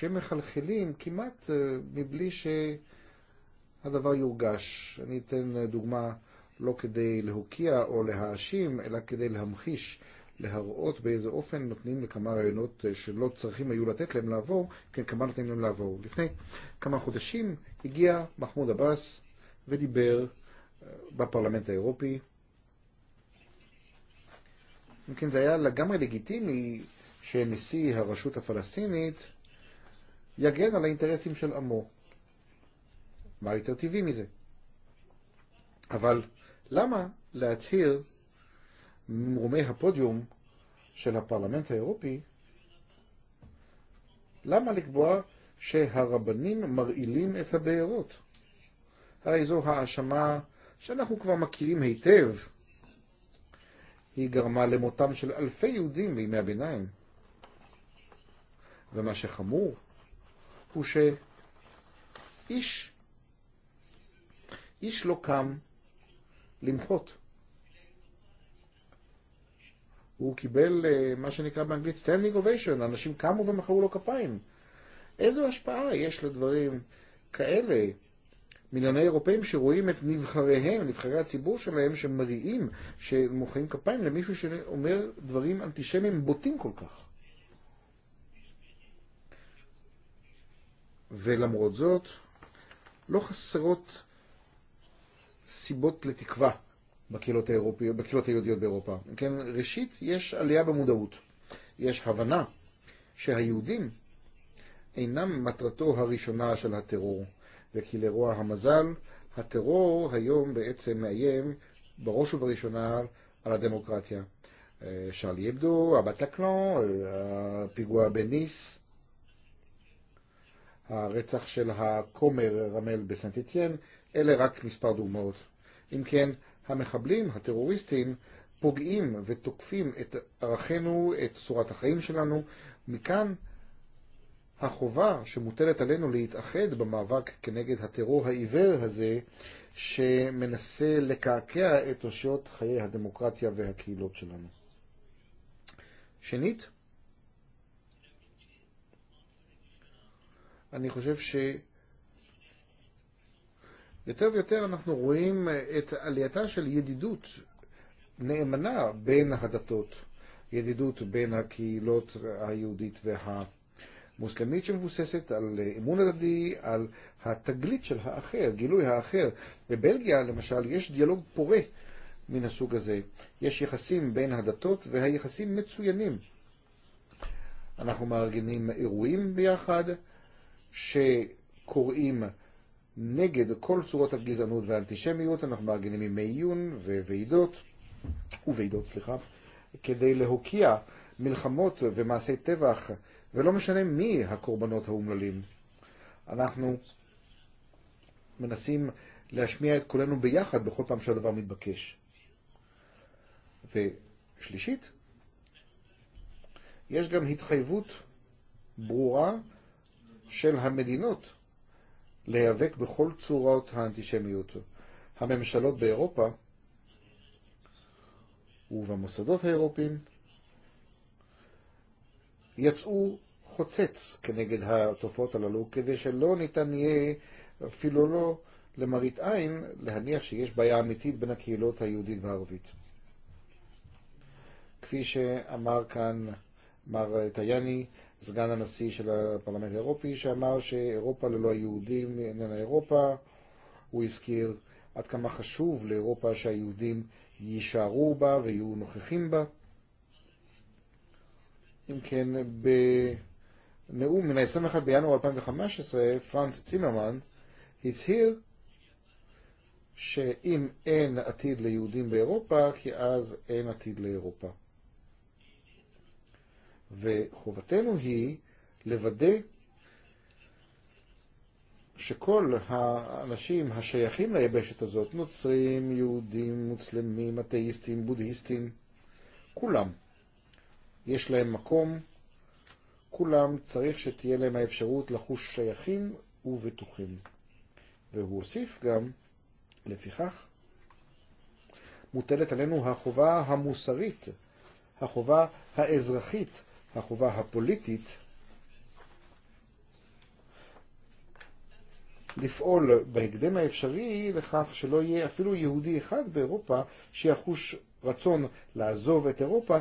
שמחלחלים כמעט מבלי שהדבר יורגש. אני אתן דוגמה לא כדי להוקיע או להאשים, אלא כדי להמחיש, להראות באיזה אופן נותנים לכמה רעיונות שלא צריכים היו לתת להם לעבור, כן, כמה נותנים להם לעבור. לפני כמה חודשים הגיע מחמוד עבאס ודיבר בפרלמנט האירופי. אם כן, זה היה לגמרי לגיטימי שנשיא הרשות הפלסטינית יגן על האינטרסים של עמו. מה יותר טבעי מזה? אבל למה להצהיר ממרומי הפודיום של הפרלמנט האירופי, למה לקבוע שהרבנים מרעילים את הבארות? הרי זו האשמה שאנחנו כבר מכירים היטב. היא גרמה למותם של אלפי יהודים בימי הביניים. ומה שחמור, kuxe xe ix ix lokam u kibel eh, ma xe nikra באנגלית standing ovation, anasim אנשים קמו ומחאו לו כפיים. איזו השפעה יש לדברים כאלה? מיליוני אירופאים שרואים את נבחריהם, נבחרי הציבור שלהם, שמריעים, שמוחאים כפיים למישהו שאומר דברים אנטישמיים בוטים כל כך. ולמרות זאת, לא חסרות סיבות לתקווה בקהילות, האירופיות, בקהילות היהודיות באירופה. כן, ראשית, יש עלייה במודעות. יש הבנה שהיהודים אינם מטרתו הראשונה של הטרור, וכי לרוע המזל, הטרור היום בעצם מאיים בראש ובראשונה על הדמוקרטיה. שרלי אבדו, הבטקלון, הפיגוע בניס, הרצח של הכומר רמל בסנט אתיין, אלה רק מספר דוגמאות. אם כן, המחבלים, הטרוריסטים, פוגעים ותוקפים את ערכינו, את צורת החיים שלנו, מכאן החובה שמוטלת עלינו להתאחד במאבק כנגד הטרור העיוור הזה, שמנסה לקעקע את אושיות חיי הדמוקרטיה והקהילות שלנו. שנית, אני חושב ש... יותר ויותר אנחנו רואים את עלייתה של ידידות נאמנה בין הדתות, ידידות בין הקהילות היהודית והמוסלמית שמבוססת על אמון הדדי, על התגלית של האחר, גילוי האחר. בבלגיה למשל יש דיאלוג פורה מן הסוג הזה. יש יחסים בין הדתות והיחסים מצוינים. אנחנו מארגנים אירועים ביחד, שקוראים נגד כל צורות הגזענות והאנטישמיות, אנחנו מארגנים ימי עיון וועידות, וועידות, סליחה, כדי להוקיע מלחמות ומעשי טבח, ולא משנה מי הקורבנות האומללים. אנחנו מנסים להשמיע את קולנו ביחד בכל פעם שהדבר מתבקש. ושלישית, יש גם התחייבות ברורה של המדינות להיאבק בכל צורות האנטישמיות. הממשלות באירופה ובמוסדות האירופיים יצאו חוצץ כנגד התופעות הללו, כדי שלא ניתן יהיה, אפילו לא למראית עין, להניח שיש בעיה אמיתית בין הקהילות היהודית והערבית. כפי שאמר כאן מר טייני, סגן הנשיא של הפרלמנט האירופי, שאמר שאירופה ללא היהודים איננה אירופה. הוא הזכיר עד כמה חשוב לאירופה שהיהודים יישארו בה ויהיו נוכחים בה. אם כן, בנאום מן ה-21 בינואר 2015, פרנס צימרמן הצהיר שאם אין עתיד ליהודים באירופה, כי אז אין עתיד לאירופה. וחובתנו היא לוודא שכל האנשים השייכים ליבשת הזאת, נוצרים, יהודים, מוסלמים, אתאיסטים, בודהיסטים, כולם, יש להם מקום, כולם צריך שתהיה להם האפשרות לחוש שייכים ובטוחים. והוא הוסיף גם, לפיכך, מוטלת עלינו החובה המוסרית, החובה האזרחית, li החובה הפוליטית לפעול בהקדם האפשרי לכך שלא יהיה אפילו יהודי אחד באירופה שיחוש רצון לעזוב את אירופה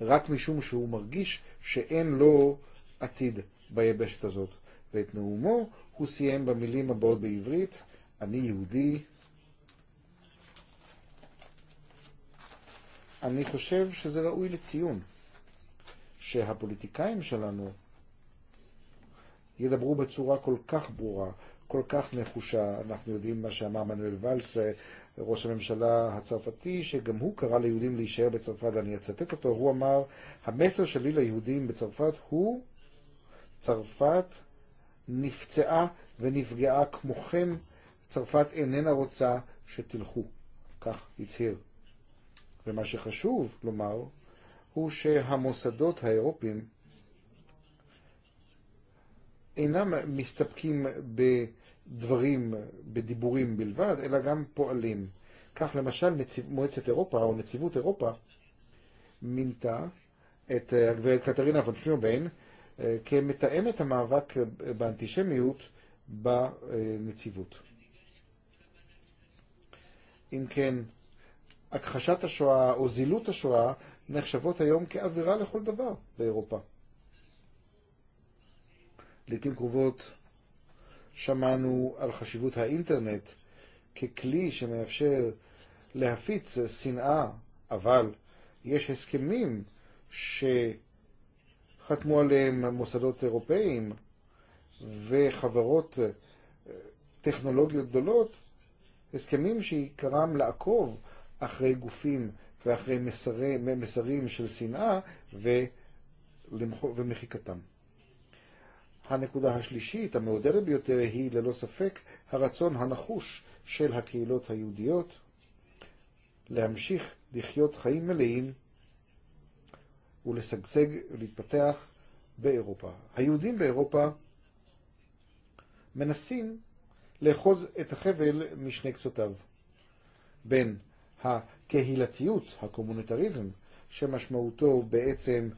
רק משום שהוא מרגיש שאין לו עתיד ביבשת הזאת. ואת נאומו הוא סיים במילים הבאות בעברית, אני יהודי. אני חושב שזה ראוי לציון. שהפוליטיקאים שלנו ידברו בצורה כל כך ברורה, כל כך נחושה. אנחנו יודעים מה שאמר מנואל ואלס, ראש הממשלה הצרפתי, שגם הוא קרא ליהודים להישאר בצרפת, אני אצטט אותו, הוא אמר, המסר שלי ליהודים בצרפת הוא צרפת נפצעה ונפגעה כמוכם, צרפת איננה רוצה שתלכו. כך הצהיר. ומה שחשוב לומר, הוא שהמוסדות האירופיים אינם מסתפקים בדברים, בדיבורים בלבד, אלא גם פועלים. כך למשל נציב, מועצת אירופה או נציבות אירופה מינתה את הגברת קטרינה פון שניוביין כמתאמת המאבק באנטישמיות בנציבות. אם כן, הכחשת השואה או זילות השואה נחשבות היום כאווירה לכל דבר באירופה. לעתים קרובות שמענו על חשיבות האינטרנט ככלי שמאפשר להפיץ שנאה, אבל יש הסכמים שחתמו עליהם מוסדות אירופאיים וחברות טכנולוגיות גדולות, הסכמים שעיקרם לעקוב אחרי גופים ואחרי מסרים, מסרים של שנאה ומחיקתם. הנקודה השלישית, המעודדת ביותר, היא ללא ספק הרצון הנחוש של הקהילות היהודיות להמשיך לחיות חיים מלאים ולשגשג ולהתפתח באירופה. היהודים באירופה מנסים לאחוז את החבל משני קצותיו, בין הקהילתיות, הקומוניטריזם, שמשמעותו בעצם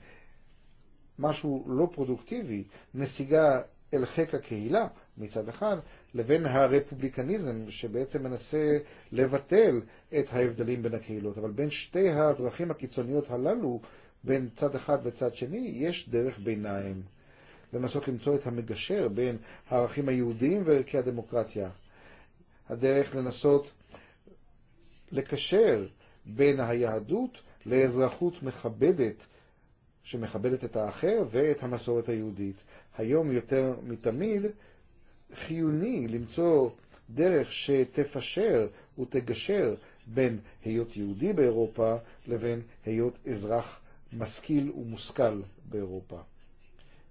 משהו לא פרודוקטיבי, נסיגה אל חיק הקהילה מצד אחד, לבין הרפובליקניזם שבעצם מנסה לבטל את ההבדלים בין הקהילות. אבל בין שתי הדרכים הקיצוניות הללו, בין צד אחד וצד שני, יש דרך ביניים. לנסות למצוא את המגשר בין הערכים היהודיים וערכי הדמוקרטיה. הדרך לנסות לקשר בין היהדות לאזרחות מכבדת, שמכבדת את האחר ואת המסורת היהודית. היום יותר מתמיד חיוני למצוא דרך שתפשר ותגשר בין היות יהודי באירופה לבין היות אזרח משכיל ומושכל באירופה.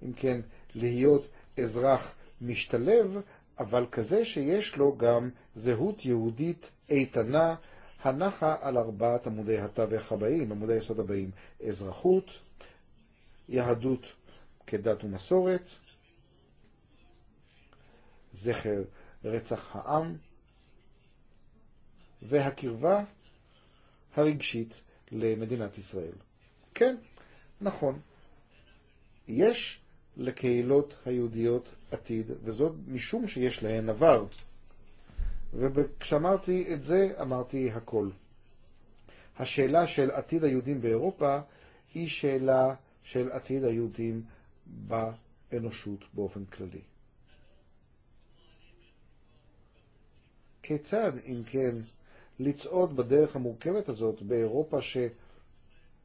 אם כן, להיות אזרח משתלב, אבל כזה שיש לו גם זהות יהודית איתנה הנחה על ארבעת עמודי התווך הבאים, עמודי היסוד הבאים, אזרחות, יהדות כדת ומסורת, זכר רצח העם, והקרבה הרגשית למדינת ישראל. כן, נכון. יש לקהילות היהודיות עתיד, וזאת משום שיש להן עבר. וכשאמרתי את זה, אמרתי הכל. השאלה של עתיד היהודים באירופה היא שאלה של עתיד היהודים באנושות באופן כללי. כיצד, אם כן, לצעוד בדרך המורכבת הזאת באירופה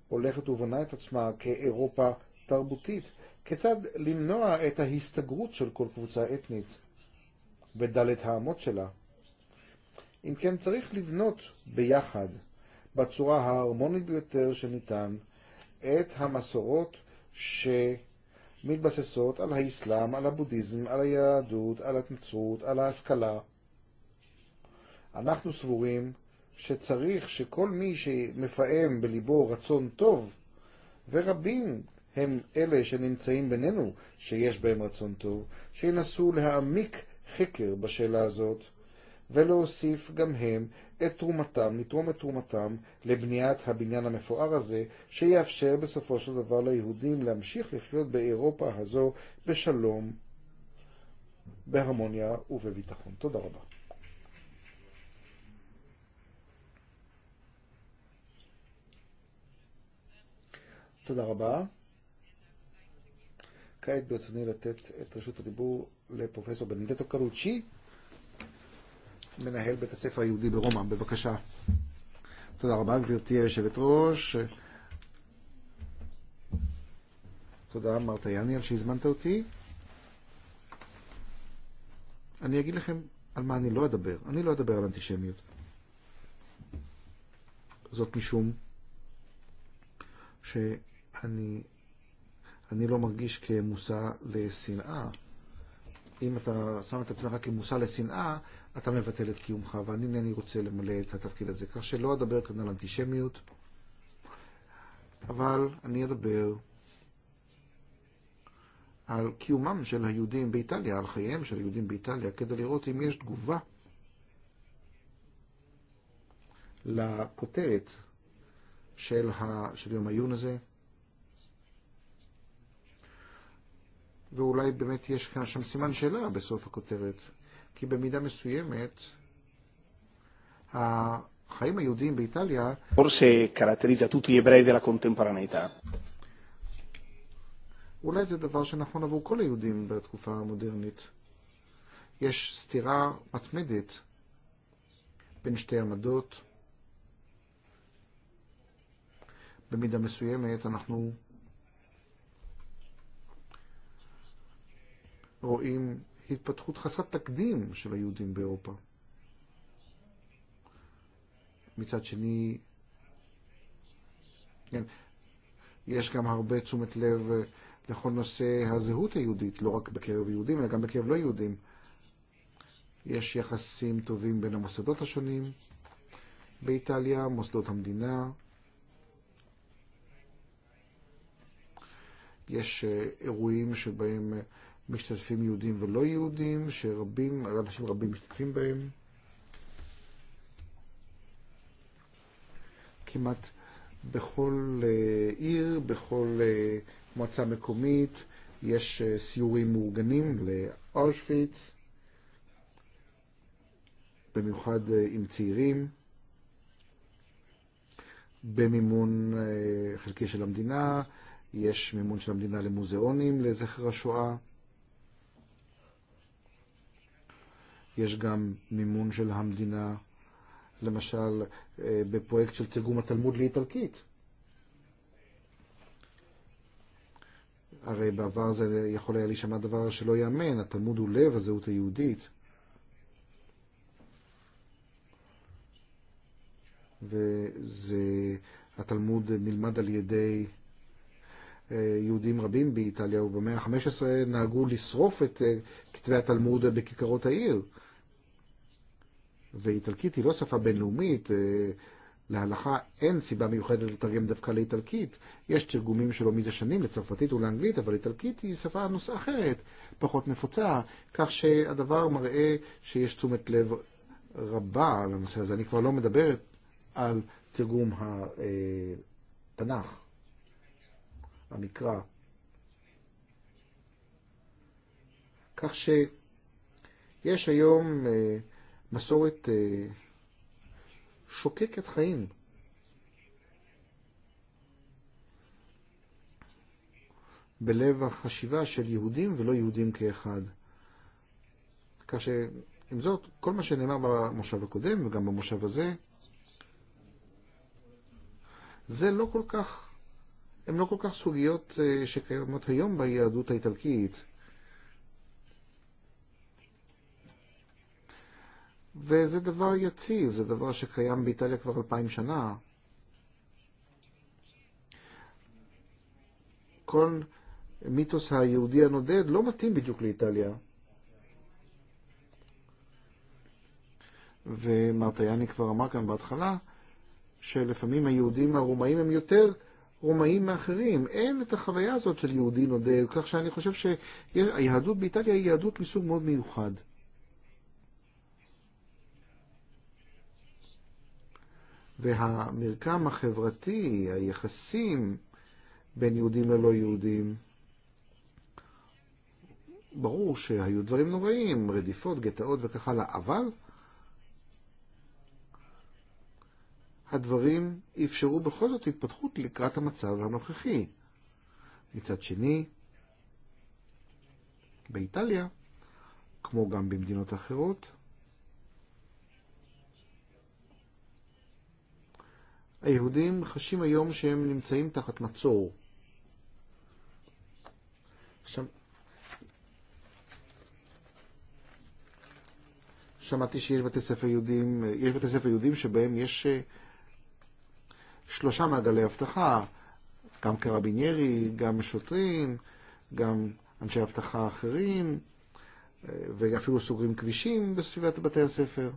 שהולכת ובונה את עצמה כאירופה תרבותית? כיצד למנוע את ההסתגרות של כל קבוצה אתנית ודלת האמות שלה? אם כן צריך לבנות ביחד, בצורה ההרמונית ביותר שניתן, את המסורות שמתבססות על האסלאם, על הבודהיזם, על היהדות, על התנצרות, על ההשכלה. אנחנו סבורים שצריך שכל מי שמפעם בליבו רצון טוב, ורבים הם אלה שנמצאים בינינו שיש בהם רצון טוב, שינסו להעמיק חקר בשאלה הזאת, velo הוסיף גם הם את תרומתם, לתרום את תרומתם לבניית הבניין המפואר הזה, שיאפשר בסופו של דבר ליהודים להמשיך לחיות באירופה הזו בשלום, בהרמוניה ובביטחון. תודה רבה. תודה רבה. כעת ברצוני לתת את רשות הדיבור לפרופסור בנדטו קרוצ'י. מנהל בית הספר היהודי ברומא, בבקשה. תודה רבה, גברתי היושבת-ראש. תודה, מר טייני, על שהזמנת אותי. אני אגיד לכם על מה אני לא אדבר. אני לא אדבר על אנטישמיות. זאת משום שאני אני לא מרגיש כמושא לשנאה. אם אתה שם את עצמך כמושא לשנאה, אתה מבטל את קיומך, ואני אינני רוצה למלא את התפקיד הזה, כך שלא אדבר כאן על אנטישמיות, אבל אני אדבר על קיומם של היהודים באיטליה, על חייהם של היהודים באיטליה, כדי לראות אם יש תגובה לכותרת של, ה, של יום העיון הזה. ואולי באמת יש שם סימן שאלה בסוף הכותרת. כי במידה מסוימת החיים היהודיים באיטליה... פורסה קרטריזה תותי אבראי דלה קונטמפרנטה. אולי זה דבר שנכון עבור כל היהודים בתקופה המודרנית. יש סתירה מתמדת בין שתי עמדות. במידה מסוימת אנחנו רואים התפתחות חסרת תקדים של היהודים באירופה. מצד שני, כן, יש גם הרבה תשומת לב לכל נושא הזהות היהודית, לא רק בקרב יהודים, אלא גם בקרב לא יהודים. יש יחסים טובים בין המוסדות השונים באיטליה, מוסדות המדינה. יש אירועים שבהם משתתפים יהודים ולא יהודים, שרבים, אנשים רבים משתתפים בהם. כמעט בכל עיר, בכל מועצה מקומית, יש סיורים מאורגנים לאושוויץ, במיוחד עם צעירים, במימון חלקי של המדינה, יש מימון של המדינה למוזיאונים לזכר השואה. יש גם מימון של המדינה, למשל בפרויקט של תרגום התלמוד לאיטלקית. הרי בעבר זה יכול היה להישמע דבר שלא ייאמן, התלמוד הוא לב הזהות היהודית. mud התלמוד נלמד על ידי יהודים רבים באיטליה ובמאה ה-15 נהגו לשרוף את כתבי התלמוד בכיכרות העיר. ואיטלקית היא לא שפה בינלאומית, להלכה אין סיבה מיוחדת לתרגם דווקא לאיטלקית. יש תרגומים שלו מזה שנים לצרפתית ולאנגלית, אבל איטלקית היא שפה נושא אחרת, פחות נפוצה, כך שהדבר מראה שיש תשומת לב רבה לנושא הזה. אני כבר לא מדברת על תרגום התנ"ך. המקרא. כך שיש היום מסורת שוקקת חיים. בלב החשיבה של יהודים ולא יהודים כאחד. כך שעם זאת, כל מה שנאמר במושב הקודם וגם במושב הזה, זה לא כל כך Mnogo kak sugijot še kaj matrjom ba je dutaj talkijit. וזה דבר יציב, זה דבר שקיים באיטליה כבר אלפיים שנה. כל מיתוס היהודי הנודד לא מתאים בדיוק לאיטליה. ומרטיאני כבר אמר כאן בהתחלה, שלפעמים היהודים הרומאים הם יותר רומאים מאחרים. אין את החוויה הזאת של יהודי נודד, כך שאני חושב שהיהדות באיטליה היא יהדות מסוג מאוד מיוחד. והמרקם החברתי, היחסים בין יהודים ללא יהודים, ברור שהיו דברים נוראים, רדיפות, גטאות וכך הלאה, אבל הדברים אפשרו בכל זאת התפתחות לקראת המצב הנוכחי. מצד שני, באיטליה, כמו גם במדינות אחרות, היהודים חשים היום שהם נמצאים תחת מצור. שם... שמעתי שיש בתי ספר יהודים, יש בתי ספר יהודים שבהם יש שלושה מעגלי אבטחה, גם קרביניירי, גם שוטרים, גם אנשי אבטחה אחרים, ואפילו סוגרים כבישים בסביבת בתי הספר.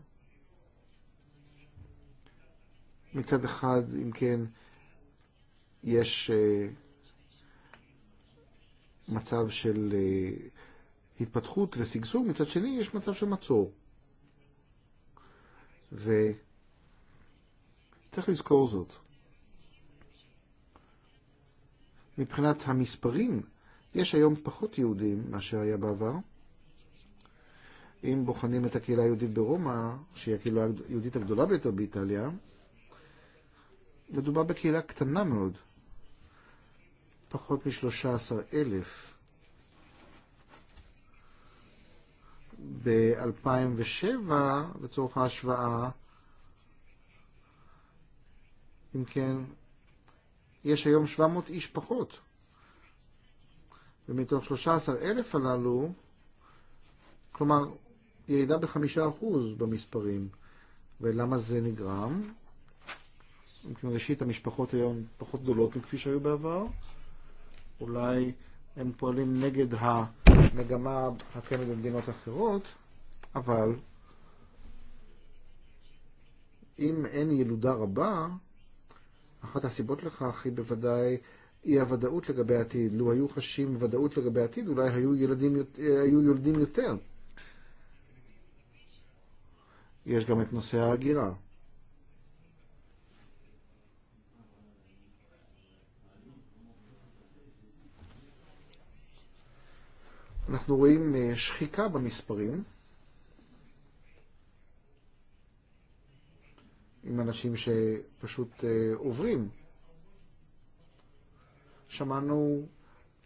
מצד אחד, אם כן, יש מצב של התפתחות ושגשוג, מצד שני יש מצב של מצור. וצריך לזכור זאת. מבחינת המספרים, יש היום פחות יהודים מאשר היה בעבר. אם בוחנים את הקהילה היהודית ברומא, שהיא הקהילה היהודית הגדולה ביותר באיטליה, מדובר בקהילה קטנה מאוד, פחות מ 13000 ב-2007, לצורך ההשוואה, אם כן, יש היום 700 איש פחות. ומתוך 13,000 הללו, כלומר, ירידה בחמישה 5% במספרים. ולמה זה נגרם? מכיוון ראשית המשפחות היום פחות גדולות מכפי שהיו בעבר, אולי הם פועלים נגד המגמה הקיימת במדינות אחרות, אבל אם אין ילודה רבה, אחת הסיבות לכך היא בוודאי אי הוודאות לגבי העתיד. לו היו חשים ודאות לגבי העתיד, אולי היו, ילדים, היו יולדים יותר. יש גם את נושא ההגירה. אנחנו רואים שחיקה במספרים. עם אנשים שפשוט עוברים. שמענו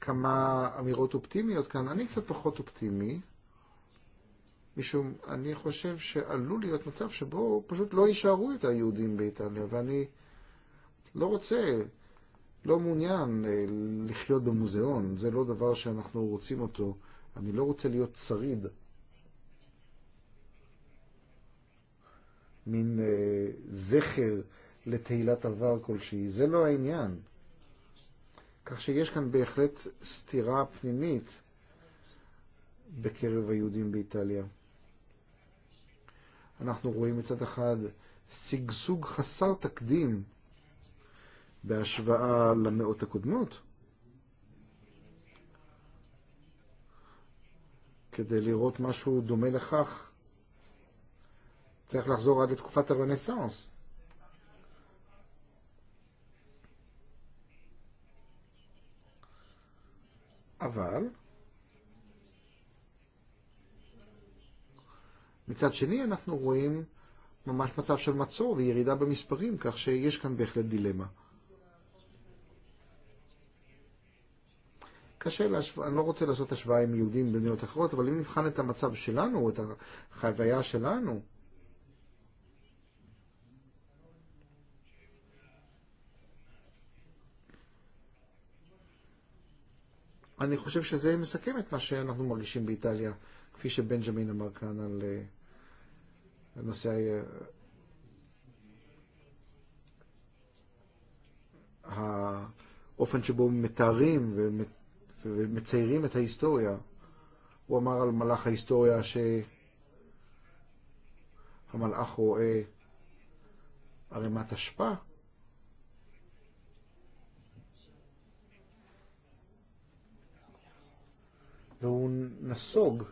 כמה אמירות אופטימיות כאן. אני קצת פחות אופטימי, משום אני חושב שעלול להיות מצב שבו פשוט לא יישארו את היהודים באיטליה, ואני לא רוצה, לא מעוניין לחיות במוזיאון, זה לא דבר שאנחנו רוצים אותו. אני לא רוצה להיות שריד מין זכר לתהילת עבר כלשהי. זה לא העניין. כך שיש כאן בהחלט סתירה פנימית בקרב היהודים באיטליה. אנחנו רואים מצד אחד שגשוג חסר תקדים בהשוואה למאות הקודמות. כדי לראות משהו דומה לכך għad il-tkufat צריך לחזור עד לתקופת הרנסאנס. אבל מצד שני אנחנו רואים ממש מצב של מצור וירידה במספרים, כך שיש כאן בהחלט דילמה. קשה להשוואה, אני לא רוצה לעשות השוואה עם יהודים במדינות אחרות, אבל אם נבחן את המצב שלנו, את החוויה שלנו, אני חושב שזה מסכם את מה שאנחנו מרגישים באיטליה, כפי שבנג'מין אמר כאן על נושא האופן שבו מתארים ומציירים את ההיסטוריה. הוא אמר על מלאך ההיסטוריה שהמלאך רואה ערימת אשפה והוא נסוג,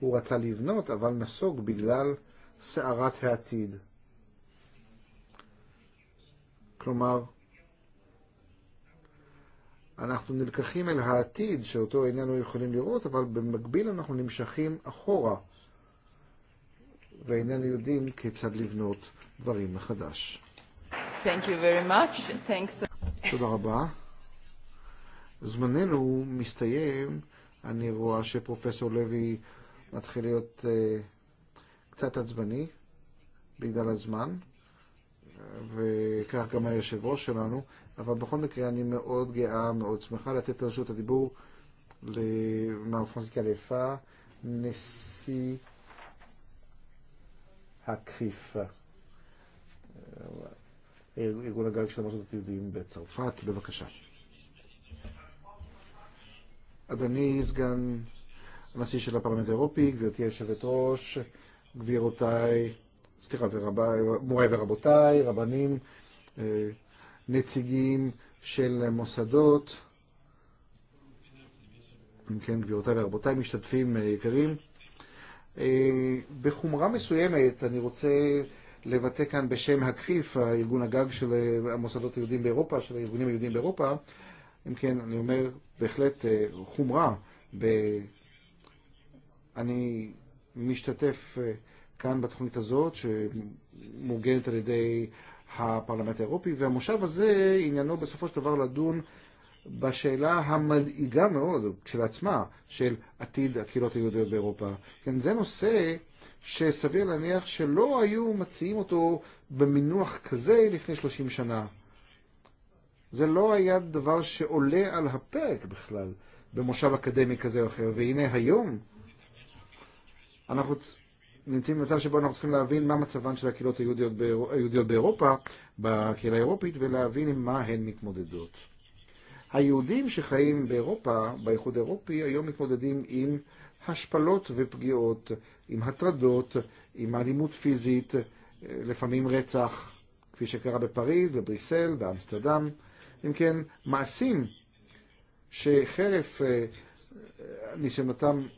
הוא רצה לבנות, אבל נסוג בגלל סערת העתיד. כלומר, אנחנו נלקחים אל העתיד שאותו איננו יכולים לראות, אבל במקביל אנחנו נמשכים אחורה ואיננו יודעים כיצד לבנות דברים מחדש. Thank you very much. Thanks. תודה רבה. זמן אלו מסתיים, אני רואה שפרופסור לוי מתחיל להיות קצת עצבני בגלל הזמן, וכך גם היושב ראש שלנו, אבל בכל מקרה אני מאוד גאה, מאוד שמחה לתת את רשות הדיבור למר פרנסיקה לפה, נשיא הכחיפה. ארגון הגג של המוסדות היהודיים בצרפת, בבקשה. אדוני סגן הנשיא של הפרלמנט האירופי, גברתי היושבת-ראש, גבירותיי, סליחה, מוריי ורבותיי, רבנים, נציגים של מוסדות, אם כן, גבירותיי ורבותיי, משתתפים יקרים. בחומרה מסוימת אני רוצה לבטא כאן בשם הקריף, הארגון הגג של המוסדות היהודים באירופה, של הארגונים היהודים באירופה, אם כן, אני אומר בהחלט חומרה. ב... אני משתתף כאן בתוכנית הזאת שמוגנת על ידי הפרלמנט האירופי, והמושב הזה עניינו בסופו של דבר לדון בשאלה המדאיגה מאוד כשלעצמה של עתיד הקהילות היהודיות באירופה. כן, זה נושא שסביר להניח שלא היו מציעים אותו במינוח כזה לפני 30 שנה. זה לא היה דבר שעולה על הפרק בכלל במושב אקדמי כזה או אחר, והנה היום אנחנו נמצאים במצב שבו אנחנו צריכים להבין מה מצבן של הקהילות היהודיות, היהודיות באירופה, בקהילה האירופית, ולהבין עם מה הן מתמודדות. היהודים שחיים באירופה, באיחוד האירופי, היום מתמודדים עם השפלות ופגיעות, עם הטרדות, עם אלימות פיזית, לפעמים רצח, כפי שקרה בפריז, בבריסל, באמסטרדם imkien מעשים שחרף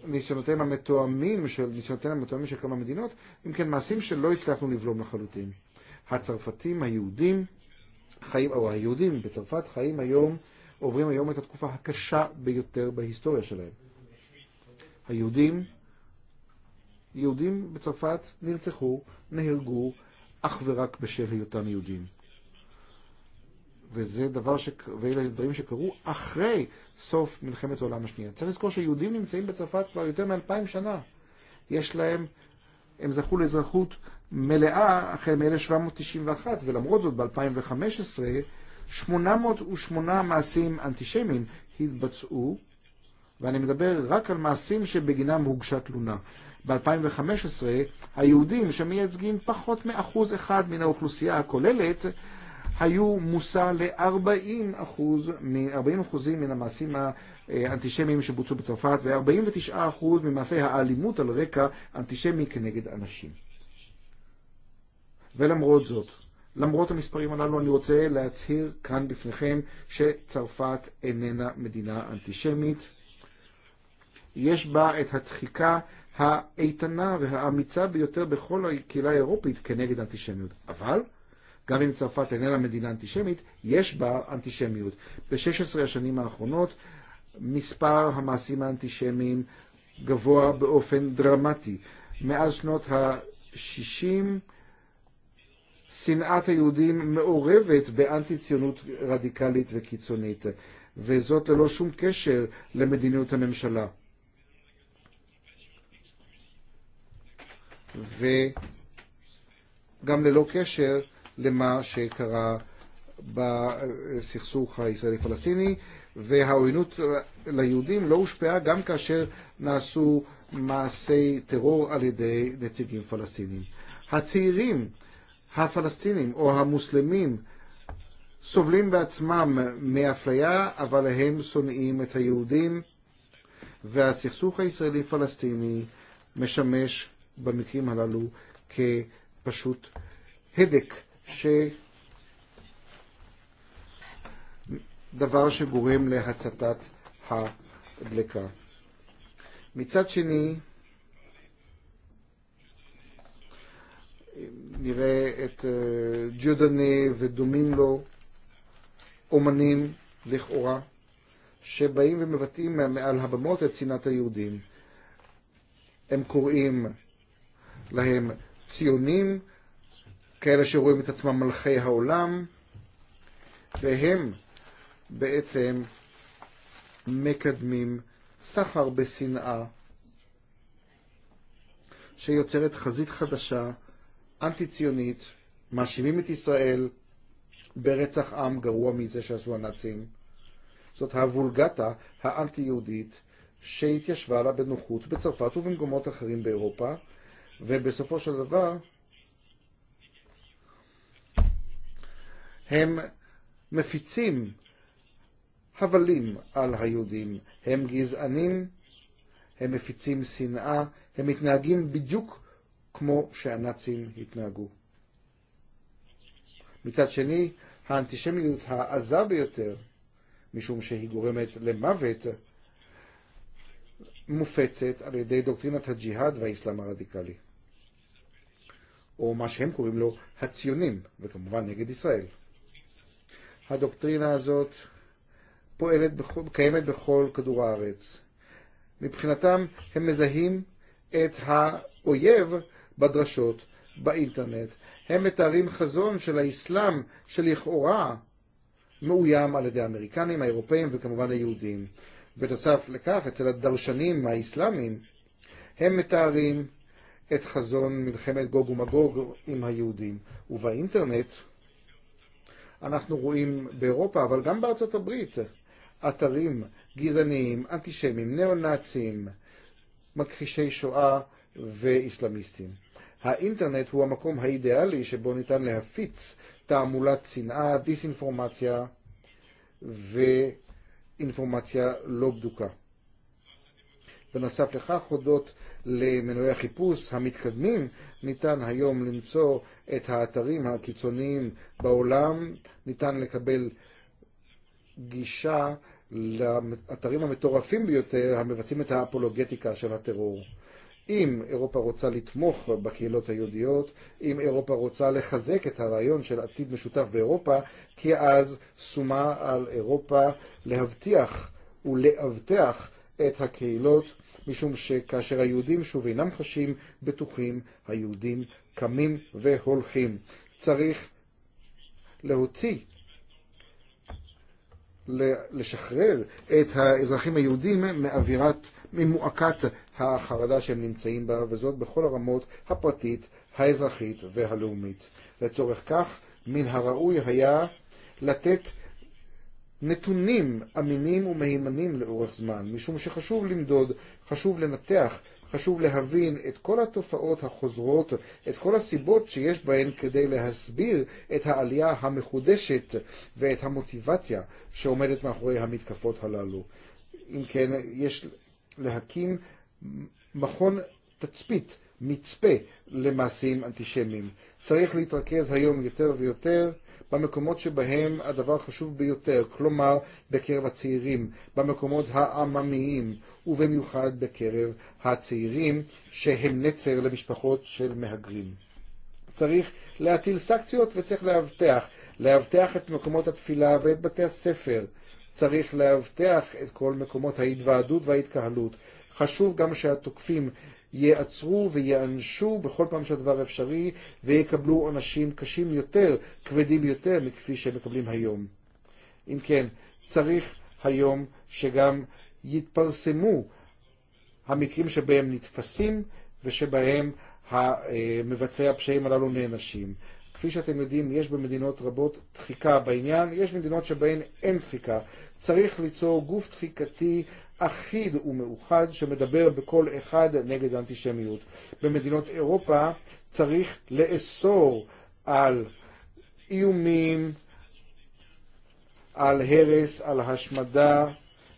ניסיונותיהם המתואמים של ניסיונותיהם המתואמים של כמה מדינות, אם כן מעשים שלא הצלחנו לבלום לחלוטין. הצרפתים היהודים, חיים, או היהודים בצרפת חיים היום, עוברים היום את התקופה הקשה ביותר בהיסטוריה שלהם. היהודים, יהודים בצרפת נרצחו, נהרגו, אך ורק בשל היותם יהודים. וזה דבר ש... ואלה דברים שקרו אחרי סוף מלחמת העולם השנייה. צריך לזכור שיהודים נמצאים בצרפת כבר יותר מאלפיים שנה. יש להם, הם זכו לאזרחות מלאה החל מ-1791, ולמרות זאת ב-2015, 808 מעשים אנטישמיים התבצעו, ואני מדבר רק על מעשים שבגינם הוגשה תלונה. ב-2015, היהודים שמייצגים פחות מאחוז אחד מן האוכלוסייה הכוללת, היו מושא ל-40% מ-40% מן המעשים האנטישמיים שבוצעו בצרפת ו-49% ממעשי האלימות על רקע אנטישמי כנגד אנשים. ולמרות זאת, למרות המספרים הללו, אני רוצה להצהיר כאן בפניכם שצרפת איננה מדינה אנטישמית. יש בה את הדחיקה האיתנה והאמיצה ביותר בכל הקהילה האירופית כנגד אנטישמיות. אבל גם אם צרפת איננה מדינה אנטישמית, יש בה אנטישמיות. ב-16 השנים האחרונות מספר המעשים האנטישמיים גבוה באופן דרמטי. מאז שנות ה-60 שנאת היהודים מעורבת באנטי-ציונות רדיקלית וקיצונית, וזאת ללא שום קשר למדיניות הממשלה. וגם ללא קשר למה שקרה בסכסוך הישראלי-פלסטיני, והעוינות ליהודים לא הושפעה גם כאשר נעשו מעשי טרור על ידי נציגים פלסטינים. הצעירים הפלסטינים או המוסלמים סובלים בעצמם מאפליה, אבל הם שונאים את היהודים, והסכסוך הישראלי-פלסטיני משמש במקרים הללו כפשוט הדק ש... דבר שגורם להצתת הדלקה. מצד שני, נראה את ג'ודנה ודומים לו אומנים לכאורה, שבאים ומבטאים מעל הבמות את שנאת היהודים. הם קוראים להם ציונים, כאלה שרואים את עצמם מלכי העולם, והם בעצם מקדמים סחר בשנאה שיוצרת חזית חדשה, אנטי-ציונית, מאשימים את ישראל ברצח עם גרוע מזה שעשו הנאצים. זאת הוולגטה האנטי-יהודית שהתיישבה לה בנוחות בצרפת ובמקומות אחרים באירופה, ובסופו של דבר הם מפיצים הבלים על היהודים, Hem גזענים, הם מפיצים שנאה, הם מתנהגים בדיוק כמו שהנאצים התנהגו. מצד שני, האנטישמיות העזה ביותר, משום שהיא גורמת למוות, מופצת על ידי דוקטרינת הג'יהאד Islam הרדיקלי. או מה שהם קוראים לו הציונים, וכמובן נגד ישראל. הדוקטרינה הזאת פועלת, קיימת בכל כדור הארץ. מבחינתם הם מזהים את האויב בדרשות, באינטרנט. הם מתארים חזון של האסלאם שלכאורה מאוים על ידי האמריקנים, האירופאים וכמובן היהודים. ותוסף לכך, אצל הדרשנים האסלאמים, הם מתארים את חזון מלחמת גוג ומגוג עם היהודים. ובאינטרנט, אנחנו רואים באירופה, אבל גם בארצות הברית, אתרים גזעניים, אנטישמים, ניאו-נאצים, מכחישי שואה ואיסלאמיסטים. האינטרנט הוא המקום האידיאלי שבו ניתן להפיץ תעמולת שנאה, דיסאינפורמציה ואינפורמציה לא בדוקה. בנוסף לכך, הודות למנועי החיפוש המתקדמים, ניתן היום למצוא את האתרים הקיצוניים בעולם, ניתן לקבל גישה לאתרים המטורפים ביותר המבצעים את האפולוגטיקה של הטרור. אם אירופה רוצה לתמוך בקהילות היהודיות, אם אירופה רוצה לחזק את הרעיון של עתיד משותף באירופה, כי אז שומה על אירופה להבטיח ולאבטח את הקהילות, משום שכאשר היהודים שוב אינם חשים בטוחים, היהודים קמים והולכים. צריך להוציא לשחרר את האזרחים היהודים מאווירת, ממועקת החרדה שהם נמצאים בה, וזאת בכל הרמות הפרטית, האזרחית והלאומית. לצורך כך, מן הראוי היה לתת נתונים אמינים ומהימנים לאורך זמן, משום שחשוב למדוד, חשוב לנתח, חשוב להבין את כל התופעות החוזרות, את כל הסיבות שיש בהן כדי להסביר את העלייה המחודשת ואת המוטיבציה שעומדת מאחורי המתקפות הללו. אם כן, יש להקים מכון תצפית, מצפה למעשים אנטישמיים. צריך להתרכז היום יותר ויותר במקומות שבהם הדבר חשוב ביותר, כלומר בקרב הצעירים, במקומות העממיים, ובמיוחד בקרב הצעירים שהם נצר למשפחות של מהגרים. צריך להטיל סקציות וצריך לאבטח, לאבטח את מקומות התפילה ואת בתי הספר. צריך לאבטח את כל מקומות ההתוועדות וההתקהלות. חשוב גם שהתוקפים ייעצרו וייענשו בכל פעם שהדבר אפשרי ויקבלו עונשים קשים יותר, כבדים יותר מכפי שהם מקבלים היום. אם כן, צריך היום שגם יתפרסמו המקרים שבהם נתפסים ושבהם מבצעי הפשעים הללו נענשים. כפי שאתם יודעים, יש במדינות רבות דחיקה בעניין, יש מדינות שבהן אין דחיקה. צריך ליצור גוף דחיקתי אחיד ומאוחד שמדבר בקול אחד נגד האנטישמיות. במדינות אירופה צריך לאסור על איומים, על הרס, על השמדה.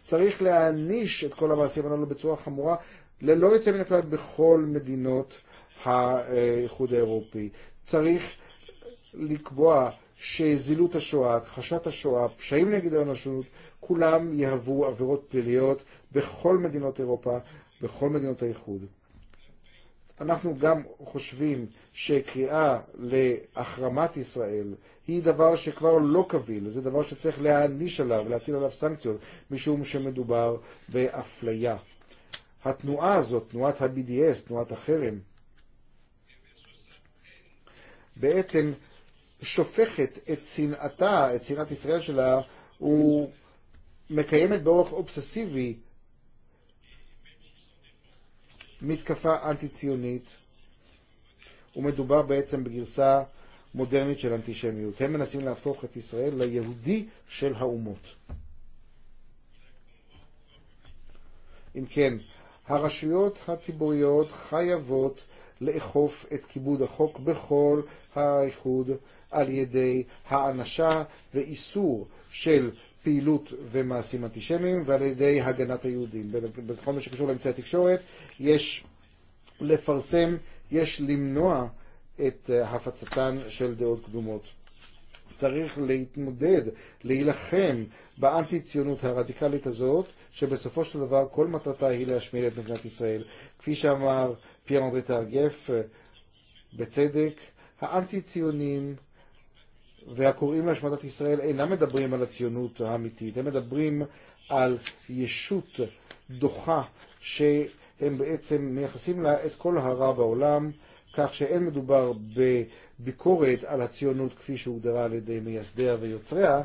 צריך להעניש את כל המעשים הללו בצורה חמורה, ללא יוצא מן הכלל בכל מדינות האיחוד האירופי. צריך לקבוע שזילות השואה, הכחשת השואה, פשעים נגד האנושות, כולם יהוו עבירות פליליות בכל מדינות אירופה, בכל מדינות האיחוד. אנחנו גם חושבים שקריאה להחרמת ישראל היא דבר שכבר לא קביל, זה דבר שצריך להעניש עליו, להטיל עליו סנקציות, משום שמדובר באפליה. התנועה הזאת, תנועת ה-BDS, תנועת החרם, בעצם שופכת את שנאתה, את שנאת ישראל שלה, ומקיימת באורח אובססיבי מתקפה אנטי-ציונית, ומדובר בעצם בגרסה מודרנית של אנטישמיות. הם מנסים להפוך את ישראל ליהודי של האומות. אם כן, הרשויות הציבוריות חייבות לאכוף את כיבוד החוק בכל האיחוד על ידי האנשה ואיסור של פעילות ומעשים אנטישמיים ועל ידי הגנת היהודים. בכל מה שקשור לאמצעי התקשורת יש לפרסם, יש למנוע את הפצתן של דעות קדומות. צריך להתמודד, להילחם באנטי-ציונות הרדיקלית הזאת, שבסופו של דבר כל מטרתה היא להשמיד את מדינת ישראל. כפי שאמר פייר אנדרי תרגף, בצדק, האנטי-ציונים והקוראים להשמדת ישראל אינם מדברים על הציונות האמיתית, הם מדברים על ישות דוחה שהם בעצם מייחסים לה את כל הרע בעולם, כך שאין מדובר בביקורת על הציונות כפי שהוגדרה על ידי מייסדיה ויוצריה,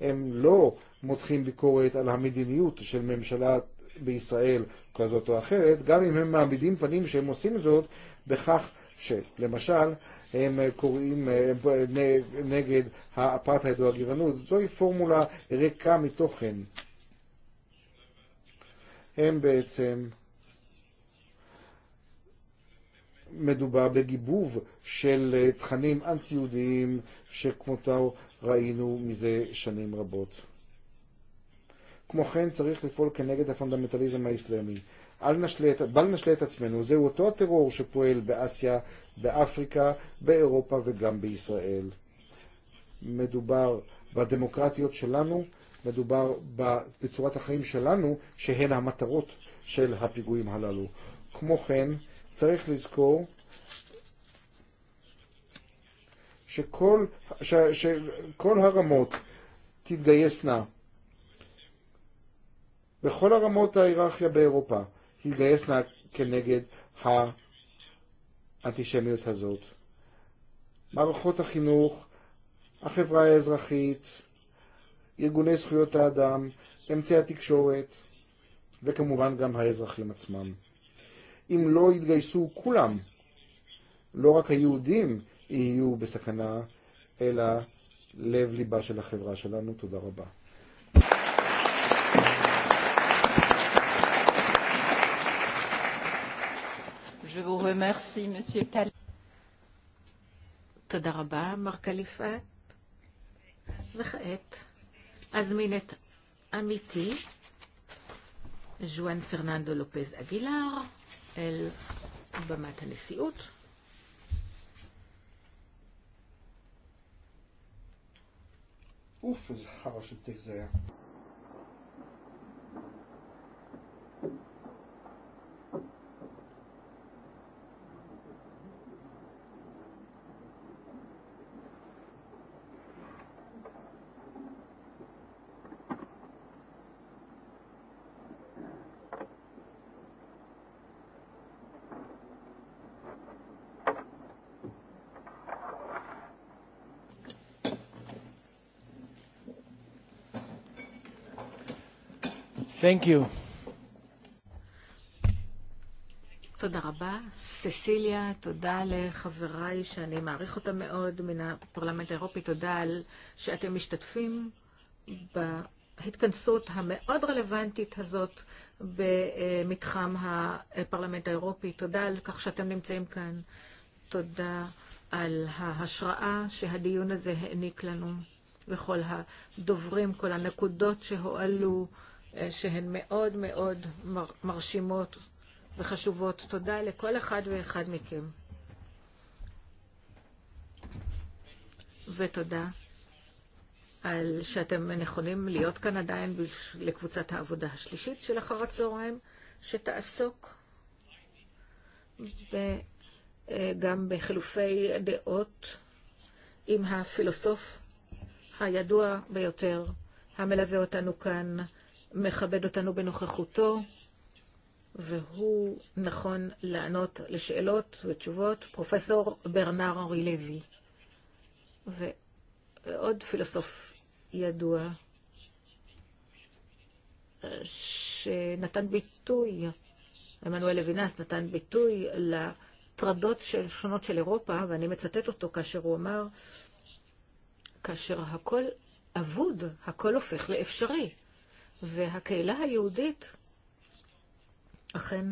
הם לא מותחים ביקורת על המדיניות של ממשלה בישראל כזאת או אחרת, גם אם הם מעמידים פנים שהם עושים זאת, בכך שלמשל הם קוראים נגד האפרטהייד או הגזענות, זוהי פורמולה ריקה מתוכן. הם בעצם מדובר בגיבוב של תכנים אנטי-יהודיים שכמותו ראינו מזה שנים רבות. כמו כן צריך לפעול כנגד הפונדמנטליזם האסלאמי għalna xlieta, balna xlieta t-smenu, zewu totiru u xipwil bi Asja, bi Afrika, bi Europa u għam bi Israel. מדובר בדמוקרטיות שלנו, מדובר בצורת החיים שלנו, שהן המטרות של הפיגועים הללו. כמו כן, צריך לזכור שכל, ש, שכל הרמות תתגייסנה בכל הרמות ההיררכיה באירופה, התגייסנה כנגד האנטישמיות הזאת. מערכות החינוך, החברה האזרחית, ארגוני זכויות האדם, אמצעי התקשורת, וכמובן גם האזרחים עצמם. אם לא יתגייסו כולם, לא רק היהודים יהיו בסכנה, אלא לב-ליבה של החברה שלנו. תודה רבה. Je vous remercie, Monsieur Tal. תודה רבה, מר קליפת. וכעת אזמין את עמיתי, ז'ואן פרננדו לופז אגילר, אל במת הנשיאות. Thank you. תודה רבה, ססיליה, תודה לחבריי שאני מעריך אותם מאוד מן הפרלמנט האירופי, תודה על שאתם משתתפים בהתכנסות המאוד רלוונטית הזאת במתחם הפרלמנט האירופי, תודה על כך שאתם נמצאים כאן, תודה על ההשראה שהדיון הזה העניק לנו וכל הדוברים, כל הנקודות שהועלו. שהן מאוד מאוד מרשימות וחשובות. תודה לכל אחד ואחד מכם. ותודה על שאתם נכונים להיות כאן עדיין לקבוצת העבודה השלישית של אחר הצהריים, שתעסוק גם בחילופי דעות עם הפילוסוף הידוע ביותר המלווה אותנו כאן מכבד אותנו בנוכחותו, והוא נכון לענות לשאלות ותשובות, פרופסור ברנר אורי לוי, ועוד פילוסוף ידוע, שנתן ביטוי, עמנואל לוינס נתן ביטוי לטרדות של שונות של אירופה, ואני מצטט אותו כאשר הוא אמר, כאשר הכל אבוד, הכל הופך לאפשרי. והקהילה היהודית אכן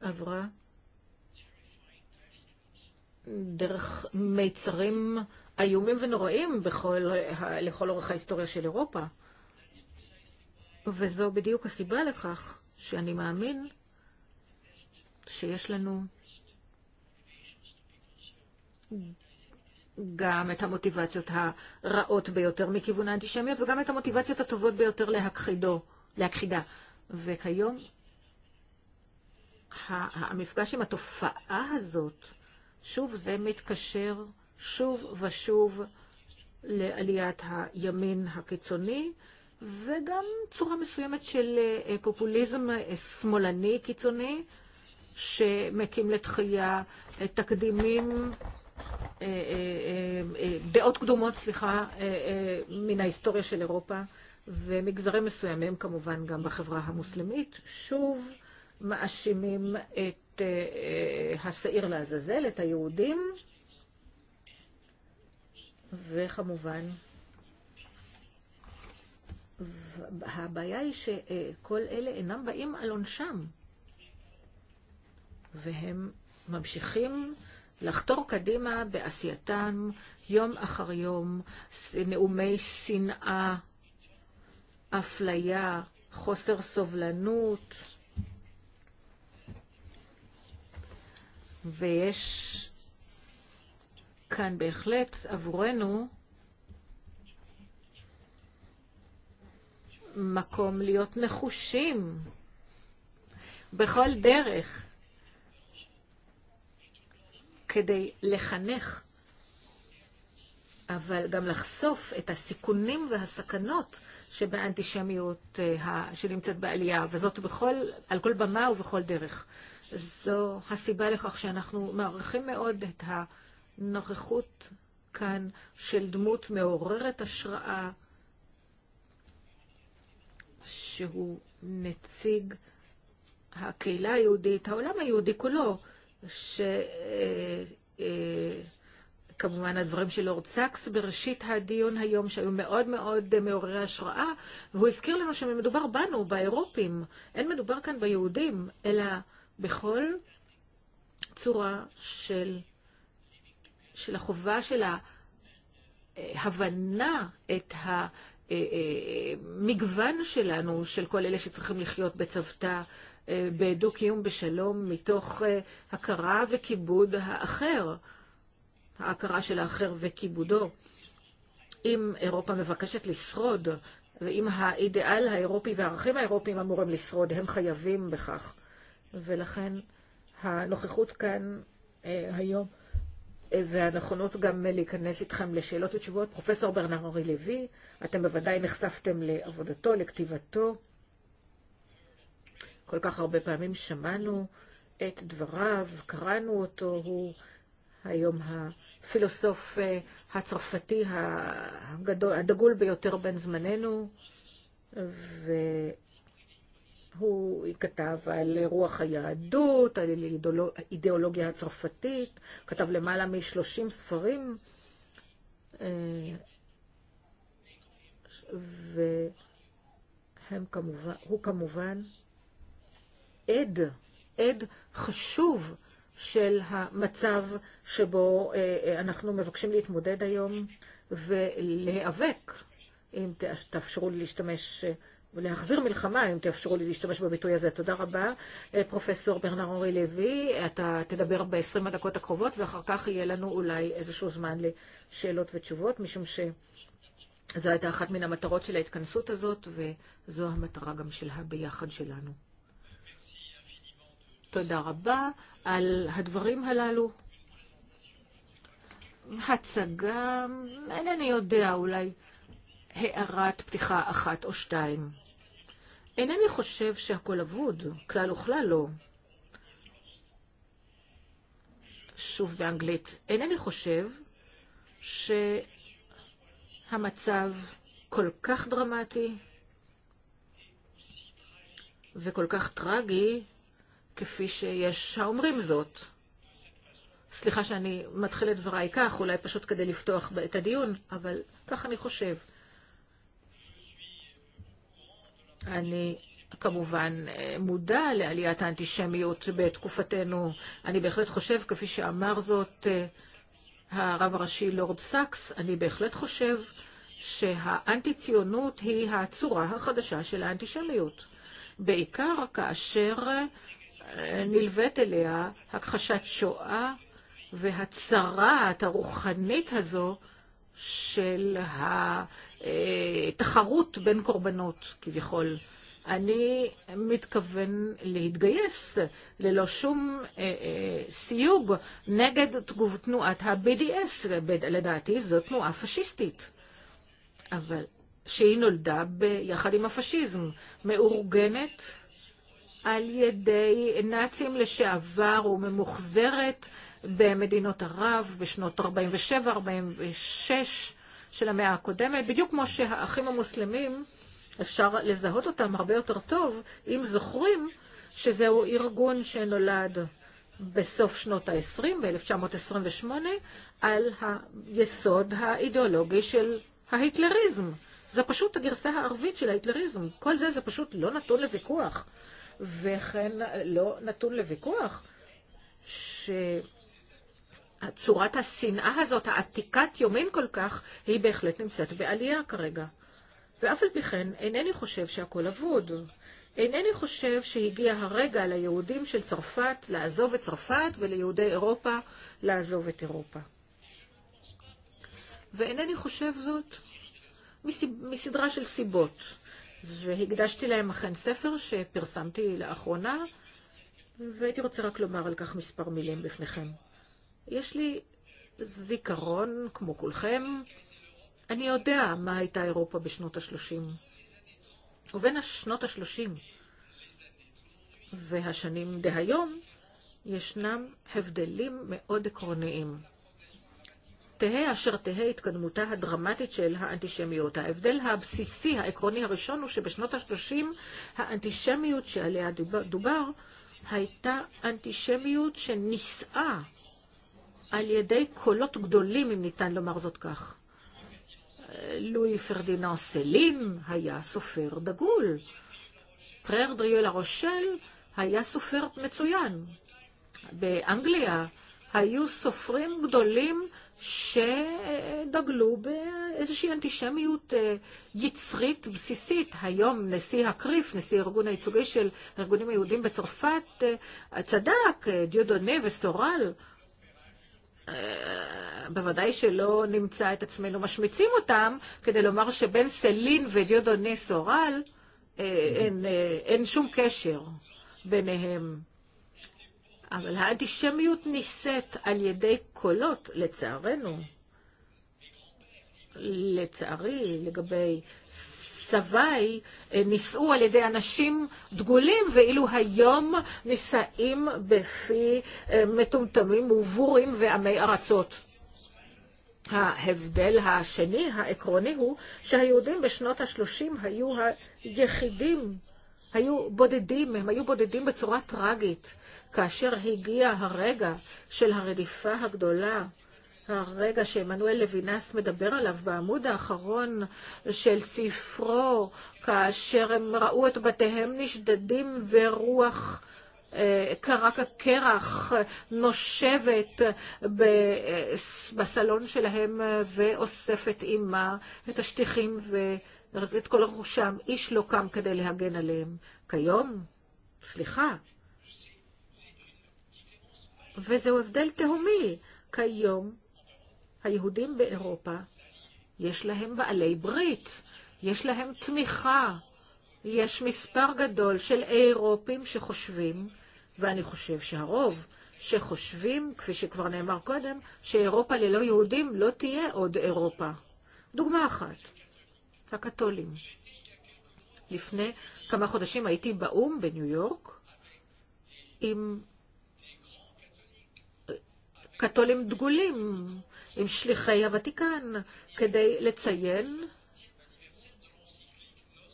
עברה דרך מיצרים איומים ונוראים בכל, לכל אורך ההיסטוריה של אירופה. וזו בדיוק הסיבה לכך שאני מאמין שיש לנו גם את המוטיבציות הרעות ביותר מכיוון האנטישמיות וגם את המוטיבציות הטובות ביותר להכחידו, להכחידה. וכיום המפגש עם התופעה הזאת, שוב זה מתקשר שוב ושוב לעליית הימין הקיצוני וגם צורה מסוימת של פופוליזם שמאלני קיצוני שמקים לתחייה תקדימים דעות קדומות, סליחה, מן ההיסטוריה של אירופה, ומגזרים מסוימים כמובן גם בחברה המוסלמית, שוב מאשימים את השעיר לעזאזל, את היהודים, וכמובן הבעיה היא שכל אלה אינם באים על עונשם, והם ממשיכים לחתור קדימה בעשייתן יום אחר יום, נאומי שנאה, אפליה, חוסר סובלנות, ויש כאן בהחלט עבורנו מקום להיות נחושים בכל דרך כדי לחנך, אבל גם לחשוף את הסיכונים והסכנות שבאנטישמיות שנמצאת בעלייה, וזאת בכל, על כל במה ובכל דרך. זו הסיבה לכך שאנחנו מעריכים מאוד את הנוכחות כאן של דמות מעוררת השראה, שהוא נציג הקהילה היהודית, העולם היהודי כולו, ש... כמובן הדברים של לורד סאקס בראשית הדיון היום שהיו מאוד מאוד מעוררי השראה והוא הזכיר לנו שמדובר בנו, באירופים, אין מדובר כאן ביהודים אלא בכל צורה של, של החובה של ההבנה את המגוון שלנו, של כל אלה שצריכים לחיות בצוותא בדו-קיום בשלום מתוך הכרה וכיבוד האחר, ההכרה של האחר וכיבודו. אם אירופה מבקשת לשרוד, ואם האידיאל האירופי והערכים האירופיים אמורים לשרוד, הם חייבים בכך. ולכן הנוכחות כאן היום והנכונות גם להיכנס איתכם לשאלות ותשובות. פרופסור ברנר אורי לוי, אתם בוודאי נחשפתם לעבודתו, לכתיבתו. כל כך הרבה פעמים שמענו את דבריו, קראנו אותו, הוא היום הפילוסוף הצרפתי הגדול, הדגול ביותר בין זמננו, והוא כתב על רוח היהדות, על האידיאולוגיה הצרפתית, כתב למעלה מ-30 ספרים, והם כמובן, הוא כמובן עד, עד חשוב של המצב שבו אנחנו מבקשים להתמודד היום ולהיאבק, אם תאפשרו לי להשתמש ולהחזיר מלחמה, אם תאפשרו לי להשתמש בביטוי הזה. תודה רבה, פרופסור ברנר אורי לוי. אתה תדבר ב-20 הדקות הקרובות, ואחר כך יהיה לנו אולי איזשהו זמן לשאלות ותשובות, משום שזו הייתה אחת מן המטרות של ההתכנסות הזאת, וזו המטרה גם של הביחד שלנו. תודה רבה על הדברים הללו. הצגה, אינני יודע, אולי הערת פתיחה אחת או שתיים. אינני חושב שהכל אבוד, כלל וכלל לא. שוב באנגלית, אינני חושב שהמצב כל כך דרמטי וכל כך טרגי כפי שיש האומרים זאת. סליחה שאני מתחיל את דבריי כך, אולי פשוט כדי לפתוח את הדיון, אבל כך אני חושב. אני כמובן מודע לעליית האנטישמיות בתקופתנו. אני בהחלט חושב, כפי שאמר זאת הרב הראשי לורד סאקס, אני בהחלט חושב שהאנטי-ציונות היא הצורה החדשה של האנטישמיות. בעיקר כאשר נלווית אליה הכחשת שואה והצרעת הרוחנית הזו של התחרות בין קורבנות כביכול. אני מתכוון להתגייס ללא שום סיוג נגד תנועת ה-BDS, לדעתי זו תנועה פשיסטית. אבל שהיא נולדה ביחד עם הפשיזם, מאורגנת על ידי נאצים לשעבר וממוחזרת במדינות ערב בשנות 47-46 של המאה הקודמת, בדיוק כמו שהאחים המוסלמים, אפשר לזהות אותם הרבה יותר טוב אם זוכרים שזהו ארגון שנולד בסוף שנות ה-20, ב-1928, על היסוד האידיאולוגי של ההיטלריזם. זו פשוט הגרסה הערבית של ההיטלריזם. כל זה זה פשוט לא נתון לוויכוח. וכן לא נתון לוויכוח שצורת השנאה הזאת, העתיקת יומין כל כך, היא בהחלט נמצאת בעלייה כרגע. ואף על פי כן, אינני חושב שהכל אבוד. אינני חושב שהגיע הרגע ליהודים של צרפת לעזוב את צרפת וליהודי אירופה לעזוב את אירופה. ואינני חושב זאת מסדרה של סיבות. והקדשתי להם אכן ספר שפרסמתי לאחרונה, והייתי רוצה רק לומר על כך מספר מילים בפניכם. יש לי זיכרון, כמו כולכם, אני יודע מה הייתה אירופה בשנות ה-30. ובין השנות ה-30 והשנים דהיום, ישנם הבדלים מאוד עקרוניים. תהא אשר תהא התקדמותה הדרמטית של האנטישמיות. ההבדל הבסיסי העקרוני הראשון הוא שבשנות ה-30 האנטישמיות שעליה דובר הייתה אנטישמיות שנישאה על ידי קולות גדולים, אם ניתן לומר זאת כך. לואי פרדינן סלים היה סופר דגול. פרר דריולה רושל היה סופר מצוין. באנגליה היו סופרים גדולים שדגלו באיזושהי אנטישמיות יצרית בסיסית. היום Nesi הקריף, נשיא הארגון הייצוגי של הארגונים היהודים בצרפת, צדק, דיודונה וסורל. בוודאי שלא נמצא את עצמנו משמיצים אותם, כדי לומר שבין סלין ודיודונה סורל אין שום קשר ביניהם. אבל האדישמיות נישאת על ידי קולות, לצערנו, לצערי, לגבי סביי, נישאו על ידי אנשים דגולים, ואילו היום נישאים בפי מטומטמים ובורים ועמי ארצות. ההבדל השני העקרוני הוא שהיהודים בשנות ה-30 היו היחידים, היו בודדים, הם היו בודדים בצורה טרגית. כאשר הגיע הרגע של הרדיפה הגדולה, הרגע שעמנואל לוינס מדבר עליו בעמוד האחרון של ספרו, כאשר הם ראו את בתיהם נשדדים ורוח קרק הקרח נושבת בסלון שלהם ואוספת עימה את השטיחים ואת כל רכושם. איש לא קם כדי להגן עליהם. כיום, סליחה, וזהו הבדל תהומי. כיום היהודים באירופה יש להם בעלי ברית, יש להם תמיכה, יש מספר גדול של אירופים שחושבים, ואני חושב שהרוב שחושבים, כפי שכבר נאמר קודם, שאירופה ללא יהודים לא תהיה עוד אירופה. דוגמה אחת, הקתולים. לפני כמה חודשים הייתי באו"ם בניו יורק עם קתולים דגולים עם שליחי הוותיקן כדי לציין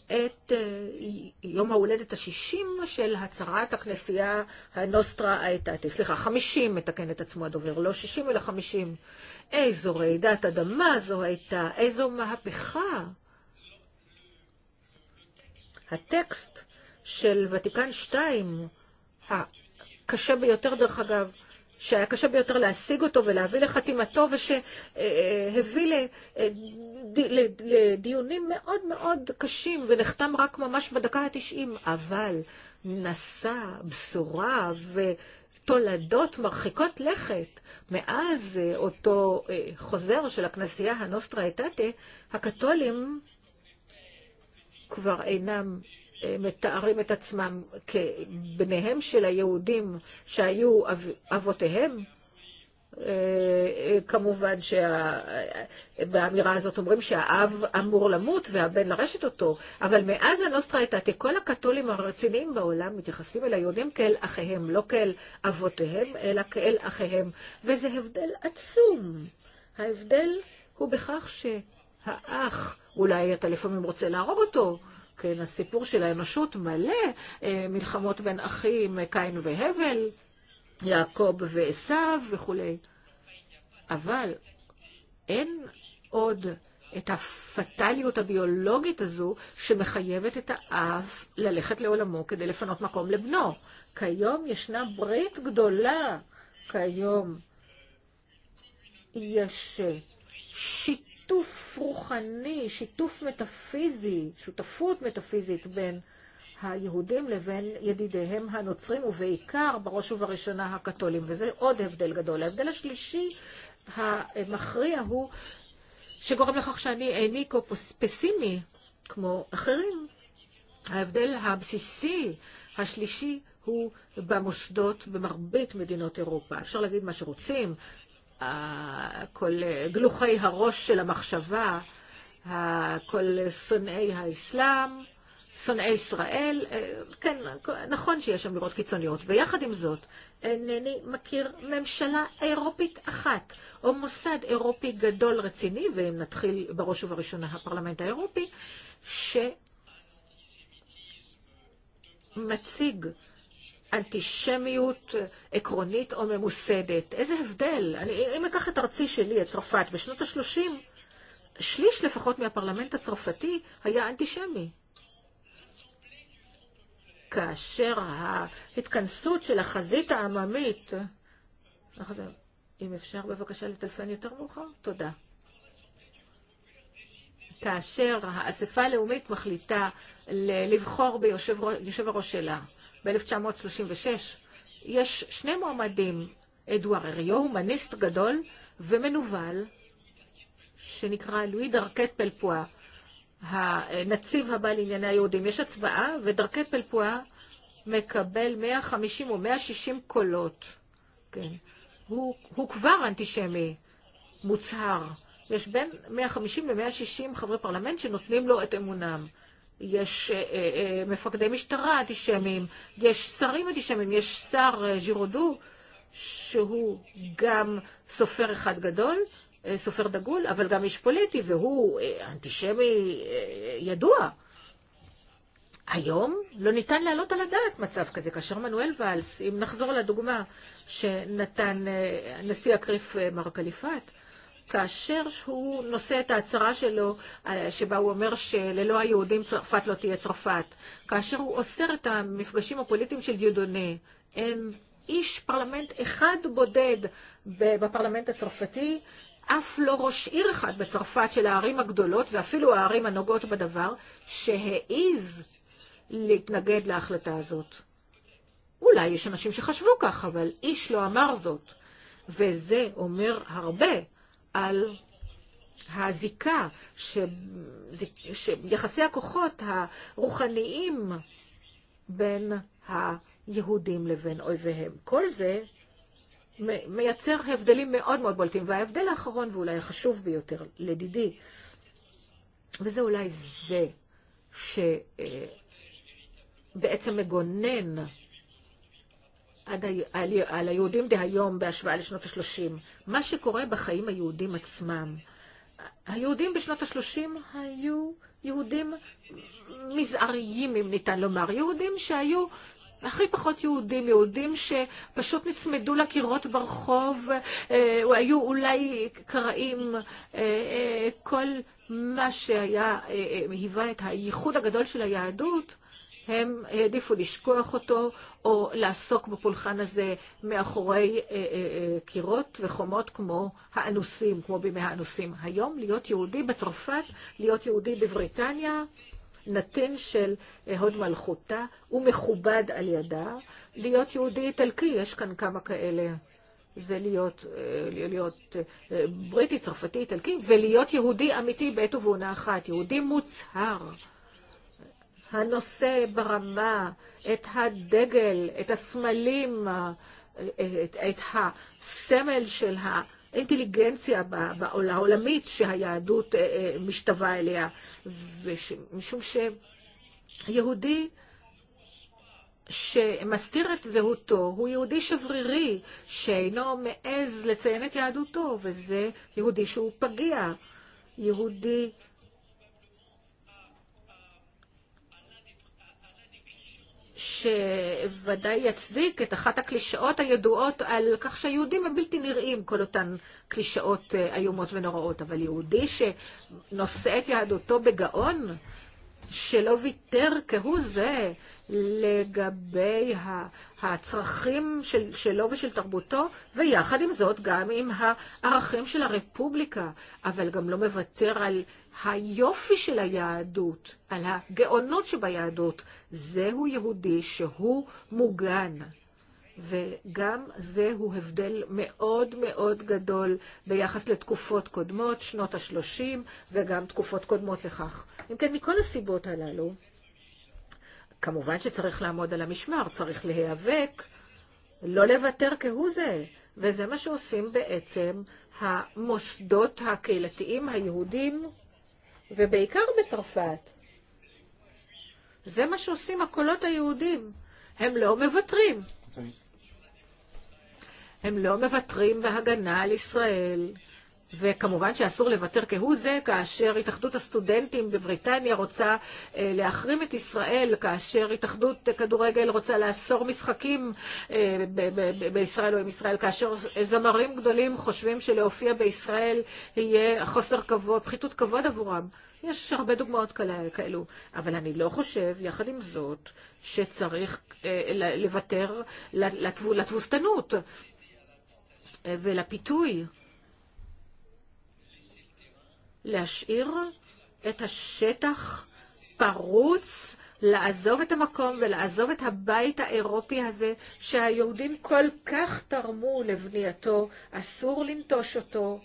את יום ההולדת השישים של הצהרת הכנסייה הנוסטרה האטאטי. סליחה, חמישים מתקן את עצמו הדובר, לא שישים אלא חמישים. איזו רעידת אדמה זו הייתה, איזו מהפכה. הטקסט של ותיקן 2, הקשה ביותר דרך אגב, שהקשה ביותר להשיג אותו ולהביא לחתימתו ושהביא לדיונים מאוד מאוד קשים ונחתם רק ממש בדקה התשעים, אבל נשא בשורה ותולדות מרחיקות לכת. מאז אותו חוזר של הכנסייה הנוסטרה אטאטה, הקתולים כבר אינם מתארים את עצמם כבניהם של היהודים שהיו אב, אבותיהם, כמובן שבאמירה הזאת אומרים שהאב אמור למות והבן לרשת אותו, אבל מאז הנוסטרה הייתה, כל הקתולים הרציניים בעולם מתייחסים אל היהודים כאל אחיהם, לא כאל אבותיהם, אלא כאל אחיהם, וזה הבדל עצום. ההבדל הוא בכך שהאח, אולי אתה לפעמים רוצה להרוג אותו, כן, הסיפור של האנושות מלא מלחמות בין אחים, קין והבל, יעקב ועשו וכולי. אבל אין עוד את הפטליות הביולוגית הזו שמחייבת את האב ללכת לעולמו כדי לפנות מקום לבנו. כיום ישנה ברית גדולה, כיום יש שיט שיתוף רוחני, שיתוף מטאפיזי, שותפות מטאפיזית בין היהודים לבין ידידיהם הנוצרים, ובעיקר, בראש ובראשונה, הקתולים. וזה עוד הבדל גדול. ההבדל השלישי המכריע הוא שגורם לכך שאני איני פסימי כמו אחרים. ההבדל הבסיסי השלישי הוא במוסדות במרבית מדינות אירופה. אפשר להגיד מה שרוצים כל גלוחי הראש של המחשבה, כל שונאי האסלאם, שונאי ישראל, כן, נכון שיש אמירות קיצוניות, ויחד עם זאת, אינני מכיר ממשלה אירופית אחת, או מוסד אירופי גדול רציני, ואם נתחיל בראש ובראשונה הפרלמנט האירופי, שמציג אנטישמיות עקרונית או ממוסדת. איזה הבדל. אני, אם אקח את ארצי שלי, את צרפת, בשנות ה-30, שליש לפחות מהפרלמנט הצרפתי היה אנטישמי. כאשר ההתכנסות של החזית העממית, אם אפשר בבקשה לטלפן יותר מאוחר, תודה. כאשר האספה הלאומית מחליטה לבחור ביושב הראש שלה, ב-1936, יש שני מועמדים, אדואר אריו, הומניסט גדול ומנוול, שנקרא לואי דרקט פלפואה, הנציב הבא לענייני היהודים. יש הצבעה, ודרקט פלפואה מקבל 150 או 160 קולות. כן. הוא, הוא כבר אנטישמי מוצהר. יש בין 150 ל-160 חברי פרלמנט שנותנים לו את אמונם. יש מפקדי משטרה אדישמים, יש שרים אדישמים, יש שר ז'ירודו שהוא גם סופר אחד גדול, סופר דגול, אבל גם איש פוליטי, והוא אנטישמי ידוע. היום לא ניתן להעלות על הדעת מצב כזה, כאשר מנואל ואלס, אם נחזור לדוגמה שנתן נשיא הקריף מר קליפת, כאשר הוא נושא את ההצהרה שלו, שבה הוא אומר שללא היהודים צרפת לא תהיה צרפת, כאשר הוא אוסר את המפגשים הפוליטיים של דיודונה, אין איש פרלמנט אחד בודד בפרלמנט הצרפתי, אף לא ראש עיר אחד בצרפת של הערים הגדולות, ואפילו הערים הנוגעות בדבר, שהעיז להתנגד להחלטה הזאת. אולי יש אנשים שחשבו כך, אבל איש לא אמר זאת. וזה אומר הרבה על הזיקה שיחסי הכוחות הרוחניים בין היהודים לבין אויביהם. כל זה מייצר הבדלים מאוד מאוד בולטים. וההבדל האחרון ואולי החשוב ביותר לדידי, וזה אולי זה שבעצם מגונן על היהודים דהיום בהשוואה לשנות ה-30. מה שקורה בחיים היהודים עצמם. היהודים בשנות ה-30 היו יהודים מזעריים, אם ניתן לומר. יהודים שהיו הכי פחות יהודים, יהודים שפשוט נצמדו לקירות ברחוב, היו אולי קראים, כל מה שהיה, היווה את הייחוד הגדול של היהדות. הם העדיפו לשכוח אותו או לעסוק בפולחן הזה מאחורי קירות וחומות כמו האנוסים, כמו בימי האנוסים. היום להיות יהודי בצרפת, להיות יהודי בבריטניה, נתין של הוד מלכותה, הוא מכובד על ידה. להיות יהודי איטלקי, יש כאן כמה כאלה. זה להיות, להיות בריטי, צרפתי, איטלקי, ולהיות יהודי אמיתי בעת ובעונה אחת, יהודי מוצהר. הנושא ברמה, את הדגל, את הסמלים, את, את הסמל של האינטליגנציה העולמית שהיהדות משתווה אליה, משום שיהודי שמסתיר את זהותו, הוא יהודי שברירי, שאינו מעז לציין את יהדותו, וזה יהודי שהוא פגיע, יהודי שוודאי יצדיק את אחת הקלישאות הידועות על כך שהיהודים הם בלתי נראים, כל אותן קלישאות איומות ונוראות, אבל יהודי שנושא את יהדותו בגאון, שלא ויתר כהוא זה לגבי הצרכים של, שלו ושל תרבותו, ויחד עם זאת גם עם הערכים של הרפובליקה, אבל גם לא מוותר על היופי של היהדות, על הגאונות שביהדות, זהו יהודי שהוא מוגן. וגם זהו הבדל מאוד מאוד גדול ביחס לתקופות קודמות, שנות ה-30 וגם תקופות קודמות לכך. אם כן, מכל הסיבות הללו, כמובן שצריך לעמוד על המשמר, צריך להיאבק, לא לוותר כהוא זה, וזה מה שעושים בעצם המוסדות הקהילתיים היהודים ובעיקר בצרפת. זה מה שעושים הקולות היהודים, הם לא מוותרים. הם לא מוותרים בהגנה על ישראל, וכמובן שאסור לוותר כהוא זה כאשר התאחדות הסטודנטים בבריטניה רוצה להחרים את ישראל, כאשר התאחדות כדורגל רוצה לאסור משחקים בישראל או עם ישראל, כאשר זמרים גדולים חושבים שלהופיע בישראל יהיה חוסר כבוד, פחיתות כבוד עבורם. יש הרבה דוגמאות כאלו, אבל אני לא חושב, יחד עם זאת, שצריך לוותר לתבוסתנות ולפיתוי. להשאיר את השטח פרוץ, לעזוב את המקום ולעזוב את הבית האירופי הזה שהיהודים כל כך תרמו לבנייתו, אסור לנטוש אותו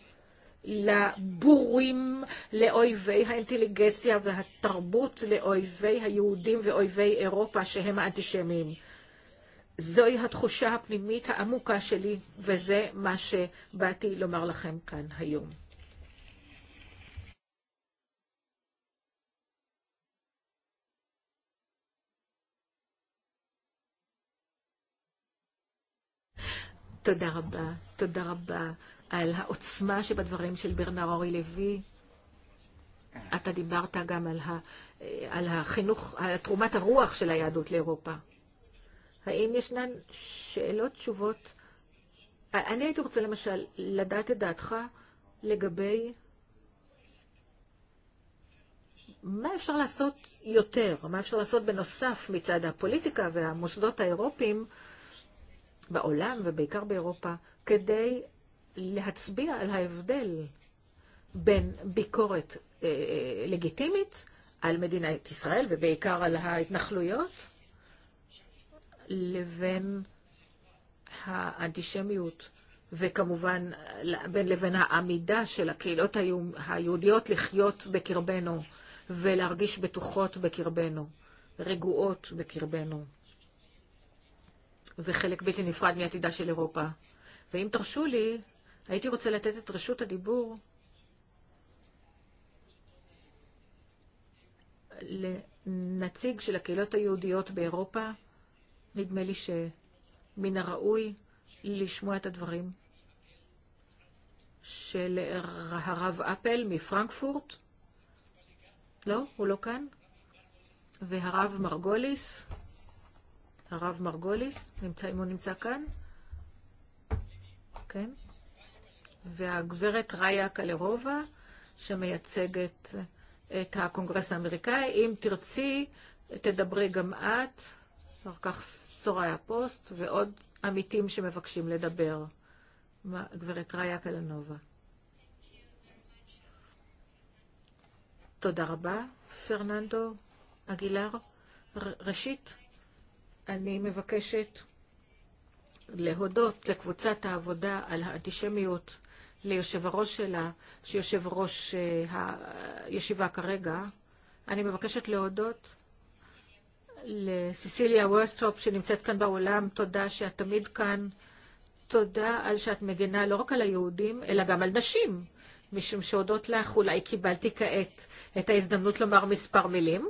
לבורים, לאויבי האינטליגציה והתרבות, לאויבי היהודים ואויבי אירופה שהם האנטישמים. זוהי התחושה הפנימית העמוקה שלי, וזה מה שבאתי לומר לכם כאן היום. תודה רבה, תודה רבה על העוצמה שבדברים של ברנר אורי לוי. אתה דיברת גם על, ה, על החינוך, על תרומת הרוח של היהדות לאירופה. האם ישנן שאלות, תשובות? אני הייתי רוצה למשל לדעת את דעתך לגבי מה אפשר לעשות יותר, מה אפשר לעשות בנוסף מצד הפוליטיקה והמוסדות האירופיים בעולם ובעיקר באירופה כדי להצביע על ההבדל בין ביקורת לגיטימית על מדינת ישראל ובעיקר על ההתנחלויות לבין האנטישמיות וכמובן בין לבין העמידה של הקהילות היהודיות לחיות בקרבנו ולהרגיש בטוחות בקרבנו, רגועות בקרבנו. וחלק בלתי נפרד מעתידה של אירופה. ואם תרשו לי, הייתי רוצה לתת את רשות הדיבור לנציג של הקהילות היהודיות באירופה. נדמה לי שמן הראוי לשמוע את הדברים של הרב אפל מפרנקפורט. לא, הוא לא כאן. והרב מרגוליס. הרב מרגוליס, נמצא, אם הוא נמצא כאן, כן, והגברת ראיה קלרובה, שמייצגת את הקונגרס האמריקאי. אם תרצי, תדברי גם את, אחר כך סוריה פוסט ועוד עמיתים שמבקשים לדבר. גברת ראיה קלנובה. תודה רבה, פרננדו אגילר. ראשית, אני מבקשת להודות לקבוצת העבודה על האנטישמיות ליושב הראש שלה, שיושב ראש הישיבה כרגע. אני מבקשת להודות לסיסיליה ווסטרופ שנמצאת כאן באולם, תודה שאת תמיד כאן, תודה על שאת מגנה לא רק על היהודים, אלא גם על נשים, משום שהודות לך אולי קיבלתי כעת את ההזדמנות לומר מספר מילים.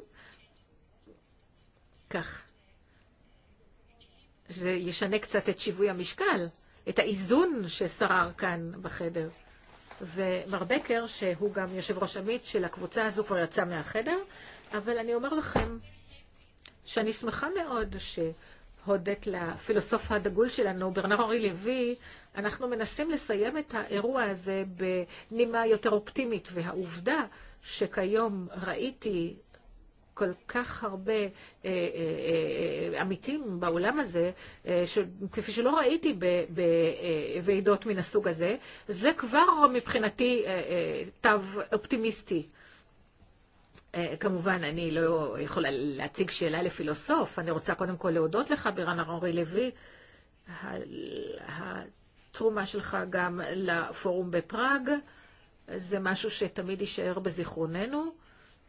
כך. ישנה קצת את שיווי המשקל, את האיזון ששרר כאן בחדר. ומר בקר, שהוא גם יושב ראש עמית של הקבוצה הזו, כבר יצא מהחדר, אבל אני אומר לכם שאני שמחה מאוד שהודית לפילוסוף הדגול שלנו, ברנר אורי לוי, אנחנו מנסים לסיים את האירוע הזה בנימה יותר אופטימית, והעובדה שכיום ראיתי כל כך הרבה עמיתים בעולם הזה, כפי שלא ראיתי בוועידות מן הסוג הזה, זה כבר מבחינתי תו אופטימיסטי. כמובן, אני לא יכולה להציג שאלה לפילוסוף, אני רוצה קודם כל להודות לך, בירן ארורי לוי, התרומה שלך גם לפורום בפראג, זה משהו שתמיד יישאר בזיכרוננו.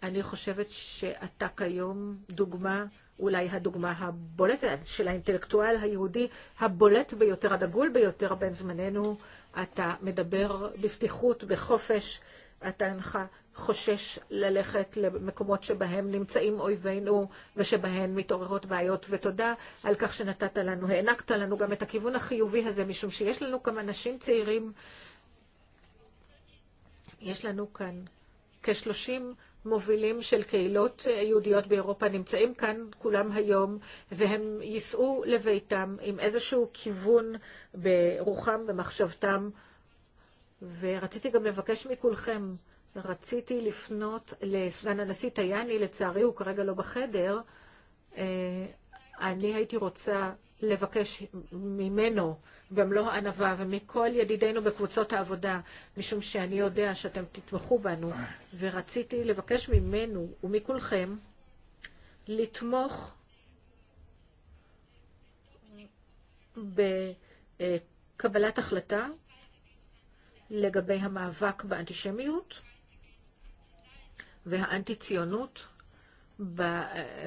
אני חושבת שאתה כיום דוגמה, אולי הדוגמה הבולטת של האינטלקטואל היהודי הבולט ביותר, הדגול ביותר בין זמננו. אתה מדבר בפתיחות, בחופש, אתה אינך חושש ללכת למקומות שבהם נמצאים אויבינו ושבהן מתעוררות בעיות, ותודה על כך שנתת לנו, הענקת לנו גם את הכיוון החיובי הזה, משום שיש לנו כמה אנשים צעירים, יש לנו כאן כ-30 מובילים של קהילות יהודיות באירופה נמצאים כאן כולם היום והם ייסעו לביתם עם איזשהו כיוון ברוחם, במחשבתם. ורציתי גם לבקש מכולכם, רציתי לפנות לסגן הנשיא טייאני, לצערי הוא כרגע לא בחדר. אני הייתי רוצה לבקש ממנו במלוא הענווה ומכל ידידינו בקבוצות העבודה, משום שאני יודע שאתם תתמכו בנו, ורציתי לבקש ממנו ומכולכם לתמוך בקבלת החלטה לגבי המאבק באנטישמיות והאנטי-ציונות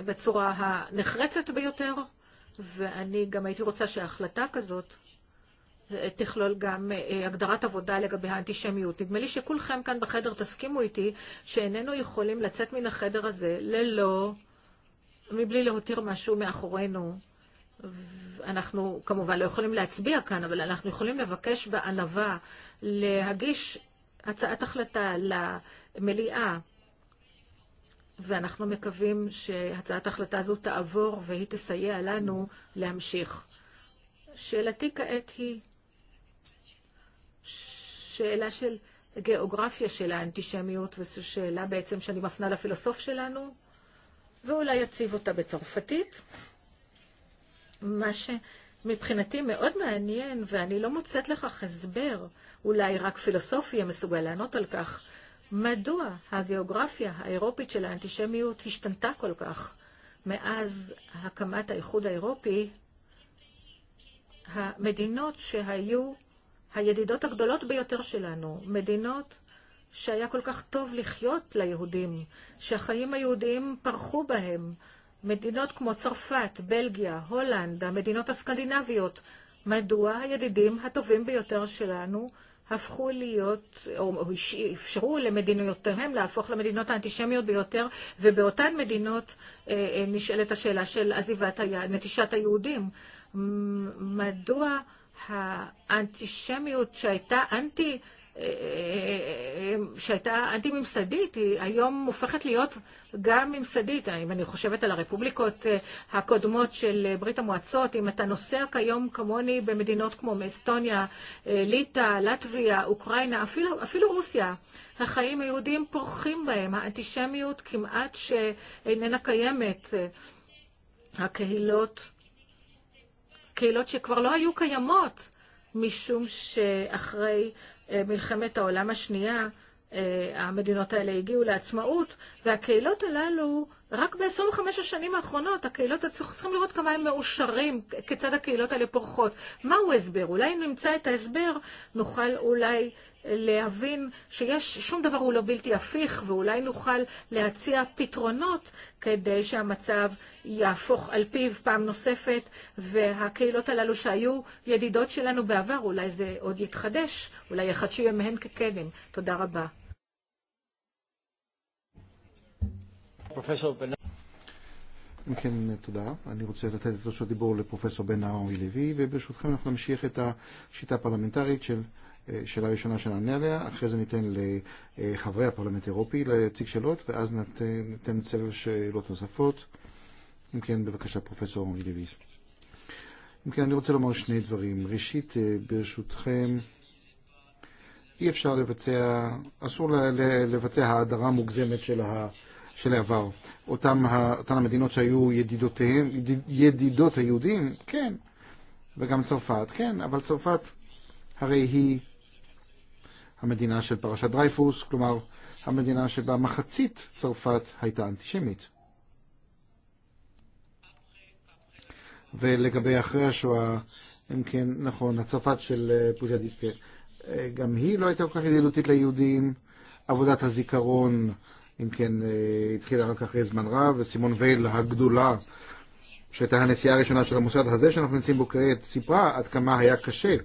בצורה הנחרצת ביותר. ואני גם הייתי רוצה שההחלטה כזאת תכלול גם הגדרת עבודה לגבי האנטישמיות. נדמה לי שכולכם כאן בחדר תסכימו איתי שאיננו יכולים לצאת מן החדר הזה ללא, מבלי להותיר משהו מאחורינו. אנחנו כמובן לא יכולים להצביע כאן, אבל אנחנו יכולים לבקש בענווה להגיש הצעת החלטה למליאה ואנחנו מקווים שהצעת ההחלטה הזו תעבור והיא תסייע לנו להמשיך. שאלתי כעת היא שאלה של גיאוגרפיה של האנטישמיות, וזו שאלה בעצם שאני מפנה לפילוסוף שלנו, ואולי אציב אותה בצרפתית. מה שמבחינתי מאוד מעניין, ואני לא מוצאת לכך הסבר, אולי רק פילוסופיה מסוגל לענות על כך, מדוע הגיאוגרפיה האירופית של האנטישמיות השתנתה כל כך מאז הקמת האיחוד האירופי, המדינות שהיו הידידות הגדולות ביותר שלנו, מדינות שהיה כל כך טוב לחיות ליהודים, שהחיים היהודיים פרחו בהם, מדינות כמו צרפת, בלגיה, הולנד, המדינות הסקנדינביות, מדוע הידידים הטובים ביותר שלנו הפכו להיות, או אפשרו למדינותיהם להפוך למדינות האנטישמיות ביותר, ובאותן מדינות נשאלת השאלה של עזיבת, נטישת היהודים. מדוע האנטישמיות שהייתה אנטי שהייתה אנטי-ממסדית, היא היום הופכת להיות גם ממסדית. אם אני חושבת על הרפובליקות הקודמות של ברית המועצות, אם אתה נוסע כיום כמוני במדינות כמו אסטוניה, ליטא, לטביה, אוקראינה, אפילו, אפילו רוסיה, החיים היהודיים פורחים בהם, האנטישמיות כמעט שאיננה קיימת. הקהילות, קהילות שכבר לא היו קיימות, משום שאחרי מלחמת העולם השנייה, המדינות האלה הגיעו לעצמאות, והקהילות הללו, רק ב-25 השנים האחרונות, הקהילות, צריכים לראות כמה הם מאושרים, כיצד הקהילות האלה פורחות. מהו ההסבר? אולי אם נמצא את ההסבר, נוכל אולי להבין שיש שום דבר הוא לא בלתי הפיך ואולי נוכל להציע פתרונות כדי שהמצב יהפוך על פיו פעם נוספת והקהילות הללו שהיו ידידות שלנו בעבר אולי זה עוד יתחדש, אולי יחדשו ימיהן כקדם. תודה רבה. כן, תודה. אני רוצה לתת את רשות הדיבור לפרופסור בן אהרון לוי, וברשותכם אנחנו נמשיך את השיטה הפרלמנטרית של שאלה ראשונה שנענה עליה, אחרי זה ניתן לחברי הפרלמנט האירופי להציג שאלות, ואז ניתן סבב שאלות נוספות. אם כן, בבקשה, פרופסור אורי לוי. אם כן, אני רוצה לומר שני דברים. ראשית, ברשותכם, אי אפשר לבצע, אסור לבצע האדרה מוגזמת של ה... של העבר. אותם, אותן המדינות שהיו ידידותיהם, ידידות היהודים, כן, וגם צרפת, כן, אבל צרפת הרי היא המדינה של פרשת דרייפוס, כלומר המדינה שבה מחצית צרפת הייתה אנטישמית. ולגבי אחרי השואה, אם כן, נכון, הצרפת של פוז'דיסקה, גם היא לא הייתה כל כך ידידותית ליהודים, עבודת הזיכרון, אם כן, התחילה רק אחרי זמן רב, וסימון וייל הגדולה, שהייתה הנסיעה הראשונה של המוסד הזה שאנחנו נמצאים בו כעת, סיפרה עד כמה היה קשה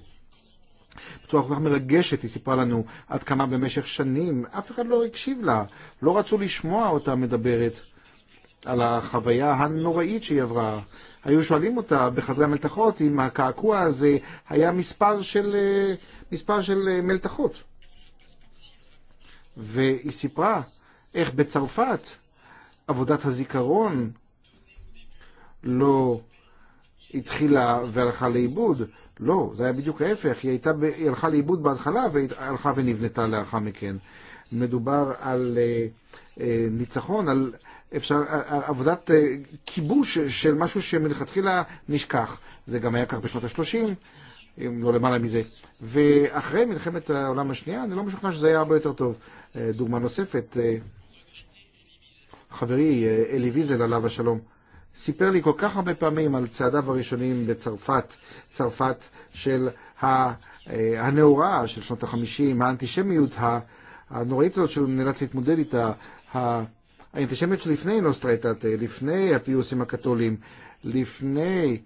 בצורה כל כך מרגשת, היא סיפרה לנו עד כמה במשך שנים אף אחד לא הקשיב לה, לא רצו לשמוע אותה מדברת על החוויה הנוראית שהיא עברה. היו שואלים אותה בחדרי המלתחות אם הקעקוע הזה היה מספר של, מספר של מלתחות. והיא סיפרה איך בצרפת עבודת הזיכרון לא התחילה והלכה לאיבוד, לא, זה היה בדיוק ההפך, היא, הייתה, היא הלכה לאיבוד בהתחלה והלכה ונבנתה לאחר מכן. מדובר על ניצחון, על, אפשר, עבודת כיבוש של משהו שמלכתחילה נשכח. זה גם היה כך בשנות ה-30, אם לא למעלה מזה. ואחרי מלחמת העולם השנייה, אני לא משוכנע שזה היה הרבה יותר טוב. דוגמה נוספת, חברי אלי ויזל עליו השלום. סיפר לי כל כך הרבה פעמים על צעדיו הראשונים בצרפת, צרפת של הנאורה של שנות החמישים, האנטישמיות הנוראית הזאת שהוא נאלץ להתמודד איתה, האנטישמיות שלפני נוסטרייטאט, לפני הפיוסים הקתולים, לפני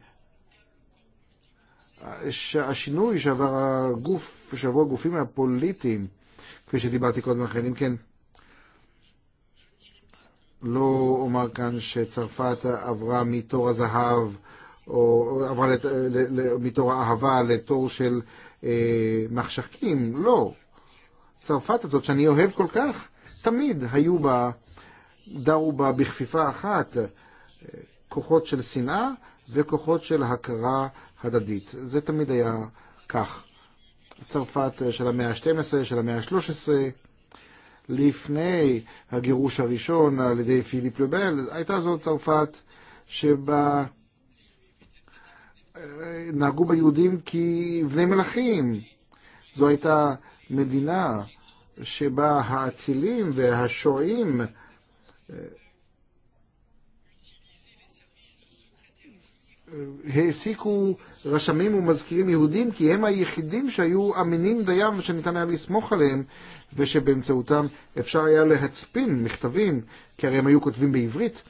השינוי שעבר הגוף, שעברו הגופים הפוליטיים, כפי שדיברתי קודם לכן, אם כן, לא אומר כאן שצרפת עברה מתור הזהב או עברה לת, מתור האהבה לתור של אה, מחשכים, לא. צרפת הזאת שאני אוהב כל כך, תמיד היו בה, דרו בה בכפיפה אחת כוחות של שנאה וכוחות של הכרה הדדית. זה תמיד היה כך. צרפת של המאה ה-12, של המאה ה-13, לפני הגירוש הראשון על ידי פיליפ לובל, הייתה זאת צרפת שבה נהגו ביהודים כבני Medina, זו הייתה מדינה שבה האצילים והשועים העסיקו רשמים ומזכירים יהודים כי הם היחידים שהיו אמינים דיים ושניתן היה לסמוך עליהם ושבאמצעותם אפשר היה להצפין מכתבים כי הרי הם היו כותבים בעברית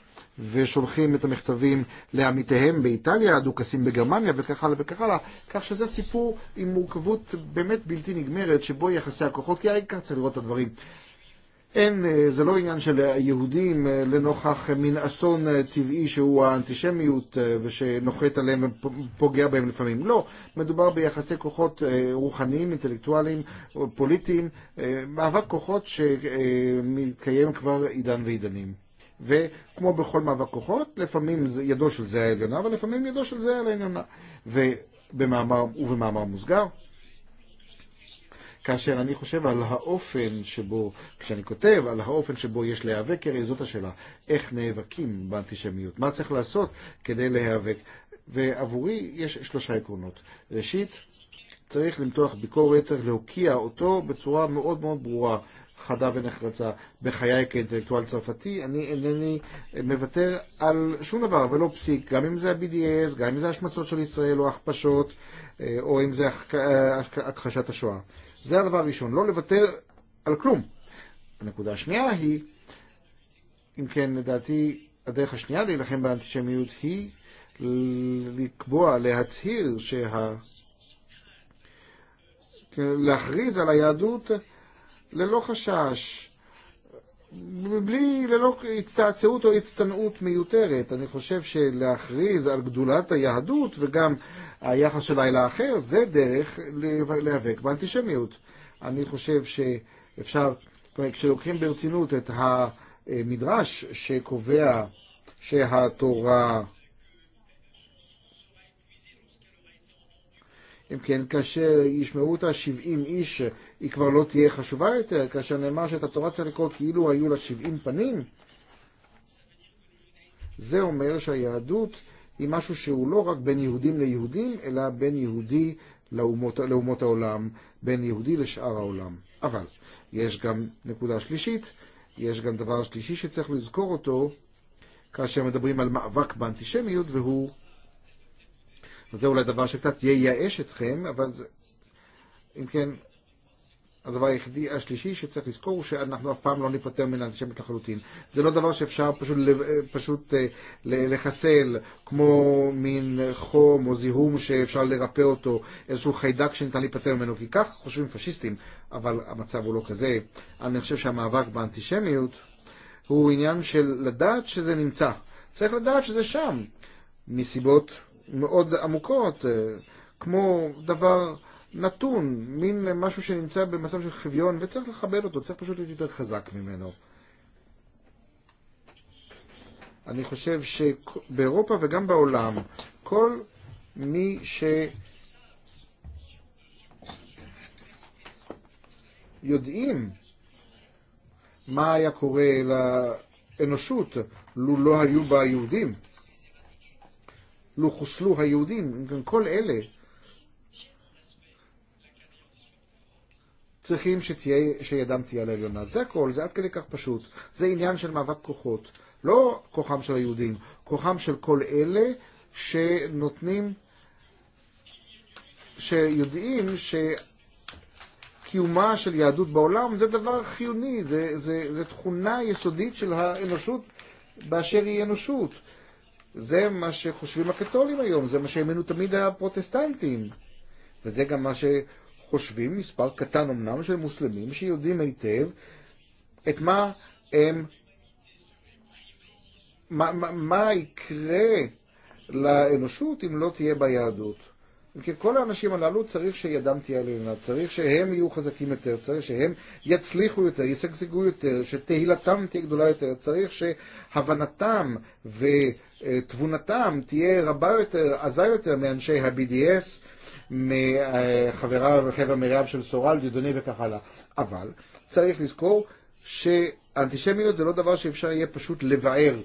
ושולחים את המכתבים לעמיתיהם באיטליה, הדוכסים בגרמניה וכך הלאה וכך הלאה, כך שזה סיפור עם מורכבות באמת בלתי נגמרת שבו יחסי הכוחות, כי הרי כך צריך לראות את הדברים. אין, זה לא עניין של היהודים לנוכח מין אסון טבעי שהוא האנטישמיות ושנוחת עליהם ופוגע בהם לפעמים. לא, מדובר ביחסי כוחות רוחניים, אינטלקטואליים, פוליטיים, מאבק כוחות שמתקיים כבר עידן ועידנים. וכמו בכל מאבק כוחות, לפעמים ידו של זה העליונה ולפעמים ידו של זה העליונה. ובמאמר, ובמאמר מוסגר, כאשר אני חושב על האופן שבו, כשאני כותב על האופן שבו יש להיאבק, הרי זאת השאלה, איך נאבקים באנטישמיות? מה צריך לעשות כדי להיאבק? ועבורי יש שלושה עקרונות. ראשית, צריך למתוח ביקורת, צריך להוקיע אותו בצורה מאוד מאוד ברורה. חדה ונחרצה בחיי כאינטלקטואל צרפתי, אני אינני מוותר על שום דבר, אבל לא פסיק, גם אם זה ה-BDS, גם אם זה השמצות של ישראל או הכפשות, או אם זה הכחשת השואה. זה הדבר הראשון, לא לוותר על כלום. הנקודה השנייה היא, אם כן, לדעתי, הדרך השנייה להילחם באנטישמיות היא לקבוע, להצהיר שה... להכריז על היהדות ללא חשש, בלי, ללא הצטעצעות או הצטנעות מיותרת. אני חושב שלהכריז על גדולת היהדות וגם היחס של אל אחר, זה דרך להיאבק באנטישמיות. אני חושב שאפשר, כשלוקחים ברצינות את המדרש שקובע שהתורה אם כן, כאשר ישמעו אותה 70 איש, היא כבר לא תהיה חשובה יותר, כאשר נאמר שאת התורה צריך לקרוא כאילו היו לה 70 פנים, זה אומר שהיהדות היא משהו שהוא לא רק בין יהודים ליהודים, אלא בין יהודי לאומות, לאומות העולם, בין יהודי לשאר העולם. אבל יש גם נקודה שלישית, יש גם דבר שלישי שצריך לזכור אותו כאשר מדברים על מאבק באנטישמיות, והוא... זה אולי דבר שקצת ייאש אתכם, אבל זה... אם כן, הדבר היחידי השלישי שצריך לזכור שאנחנו אף פעם לא ניפטר מן האנטישמיות לחלוטין. זה לא דבר שאפשר פשוט, פשוט לחסל כמו מין חום או זיהום שאפשר לרפא אותו, איזשהו חיידק שניתן להיפטר ממנו, כי כך חושבים פשיסטים, אבל המצב הוא לא כזה. אני חושב שהמאבק באנטישמיות הוא עניין של לדעת שזה נמצא. צריך לדעת שזה שם, מסיבות מאוד עמוקות, כמו דבר... נתון, מין משהו שנמצא במצב של חוויון, וצריך לחבר אותו, צריך פשוט להיות יותר חזק ממנו. אני חושב שבאירופה וגם בעולם, כל מי ש... יודעים מה היה קורה לאנושות לו לא היו בה יהודים, לו חוסלו היהודים, כל אלה צריכים שתהיה, שידם תהיה על עליונה. זה הכל, זה עד כדי כך פשוט. זה עניין של מאבק כוחות. לא כוחם של היהודים, כוחם של כל אלה שנותנים, שיודעים שקיומה של יהדות בעולם זה דבר חיוני, זה, זה, זה תכונה יסודית של האנושות באשר היא אנושות. זה מה שחושבים הקתולים היום, זה מה שהאמינו תמיד הפרוטסטנטים. וזה גם מה חושבים מספר קטן אמנם של מוסלמים שיודעים היטב את מה הם, מה, מה, מה יקרה לאנושות אם לא תהיה ביהדות. כי כל האנשים הללו צריך שידם תהיה עליונה, צריך שהם יהיו חזקים יותר, צריך שהם יצליחו יותר, ישגשגו יותר, שתהילתם תהיה גדולה יותר, צריך שהבנתם ו... תבונתם תהיה רבה יותר, עזה יותר מאנשי ה-BDS, מחבריו וחבר מרעיו של סורל, דודוני וכך הלאה. אבל צריך לזכור שאנטישמיות זה לא דבר שאפשר יהיה פשוט לבער.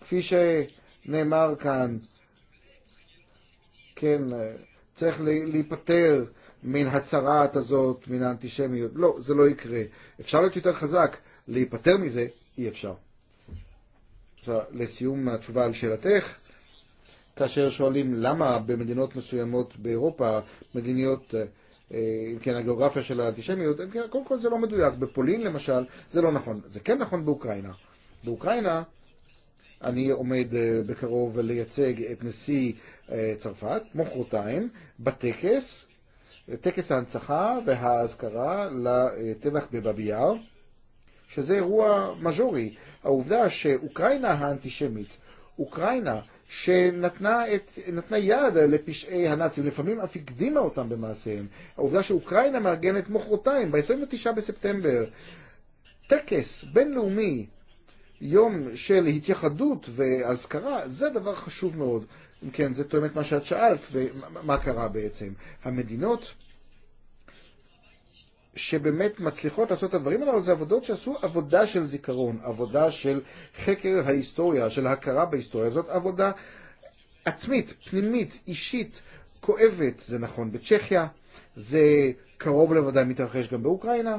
כפי שנאמר כאן, כן, צריך להיפטר מן הצרעת הזאת, מן האנטישמיות. לא, זה לא יקרה. אפשר להיות יותר חזק, להיפטר מזה אי אפשר. לסיום התשובה על שאלתך, כאשר שואלים למה במדינות מסוימות באירופה, מדיניות, אם כן הגיאוגרפיה של האנטישמיות, כן, קודם כל זה לא מדויק. בפולין למשל, זה לא נכון. זה כן נכון באוקראינה. באוקראינה אני עומד בקרוב לייצג את נשיא צרפת, מוחרתיים, בטקס, טקס ההנצחה וההזכרה לטבח בבאבי יאר. שזה אירוע מז'ורי. העובדה שאוקראינה האנטישמית, אוקראינה שנתנה את, נתנה יד לפשעי הנאצים, לפעמים אף הקדימה אותם במעשיהם. העובדה שאוקראינה מארגנת מוחרתיים, ב-29 בספטמבר, טקס בינלאומי, יום של התייחדות ואזכרה, זה דבר חשוב מאוד. אם כן, זה תואם את מה שאת שאלת, ומה קרה בעצם. המדינות שבאמת מצליחות לעשות את הדברים הללו זה עבודות שעשו עבודה של זיכרון, עבודה של חקר ההיסטוריה, של הכרה בהיסטוריה, זאת עבודה עצמית, פנימית, אישית, כואבת, זה נכון בצ'כיה, זה קרוב לוודאי מתרחש גם באוקראינה,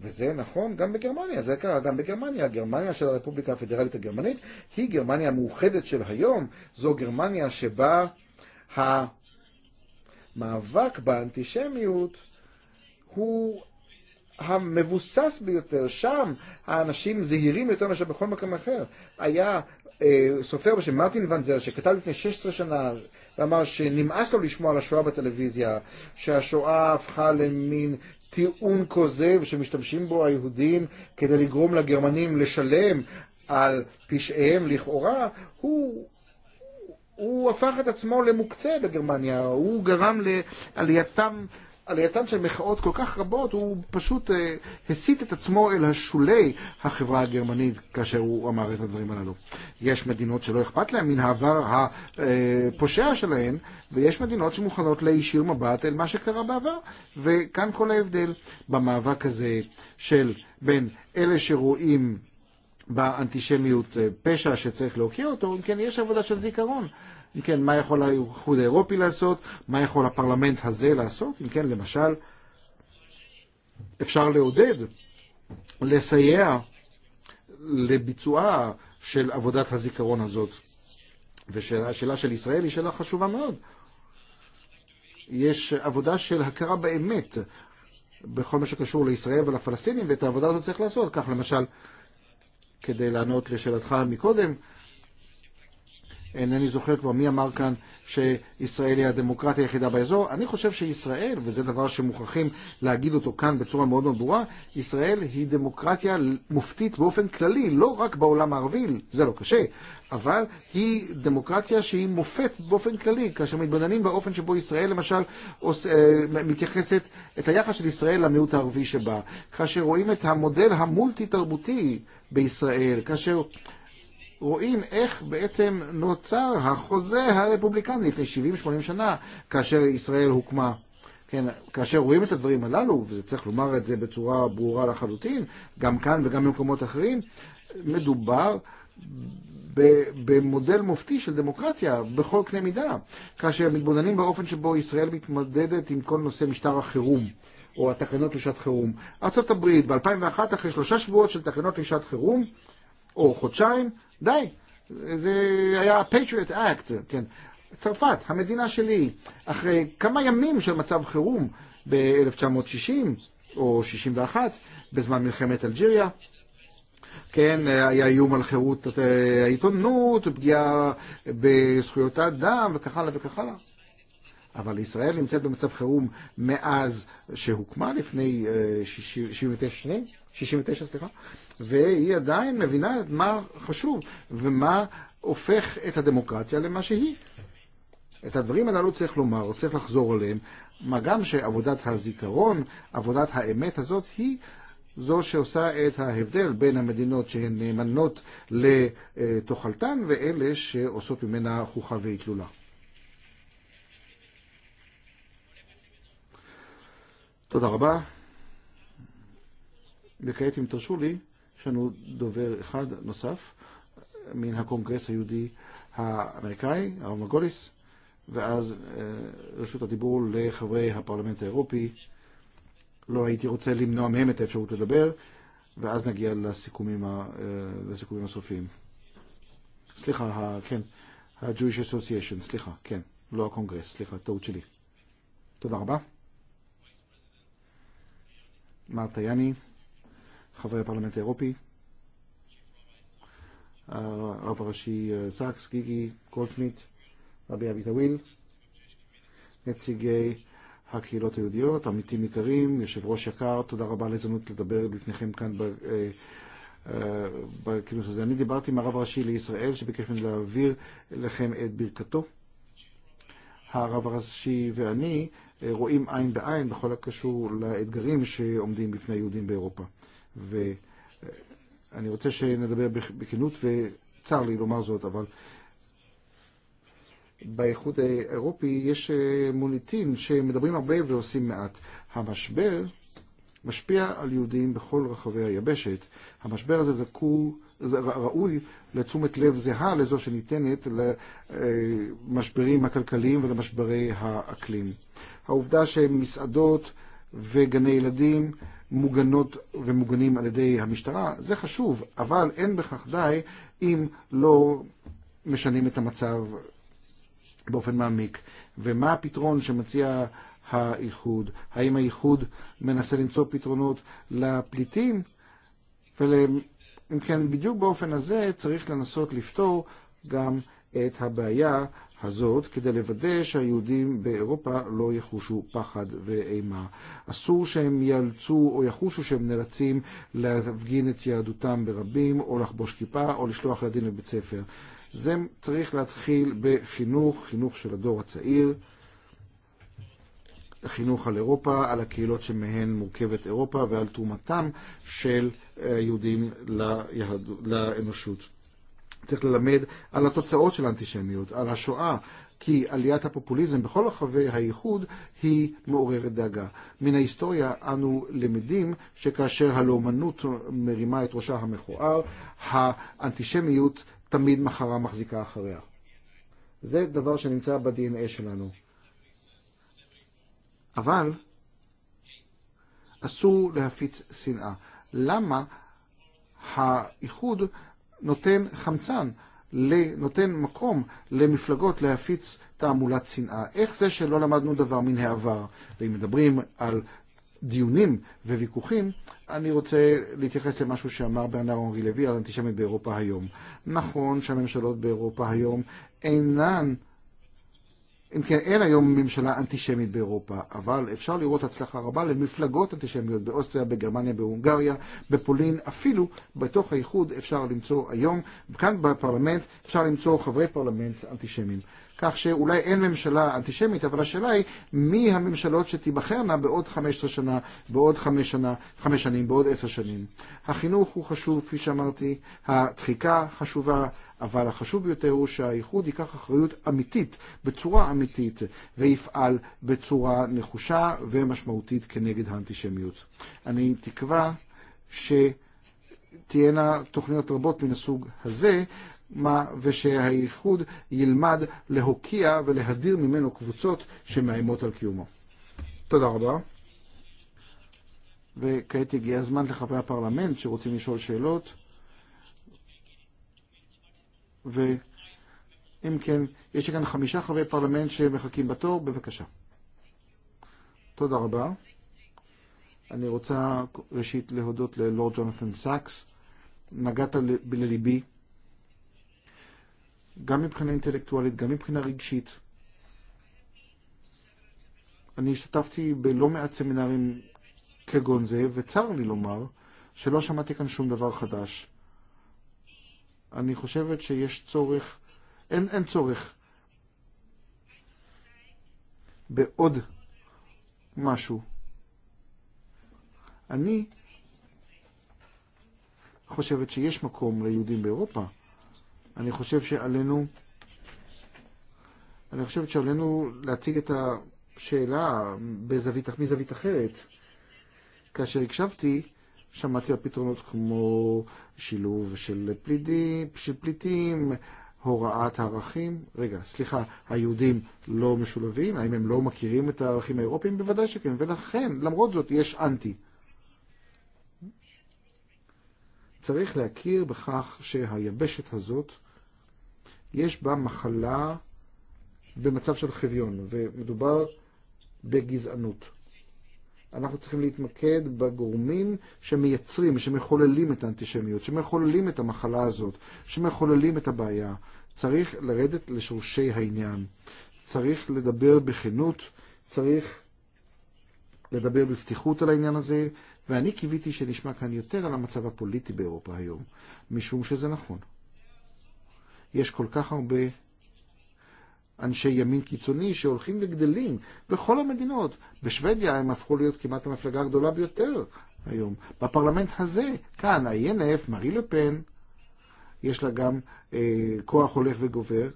וזה נכון גם בגרמניה, זה קרה גם בגרמניה, גרמניה של הרפובליקה הפדרלית הגרמנית היא גרמניה המאוחדת של היום, זו גרמניה שבה המאבק באנטישמיות הוא המבוסס ביותר, שם האנשים זהירים יותר מאשר בכל מקום אחר. היה אה, סופר בשם מרטין ונזר שכתב לפני 16 שנה ואמר שנמאס לו לשמוע על השואה בטלוויזיה, שהשואה הפכה למין טיעון כוזב שמשתמשים בו היהודים כדי לגרום לגרמנים לשלם על פשעיהם לכאורה, הוא הוא הפך את עצמו למוקצה בגרמניה, הוא גרם לעלייתם עלייתן של מחאות כל כך רבות, הוא פשוט אה, הסיט את עצמו אל השולי החברה הגרמנית כאשר הוא אמר את הדברים הללו. יש מדינות שלא אכפת להן מן העבר הפושע שלהן, ויש מדינות שמוכנות להישיר מבט אל מה שקרה בעבר, וכאן כל ההבדל במאבק הזה של בין אלה שרואים באנטישמיות פשע שצריך להוקיע אותו, אם כן יש עבודה של זיכרון. אם כן, מה יכול האיחוד האירופי לעשות, מה יכול הפרלמנט הזה לעשות, אם כן, למשל, אפשר לעודד, לסייע לביצועה של עבודת הזיכרון הזאת. ושאלה של ישראל היא שאלה חשובה מאוד. יש עבודה של הכרה באמת בכל מה שקשור לישראל ולפלסטינים, ואת העבודה הזאת צריך לעשות. כך למשל, כדי לענות לשאלתך מקודם, אינני זוכר כבר מי אמר כאן שישראל היא הדמוקרטיה היחידה באזור. אני חושב שישראל, וזה דבר שמוכרחים להגיד אותו כאן בצורה מאוד מאוד ברורה, ישראל היא דמוקרטיה מופתית באופן כללי, לא רק בעולם הערבי, זה לא קשה, אבל היא דמוקרטיה שהיא מופת באופן כללי, כאשר מתבוננים באופן שבו ישראל למשל עוש, אה, מתייחסת את היחס של ישראל למיעוט הערבי שבה, כאשר רואים את המודל המולטי-תרבותי בישראל, כאשר רואים איך בעצם נוצר החוזה הרפובליקני לפני 70-80 שנה, כאשר ישראל הוקמה. כן, כאשר רואים את הדברים הללו, וזה צריך לומר את זה בצורה ברורה לחלוטין, גם כאן וגם במקומות אחרים, מדובר במודל מופתי של דמוקרטיה בכל קנה מידה, כאשר מתבוננים באופן שבו ישראל מתמודדת עם כל נושא משטר החירום. או התקנות לשעת חירום. ארה"ב ב-2001, אחרי שלושה שבועות של תקנות לשעת חירום, או חודשיים, Daj, היה Patriot Act, כן. צרפת, המדינה שלי, אחרי כמה ימים של מצב חירום ב-1960 או 61, בזמן מלחמת אלג'יריה, כן, היה איום על חירות העיתונות, פגיעה בזכויות האדם וכך הלאה וכך הלאה. אבל ישראל נמצאת במצב חירום מאז שהוקמה לפני 69 שנים. 69, סליחה, והיא עדיין מבינה את מה חשוב ומה הופך את הדמוקרטיה למה שהיא. את הדברים הללו צריך לומר, או צריך לחזור עליהם, מה גם שעבודת הזיכרון, עבודת האמת הזאת, היא זו שעושה את ההבדל בין המדינות שהן נאמנות לתוכלתן ואלה שעושות ממנה חוכה ואיתלולה. תודה רבה. וכעת אם תרשו לי, יש לנו דובר אחד נוסף מן הקונגרס היהודי האמריקאי, הרב מגוליס, ואז רשות הדיבור לחברי הפרלמנט האירופי. לא הייתי רוצה למנוע מהם את האפשרות לדבר, ואז נגיע לסיכומים, ה, לסיכומים הסופיים. סליחה, ה, כן, ה-Jewish Association, סליחה, כן, לא הקונגרס, סליחה, טעות שלי. תודה רבה. מר יאני. חברי הפרלמנט האירופי, הרב הראשי gigi, goldsmith, גולדשמיט, רבי אבי טוויל, נציגי הקהילות היהודיות, עמיתים יקרים, יושב ראש יקר, תודה רבה על ההזדמנות לדבר לפניכם כאן בכינוס הזה. אני דיברתי עם הרב הראשי לישראל שביקש ממני להעביר לכם את ברכתו. הרב הראשי ואני רואים עין בעין בכל הקשור לאתגרים שעומדים בפני היהודים באירופה. ואני רוצה שנדבר בכנות וצר לי לומר זאת, אבל באיחוד האירופי יש מוניטין שמדברים הרבה ועושים מעט. המשבר משפיע על יהודים בכל רחבי היבשת. המשבר הזה זקור, ראוי לתשומת לב זהה לזו שניתנת למשברים הכלכליים ולמשברי האקלים. העובדה שמסעדות וגני ילדים מוגנות ומוגנים על ידי המשטרה, זה חשוב, אבל אין בכך די אם לא משנים את המצב באופן מעמיק. ומה הפתרון שמציע האיחוד? האם האיחוד מנסה למצוא פתרונות לפליטים? ואם כן, בדיוק באופן הזה צריך לנסות לפתור גם את הבעיה הזאת כדי לוודא שהיהודים באירופה לא יחושו פחד ואימה. אסור שהם יאלצו או יחושו שהם נאלצים להפגין את יהדותם ברבים או לחבוש כיפה או לשלוח ילדים לבית ספר. זה צריך להתחיל בחינוך, חינוך של הדור הצעיר, חינוך על אירופה, על הקהילות שמהן מורכבת אירופה ועל תרומתם של יהודים ליהד... לאנושות. צריך ללמד על התוצאות של האנטישמיות, על השואה, כי עליית הפופוליזם בכל רחבי האיחוד היא מעוררת דאגה. מן ההיסטוריה אנו למדים שכאשר הלאומנות מרימה את ראשה המכוער, האנטישמיות תמיד מחרה מחזיקה אחריה. זה דבר שנמצא ב-DNA שלנו. אבל אסור להפיץ שנאה. למה האיחוד נותן חמצן, נותן מקום למפלגות להפיץ תעמולת שנאה. איך זה שלא למדנו דבר מן העבר? ואם מדברים על דיונים וויכוחים, אני רוצה להתייחס למשהו שאמר ברנר אורי לוי על אנטישמיות באירופה היום. נכון שהממשלות באירופה היום אינן אם כן, אין היום ממשלה אנטישמית באירופה, אבל אפשר לראות הצלחה רבה למפלגות אנטישמיות באוסטריה, בגרמניה, בהונגריה, בפולין, אפילו בתוך האיחוד אפשר למצוא היום, כאן בפרלמנט אפשר למצוא חברי פרלמנט אנטישמיים. כך שאולי אין ממשלה אנטישמית, אבל השאלה היא מי הממשלות שתיבחרנה בעוד 15 שנה, בעוד 5 שנה, 5 שנים, בעוד 10 שנים. החינוך הוא חשוב, כפי שאמרתי, הדחיקה חשובה, אבל החשוב ביותר הוא שהאיחוד ייקח אחריות אמיתית, בצורה אמיתית, ויפעל בצורה נחושה ומשמעותית כנגד האנטישמיות. אני תקווה ש... תהיינה תוכניות רבות מן הסוג הזה, מה ושהאיחוד ילמד להוקיע ולהדיר ממנו קבוצות שמאיימות על קיומו. תודה רבה. וכעת הגיע הזמן לחברי הפרלמנט שרוצים לשאול שאלות. ואם כן, יש כאן חמישה חברי פרלמנט שמחכים בתור, בבקשה. תודה רבה. אני רוצה ראשית להודות ללורד ג'ונתן סאקס. נגעת בלליבי, גם מבחינה אינטלקטואלית, גם מבחינה רגשית. אני השתתפתי בלא מעט סמינרים כגון זה, וצר לי לומר שלא שמעתי כאן שום דבר חדש. אני חושבת שיש צורך, אין, אין צורך בעוד משהו. אני חושבת שיש מקום ליהודים באירופה. אני חושב שעלינו, אני חושב שעלינו להציג את השאלה בזווית, מזווית אחרת. כאשר הקשבתי, שמעתי על פתרונות כמו שילוב של, פלידי, של פליטים, הוראת הערכים, רגע, סליחה, היהודים לא משולבים? האם הם לא מכירים את הערכים האירופיים? בוודאי שכן, ולכן, למרות זאת, יש אנטי. צריך להכיר בכך שהיבשת הזאת יש בה מחלה במצב של חביון, ומדובר בגזענות. אנחנו צריכים להתמקד בגורמים שמייצרים, שמחוללים את האנטישמיות, שמחוללים את המחלה הזאת, שמחוללים את הבעיה. צריך לרדת לשורשי העניין. צריך לדבר בכנות, צריך לדבר בפתיחות על העניין הזה, ואני קיוויתי שנשמע כאן יותר על המצב הפוליטי באירופה היום, משום שזה נכון. יש כל כך הרבה אנשי ימין קיצוני שהולכים וגדלים בכל המדינות. בשוודיה הם הפכו להיות כמעט המפלגה הגדולה ביותר היום. בפרלמנט הזה, כאן, ה-INF, Marie לפן, יש לה גם אה, כוח הולך וגובר.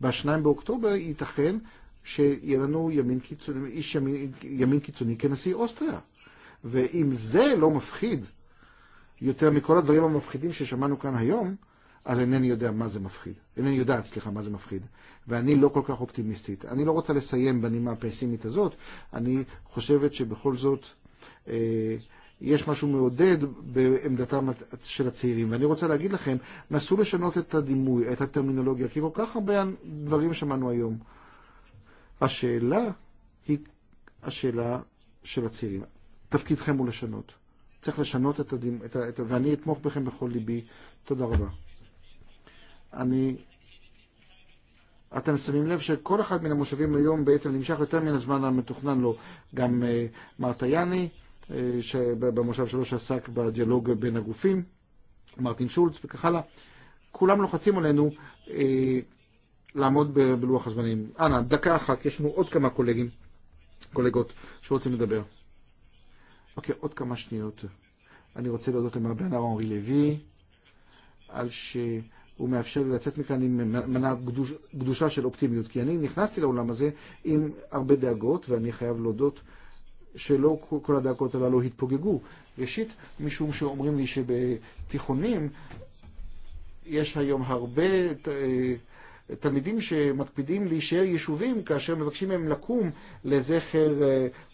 ב-2 באוקטובר ייתכן שיהיה לנו ימין קיצוני, איש ימין, ימין קיצוני כנשיא אוסטריה. ואם זה לא מפחיד יותר מכל הדברים המפחידים ששמענו כאן היום, אז אינני יודע מה זה מפחיד. אינני יודעת, סליחה, מה זה מפחיד. ואני לא כל כך אופטימיסטית. אני לא רוצה לסיים בנימה הפסימית הזאת, אני חושבת שבכל זאת אה, יש משהו מעודד בעמדתם של הצעירים. ואני רוצה להגיד לכם, נסו לשנות את הדימוי, את הטרמינולוגיה, כי כל כך הרבה דברים שמענו היום. השאלה היא השאלה של הצעירים. תפקידכם הוא לשנות. צריך לשנות את הדימוי, ואני אתמוך בכם בכל ליבי. תודה רבה. אני... אתם שמים לב שכל אחד מן המושבים היום בעצם נמשך יותר מן הזמן המתוכנן לו. גם מר טייני, במושב שלו שעסק בדיאלוג בין הגופים, מרטין שולץ וכך הלאה, כולם לוחצים עלינו לעמוד בלוח הזמנים. אנא, דקה אחת, יש לנו עוד כמה קולגים, קולגות שרוצים לדבר. אוקיי, עוד כמה שניות. אני רוצה להודות למר בן אהרן לוי, על ש u ma l-azzet ומאפשר לצאת מכאן עם מנה קדוש, קדושה של אופטימיות, כי אני נכנסתי לעולם הזה עם הרבה דאגות, ואני חייב להודות שלא כל pogegu. הללו mishum xe משום li xe שבתיכונים יש היום הרבה... אה, תלמידים שמקפידים להישאר יישובים כאשר מבקשים מהם לקום לזכר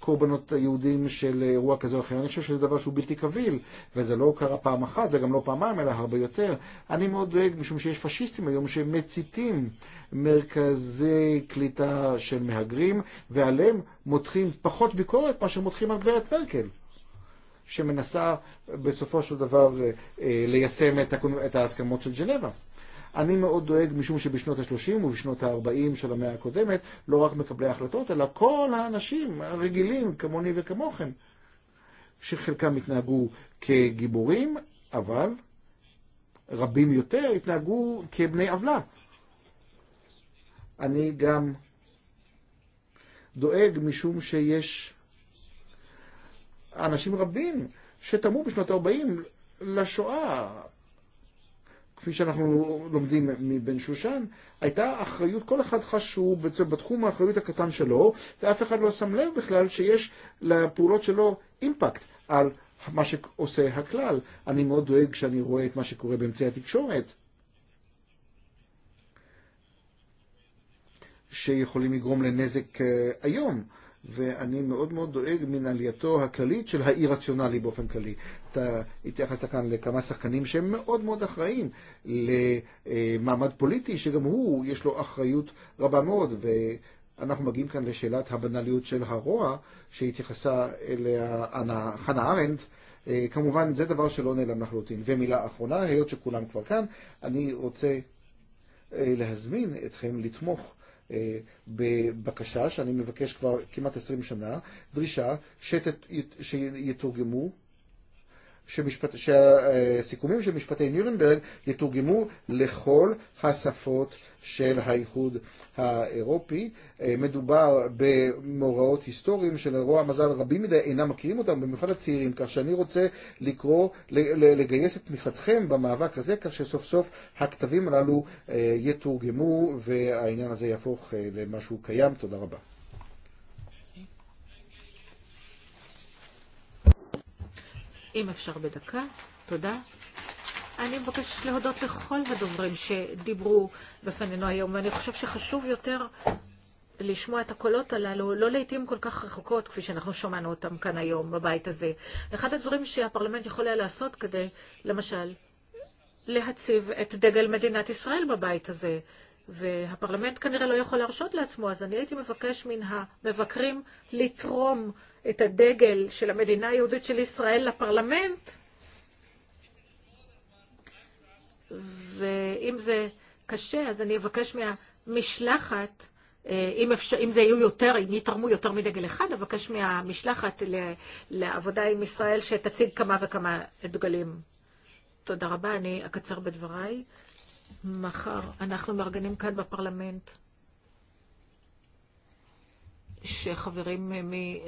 קורבנות יהודים של אירוע כזה או אחר. אני חושב שזה דבר שהוא בלתי קביל, וזה לא קרה פעם אחת וגם לא פעמיים, אלא הרבה יותר. אני מאוד דואג משום שיש פשיסטים היום שמציתים מרכזי קליטה של מהגרים, ועליהם מותחים פחות ביקורת מאשר מותחים על גברת מרקל. שמנסה בסופו של דבר ליישם את ההסכמות של ג'נבה. אני מאוד דואג משום שבשנות ה-30 ובשנות ה-40 של המאה הקודמת, לא רק מקבלי ההחלטות, אלא כל האנשים הרגילים, כמוני וכמוכם, שחלקם התנהגו כגיבורים, אבל רבים יותר התנהגו כבני עוולה. אני גם דואג משום שיש אנשים רבים שתמו בשנות ה-40 לשואה, כפי שאנחנו לומדים מבן שושן, הייתה אחריות, כל אחד חשוב בתחום האחריות הקטן שלו, ואף אחד לא שם לב בכלל שיש לפעולות שלו אימפקט על מה שעושה הכלל. אני מאוד דואג כשאני רואה את מה שקורה באמצעי התקשורת. שיכולים לגרום לנזק היום. Uh, ואני מאוד מאוד דואג מן עלייתו הכללית של האי-רציונלי באופן כללי. אתה התייחסת כאן לכמה שחקנים שהם מאוד מאוד אחראים למעמד פוליטי, שגם הוא יש לו אחריות רבה מאוד, ואנחנו מגיעים כאן לשאלת הבנאליות של הרוע, שהתייחסה אליה חנה ארנדט. כמובן, זה דבר שלא נעלם לחלוטין. ומילה אחרונה, היות שכולם כבר כאן, אני רוצה להזמין אתכם לתמוך בבקשה, שאני מבקש כבר כמעט 20 שנה, דרישה שיתורגמו שהסיכומים של משפטי נירנברג יתורגמו לכל השפות של האיחוד האירופי. מדובר במאורעות היסטוריים שלרוע המזל רבים מדי אינם מכירים אותם, במיוחד הצעירים, כך שאני רוצה לקרוא, לגייס את תמיכתכם במאבק הזה, כך שסוף סוף הכתבים הללו יתורגמו והעניין הזה יהפוך למשהו קיים. תודה רבה. אם אפשר בדקה, תודה. אני מבקשת להודות לכל הדוברים שדיברו בפנינו היום, ואני חושב שחשוב יותר לשמוע את הקולות הללו, לא לעתים כל כך רחוקות כפי שאנחנו שמענו אותם כאן היום בבית הזה. אחד הדברים שהפרלמנט יכול היה לעשות כדי, למשל, להציב את דגל מדינת ישראל בבית הזה. והפרלמנט כנראה לא יכול להרשות לעצמו, אז אני הייתי מבקש מן המבקרים לתרום את הדגל של המדינה היהודית של ישראל לפרלמנט, ואם זה קשה, אז אני אבקש מהמשלחת, אם, אפשר, אם זה יהיו יותר, אם יתרמו יותר מדגל אחד, אבקש מהמשלחת לעבודה עם ישראל שתציג כמה וכמה דגלים. תודה רבה, אני אקצר בדבריי. מחר אנחנו מארגנים כאן בפרלמנט שחברים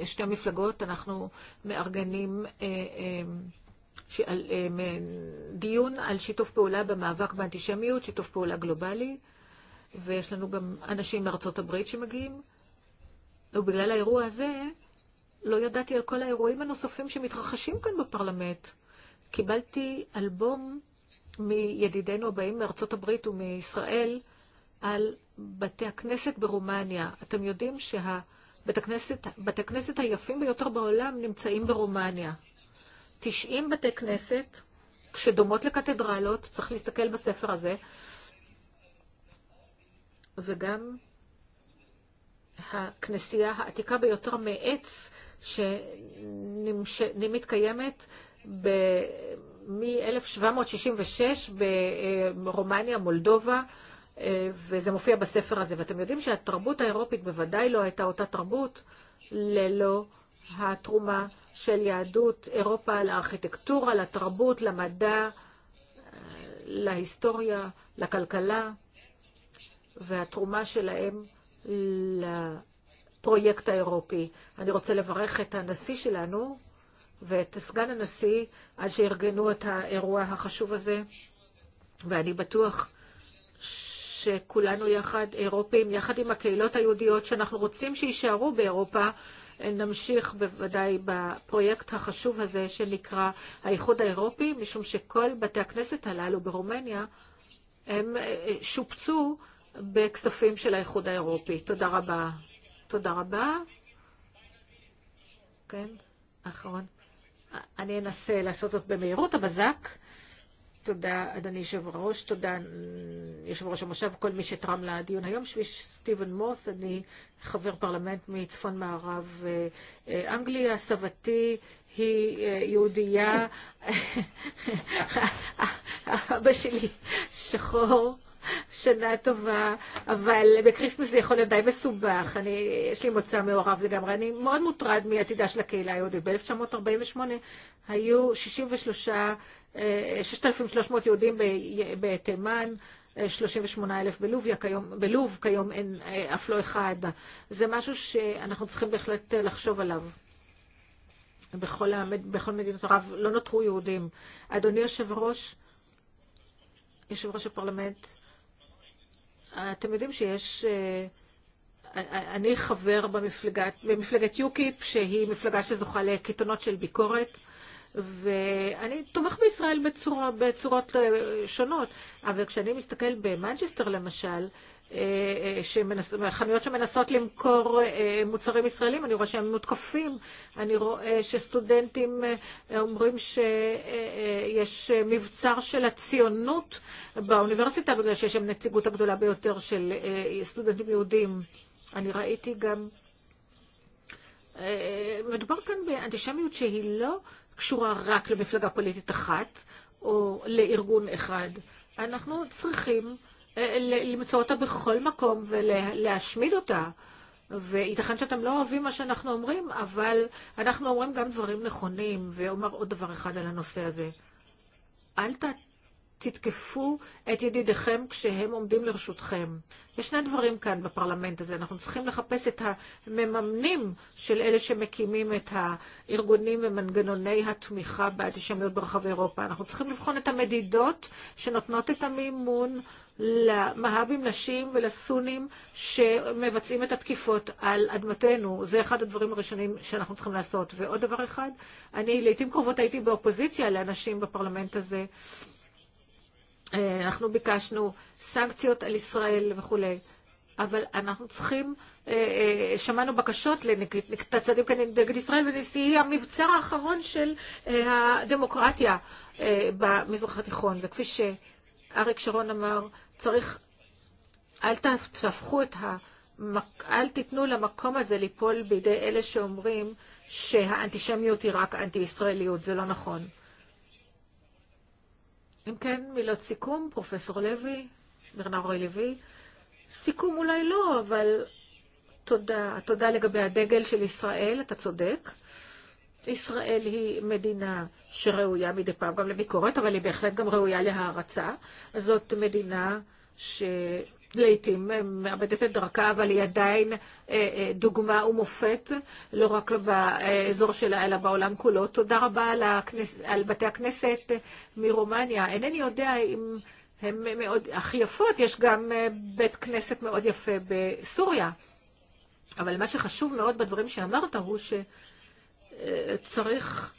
משתי המפלגות, אנחנו מארגנים דיון על שיתוף פעולה במאבק באנטישמיות, שיתוף פעולה גלובלי, ויש לנו גם אנשים מארצות הברית שמגיעים, ובגלל האירוע הזה לא ידעתי על כל האירועים הנוספים שמתרחשים כאן בפרלמנט. קיבלתי אלבום מידידינו הבאים מארצות הברית ומישראל על בתי הכנסת ברומניה. אתם יודעים שבתי הכנסת, הכנסת היפים ביותר בעולם נמצאים ברומניה. 90 בתי כנסת שדומות לקתדרלות, צריך להסתכל בספר הזה, וגם הכנסייה העתיקה ביותר מעץ שמתקיימת ב... מ-1766 ברומניה, מולדובה, וזה מופיע בספר הזה. ואתם יודעים שהתרבות האירופית בוודאי לא הייתה אותה תרבות ללא התרומה של יהדות אירופה לארכיטקטורה, לתרבות, למדע, להיסטוריה, לכלכלה, והתרומה שלהם לפרויקט האירופי. אני רוצה לברך את הנשיא שלנו, ואת סגן הנשיא עד שארגנו את האירוע החשוב הזה, ואני בטוח שכולנו יחד, אירופים, יחד עם הקהילות היהודיות שאנחנו רוצים שיישארו באירופה, נמשיך בוודאי בפרויקט החשוב הזה שנקרא האיחוד האירופי, משום שכל בתי הכנסת הללו ברומניה, הם שופצו בכספים של האיחוד האירופי. תודה רבה. תודה רבה. כן, אחרון. אני אנסה לעשות זאת במהירות, הבזק. תודה, אדוני יושב ראש, תודה, יושב ראש המושב, כל מי שתרם לדיון היום. שמי סטיבן מוס, אני חבר פרלמנט מצפון מערב אנגליה, סבתי היא יהודייה, אבא שלי שחור, שנה טובה, אבל בקריסמס זה יכול להיות די מסובך, אני, יש לי מוצא מעורב לגמרי, אני מאוד מוטרד מעתידה של הקהילה היהודית. ב-1948 היו 63, 6,300 יהודים בתימן, 38,000 בלוב, כיום, בלוב כיום אין אף לא אחד. זה משהו שאנחנו צריכים בהחלט לחשוב עליו. בכל, המד... בכל מדינות ערב לא נותרו יהודים. אדוני יושב ראש, יושב ראש הפרלמנט, אתם יודעים שיש... אני חבר במפלגת, במפלגת יוקיפ, שהיא מפלגה שזוכה לקיתונות של ביקורת, ואני תומך בישראל בצורה, בצורות שונות, אבל כשאני מסתכל במנצ'סטר למשל, חנויות שמנסות למכור מוצרים ישראלים, אני רואה שהם מותקפים, אני רואה שסטודנטים אומרים שיש מבצר של הציונות באוניברסיטה, בגלל שיש שם נציגות הגדולה ביותר של סטודנטים יהודים. אני ראיתי גם... מדובר כאן באנטישמיות שהיא לא קשורה רק למפלגה פוליטית אחת או לארגון אחד. אנחנו צריכים... למצוא אותה בכל מקום ולהשמיד אותה. וייתכן שאתם לא אוהבים מה שאנחנו אומרים, אבל אנחנו אומרים גם דברים נכונים, ואומר עוד דבר אחד על הנושא הזה. אל ת... תתקפו את ידידיכם כשהם עומדים לרשותכם. יש שני דברים כאן בפרלמנט הזה, אנחנו צריכים לחפש את המממנים של אלה שמקימים את הארגונים ומנגנוני התמיכה באנטישמיות ברחבי אירופה. אנחנו צריכים לבחון את המדידות שנותנות את המימון למהבים, נשים ולסונים שמבצעים את התקיפות על אדמתנו. זה אחד הדברים הראשונים שאנחנו צריכים לעשות. ועוד דבר אחד, אני לעיתים קרובות הייתי באופוזיציה לאנשים בפרלמנט הזה. אנחנו ביקשנו סנקציות על ישראל וכולי. אבל אנחנו צריכים, שמענו בקשות לנקטת צעדים נגד ישראל ונשיאי המבצר האחרון של הדמוקרטיה במזרח התיכון. וכפי שאריק שרון אמר, צריך, אל תהפכו את ה... אל תיתנו למקום הזה ליפול בידי אלה שאומרים שהאנטישמיות היא רק אנטי-ישראליות, זה לא נכון. אם כן, מילות סיכום, פרופסור לוי, ברנאורי לוי. סיכום אולי לא, אבל תודה. תודה לגבי הדגל של ישראל, אתה צודק. ישראל היא מדינה שראויה מדי פעם גם לביקורת, אבל היא בהחלט גם ראויה להערצה. זאת מדינה שלעיתים מאבדת את דרכה, אבל היא עדיין דוגמה ומופת, לא רק באזור שלה, אלא בעולם כולו. תודה רבה על, הכנס... על בתי הכנסת מרומניה. אינני יודע אם... הן מאוד הכי יפות, יש גם בית כנסת מאוד יפה בסוריה. אבל מה שחשוב מאוד בדברים שאמרת הוא ש... צריך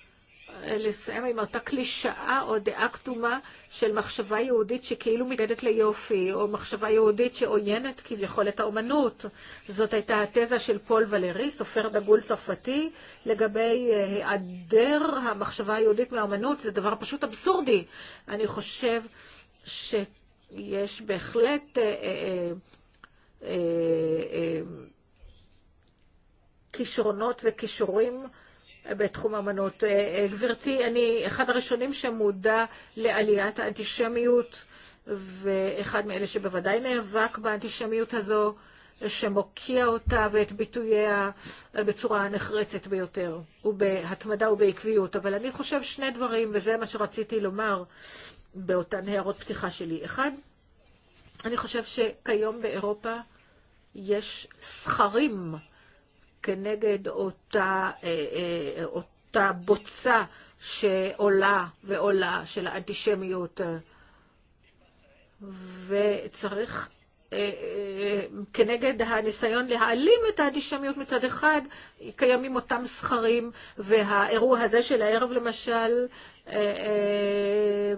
לסיים עם אותה קלישאה או דעה קדומה של מחשבה יהודית שכאילו מתנגדת ליופי, או מחשבה יהודית שעוינת כביכול את האומנות. זאת הייתה התזה של פול ולרי, סופר דגול צרפתי, לגבי היעדר המחשבה היהודית מהאומנות, זה דבר פשוט אבסורדי. אני חושב שיש בהחלט... כישרונות וכישורים בתחום האמנות. גברתי, אני אחד הראשונים שמודע לעליית האנטישמיות, ואחד מאלה שבוודאי נאבק באנטישמיות הזו, שמוקיע אותה ואת ביטוייה בצורה הנחרצת ביותר, ובהתמדה ובעקביות. אבל אני חושב שני דברים, וזה מה שרציתי לומר באותן הערות פתיחה שלי. אחד, אני חושב שכיום באירופה יש סכרים kenneged otta otta eh, כנגד אותה, אותה בוצה שעולה ועולה של ve וצריך כנגד הניסיון להעלים את האדישמיות מצד אחד, קיימים אותם סכרים, והאירוע הזה של הערב למשל,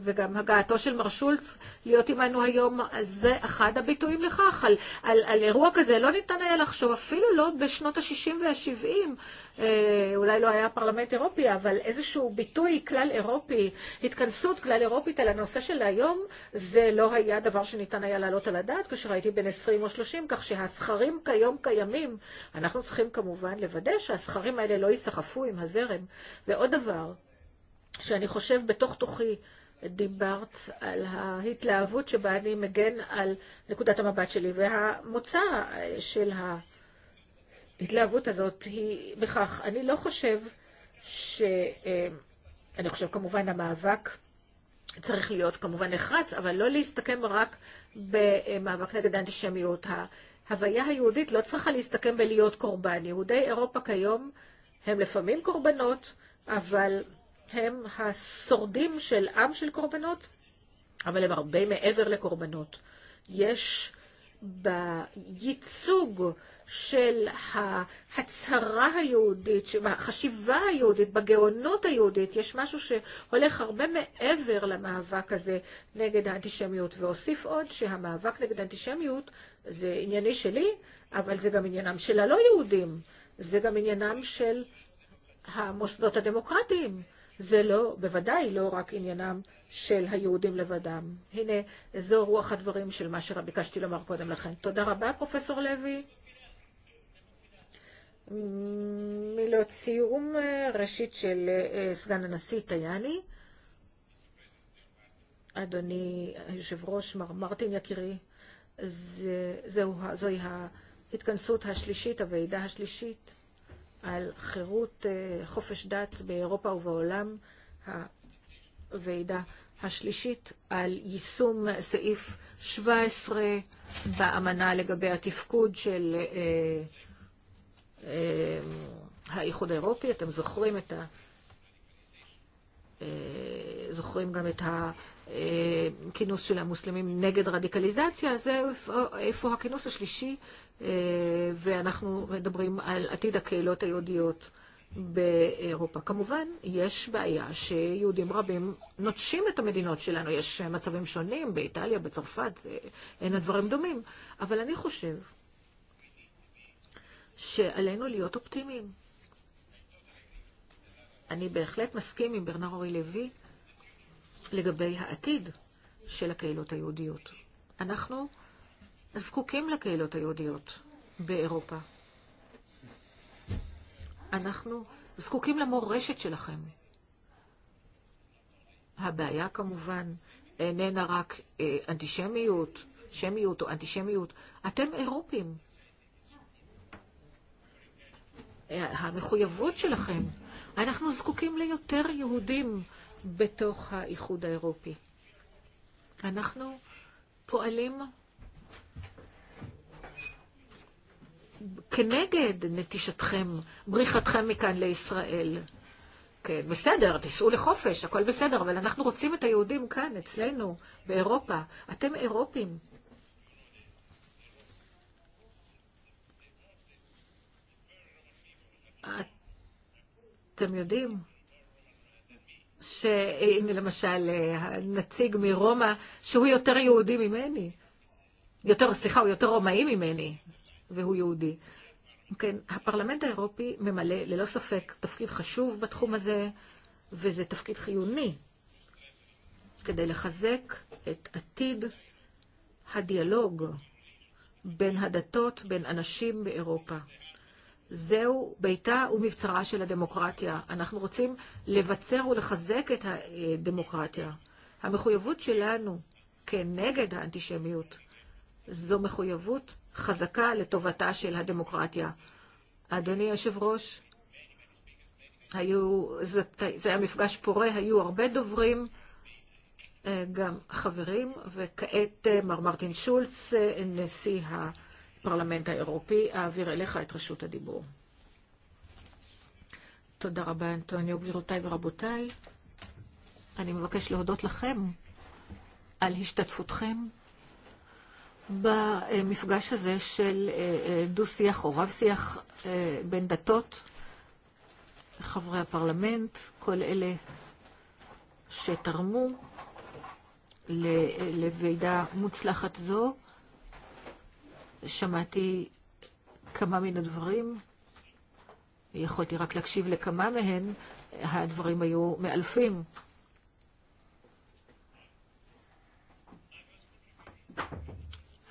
וגם הגעתו של מר שולץ להיות עמנו היום, זה אחד הביטויים לכך. על, על, על אירוע כזה לא ניתן היה לחשוב, אפילו לא בשנות ה-60 וה-70. אולי לא היה פרלמנט אירופי, אבל איזשהו ביטוי כלל אירופי, התכנסות כלל אירופית על הנושא של היום, זה לא היה דבר שניתן היה להעלות על הדעת כשראיתי בין 20 או 30, כך שהסכרים כיום קיימים. אנחנו צריכים כמובן לוודא שהסכרים האלה לא ייסחפו עם הזרם. ועוד דבר, שאני חושב בתוך תוכי, דיברת על ההתלהבות שבה אני מגן על נקודת המבט שלי והמוצא של ה... ההתלהבות הזאת היא בכך, אני לא חושב ש... אני חושב כמובן המאבק צריך להיות כמובן נחרץ, אבל לא להסתכם רק במאבק נגד האנטישמיות. ההוויה היהודית לא צריכה להסתכם בלהיות קורבן. יהודי אירופה כיום הם לפעמים קורבנות, אבל הם השורדים של עם של קורבנות, אבל הם הרבה מעבר לקורבנות. יש בייצוג של ההצהרה היהודית, החשיבה היהודית, בגאונות היהודית, יש משהו שהולך הרבה מעבר למאבק הזה נגד האנטישמיות. ואוסיף עוד שהמאבק נגד האנטישמיות זה ענייני שלי, אבל זה גם עניינם של הלא יהודים, זה גם עניינם של המוסדות הדמוקרטיים. זה לא, בוודאי לא רק עניינם של היהודים לבדם. הנה, זו רוח הדברים של מה שביקשתי לומר קודם לכן. תודה רבה, פרופסור לוי. מילות סיום ראשית של סגן הנשיא טייאני. אדוני היושב-ראש, מר מרטין יקירי, זה, זהו, זוהי ההתכנסות השלישית, הוועידה השלישית על חירות, חופש דת באירופה ובעולם, הוועידה השלישית על יישום סעיף 17 באמנה לגבי התפקוד של האיחוד האירופי. אתם זוכרים את ה... זוכרים גם את ה... כינוס של המוסלמים נגד רדיקליזציה, זה איפה הכינוס השלישי, ואנחנו מדברים על עתיד הקהילות היהודיות באירופה. כמובן, יש בעיה שיהודים רבים נוטשים את המדינות שלנו, יש מצבים שונים באיטליה, בצרפת, אין הדברים דומים, אבל אני חושב שעלינו להיות אופטימיים. אני בהחלט מסכים עם ברנר אורי לוי לגבי העתיד של הקהילות היהודיות. אנחנו זקוקים לקהילות היהודיות באירופה. אנחנו זקוקים למורשת שלכם. הבעיה כמובן איננה רק אנטישמיות, שמיות או אנטישמיות, אתם אירופים. המחויבות שלכם, אנחנו זקוקים ליותר יהודים בתוך האיחוד האירופי. אנחנו פועלים כנגד נטישתכם, בריחתכם מכאן לישראל. כן, בסדר, תיסעו לחופש, הכל בסדר, אבל אנחנו רוצים את היהודים כאן, אצלנו, באירופה. אתם אירופים. אתם יודעים, שהנה למשל נציג מרומא שהוא יותר יהודי ממני, יותר, סליחה, הוא יותר רומאי ממני, והוא יהודי. כן, הפרלמנט האירופי ממלא ללא ספק תפקיד חשוב בתחום הזה, וזה תפקיד חיוני כדי לחזק את עתיד הדיאלוג בין הדתות, בין אנשים באירופה. זהו ביתה ומבצרה של הדמוקרטיה. אנחנו רוצים לבצר ולחזק את הדמוקרטיה. המחויבות שלנו כנגד האנטישמיות זו מחויבות חזקה לטובתה של הדמוקרטיה. אדוני היושב-ראש, היו, זאת, זה היה מפגש פורה, היו הרבה דוברים, גם חברים, וכעת מר מרטין שולץ, נשיא ה... הפרלמנט האירופי, אעביר אליך את רשות הדיבור. תודה רבה, אנטוניו. גבירותיי ורבותיי, אני מבקש להודות לכם על השתתפותכם במפגש הזה של דו-שיח או רב-שיח בין דתות, חברי הפרלמנט, כל אלה שתרמו לוועידה מוצלחת זו. שמעתי כמה מן הדברים, יכולתי רק להקשיב לכמה מהן, הדברים היו מאלפים.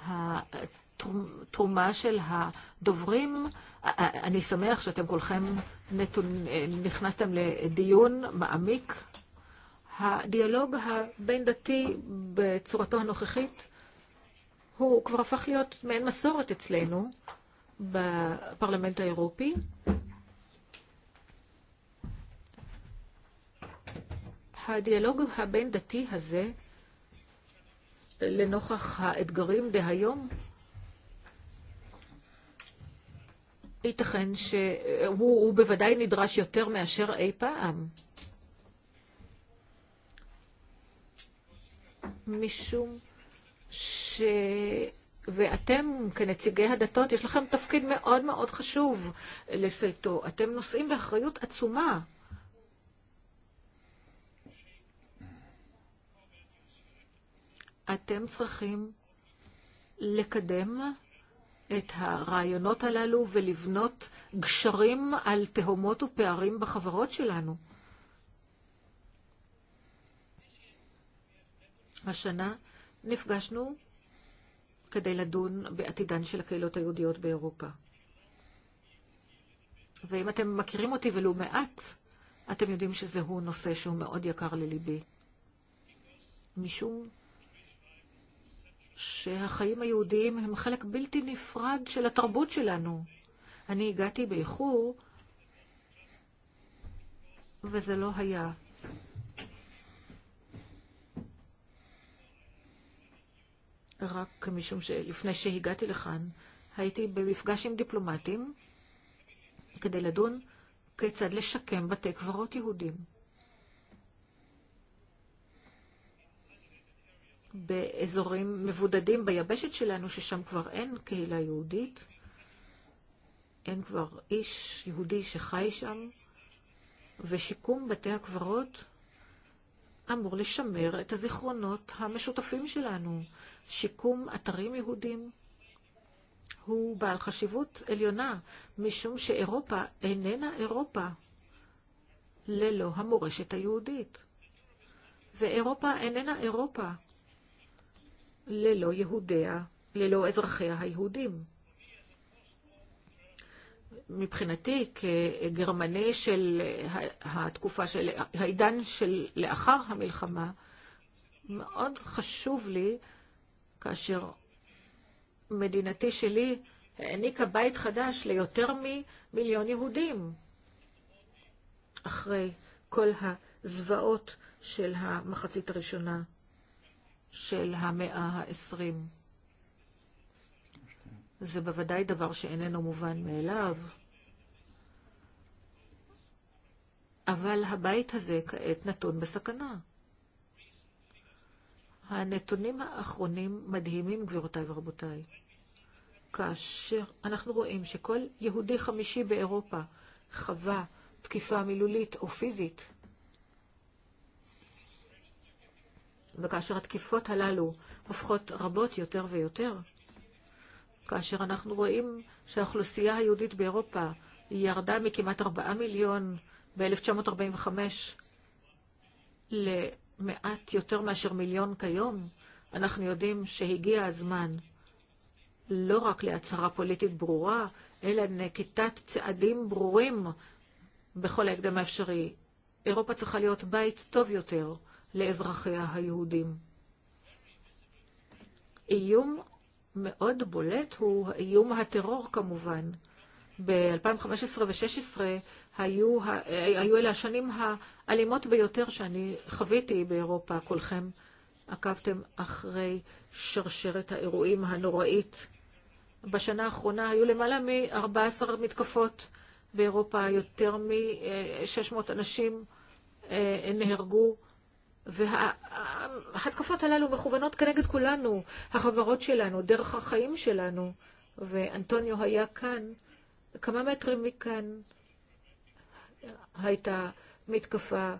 התרומה של הדוברים, אני שמח שאתם כולכם נתון, נכנסתם לדיון מעמיק. הדיאלוג הבין-דתי בצורתו הנוכחית הוא כבר הפך להיות מעין מסורת אצלנו בפרלמנט האירופי. הדיאלוג הבין-דתי הזה, לנוכח האתגרים דהיום, ייתכן שהוא בוודאי נדרש יותר מאשר אי פעם. משום ש... ואתם כנציגי הדתות, יש לכם תפקיד מאוד מאוד חשוב לסרטו. אתם נושאים באחריות עצומה. אתם צריכים לקדם את הרעיונות הללו ולבנות גשרים על תהומות ופערים בחברות שלנו. השנה נפגשנו כדי לדון בעתידן של הקהילות היהודיות באירופה. ואם אתם מכירים אותי ולו מעט, אתם יודעים שזהו נושא שהוא מאוד יקר לליבי. משום שהחיים היהודיים הם חלק בלתי נפרד של התרבות שלנו. אני הגעתי באיחור, וזה לא היה רק משום שלפני שהגעתי לכאן הייתי במפגש עם דיפלומטים כדי לדון כיצד לשקם בתי קברות יהודים. באזורים מבודדים ביבשת שלנו, ששם כבר אין קהילה יהודית, אין כבר איש יהודי שחי שם, ושיקום בתי הקברות אמור לשמר את הזיכרונות המשותפים שלנו. שיקום אתרים יהודים הוא בעל חשיבות עליונה, משום שאירופה איננה אירופה ללא המורשת היהודית. ואירופה איננה אירופה ללא יהודיה, ללא אזרחיה היהודים. מבחינתי כגרמני של התקופה של העידן של לאחר המלחמה, מאוד חשוב לי כאשר מדינתי שלי העניקה בית חדש ליותר ממיליון יהודים. אחרי כל הזוועות של המחצית הראשונה של המאה העשרים. זה בוודאי דבר שאיננו מובן מאליו. אבל הבית הזה כעת נתון בסכנה. הנתונים האחרונים מדהימים, גבירותיי ורבותיי. כאשר אנחנו רואים שכל יהודי חמישי באירופה חווה תקיפה מילולית או פיזית, וכאשר התקיפות הללו הופכות רבות יותר ויותר, כאשר אנחנו רואים שהאוכלוסייה היהודית באירופה ירדה מכמעט 4 מיליון ב-1945 למעט יותר מאשר מיליון כיום, אנחנו יודעים שהגיע הזמן לא רק להצהרה פוליטית ברורה, אלא נקיטת צעדים ברורים בכל ההקדם האפשרי. אירופה צריכה להיות בית טוב יותר לאזרחיה היהודים. איום מאוד בולט הוא איום הטרור כמובן. ב-2015 ו-2016 היו, אלה השנים האלימות ביותר שאני חוויתי באירופה. כולכם עקבתם אחרי שרשרת האירועים הנוראית. בשנה האחרונה היו למעלה מ-14 מתקפות באירופה, יותר מ-600 אנשים נהרגו. וההתקפות הללו מכוונות כנגד כולנו, החברות שלנו, דרך החיים שלנו. ואנטוניו היה כאן, כמה מטרים מכאן, הייתה מתקפה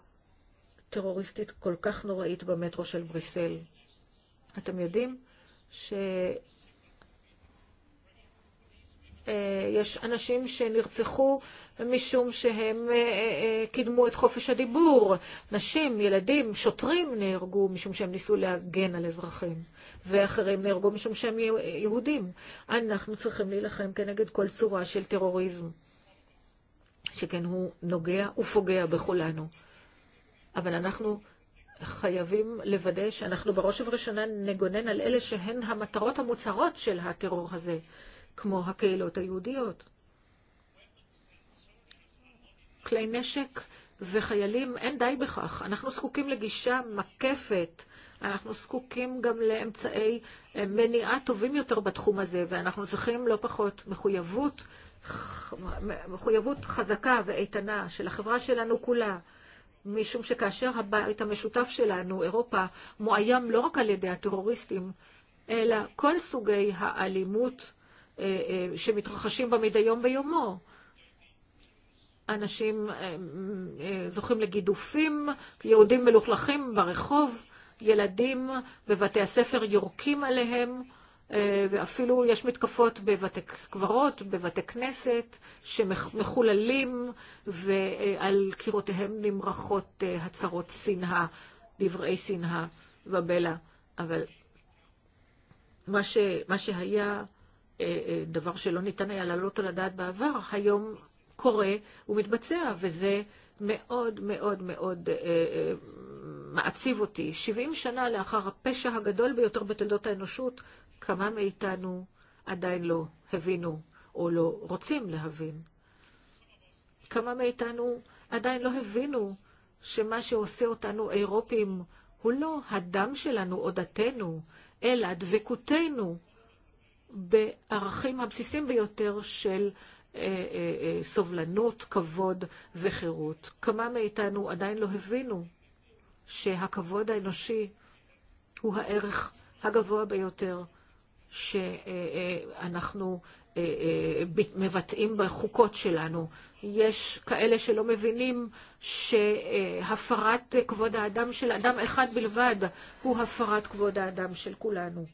טרוריסטית כל כך נוראית במטרו של בריסל. אתם יודעים שיש אנשים שנרצחו משום שהם קידמו את חופש הדיבור. נשים, ילדים, שוטרים נהרגו משום שהם ניסו להגן על אזרחים, ואחרים נהרגו משום שהם יהודים. אנחנו צריכים להילחם כנגד כל צורה של טרוריזם. שכן הוא נוגע ופוגע בכולנו. אבל אנחנו חייבים לוודא שאנחנו בראש ובראשונה נגונן על אלה שהן המטרות המוצהרות של הטרור הזה, כמו הקהילות היהודיות. כלי נשק וחיילים, אין די בכך. אנחנו זקוקים לגישה מקפת. אנחנו זקוקים גם לאמצעי מניעה טובים יותר בתחום הזה, ואנחנו צריכים לא פחות מחויבות מחויבות חזקה ואיתנה של החברה שלנו כולה, משום שכאשר הבית המשותף שלנו, אירופה, מאוים לא רק על ידי הטרוריסטים, אלא כל סוגי האלימות שמתרחשים בה מדי יום ביומו. אנשים זוכים לגידופים, יהודים מלוכלכים ברחוב, ילדים בבתי הספר יורקים עליהם, ואפילו יש מתקפות בבתי קברות, בבתי כנסת, שמחוללים ועל קירותיהם נמרחות הצהרות שנאה, דברי שנאה ובלע. אבל מה, ש, מה שהיה דבר שלא ניתן היה להעלות על הדעת בעבר, היום קורה ומתבצע, וזה מאוד מאוד מאוד מעציב אותי. 70 שנה לאחר הפשע הגדול ביותר בתולדות האנושות, כמה מאיתנו עדיין לא הבינו או לא רוצים להבין. כמה מאיתנו עדיין לא הבינו שמה שעושה אותנו אירופים הוא לא הדם שלנו או דתנו, אלא דבקותנו בערכים הבסיסים ביותר של סובלנות, כבוד וחירות. כמה מאיתנו עדיין לא הבינו שהכבוד האנושי הוא הערך הגבוה ביותר שאנחנו מבטאים בחוקות שלנו. יש כאלה שלא מבינים שהפרת כבוד האדם של אדם אחד בלבד הוא הפרת כבוד האדם של כולנו.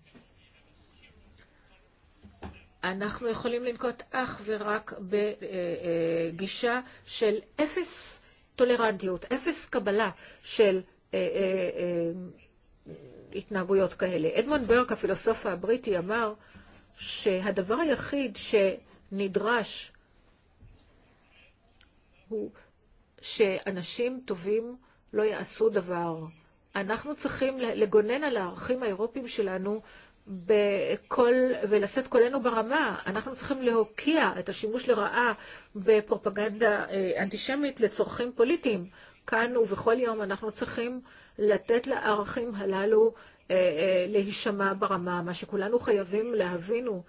אנחנו יכולים לנקוט אך ורק בגישה של אפס טולרנטיות, אפס קבלה של התנהגויות כאלה. אדמונד ברק, הפילוסוף הבריטי, אמר שהדבר היחיד שנדרש הוא שאנשים טובים לא יעשו דבר. אנחנו צריכים לגונן על הערכים האירופיים שלנו בכל, ולשאת קולנו ברמה. אנחנו צריכים להוקיע את השימוש לרעה בפרופגנדה אנטישמית לצורכים פוליטיים. כאן ובכל יום אנחנו צריכים לתת לערכים הללו להישמע ברמה. מה שכולנו חייבים להבין הוא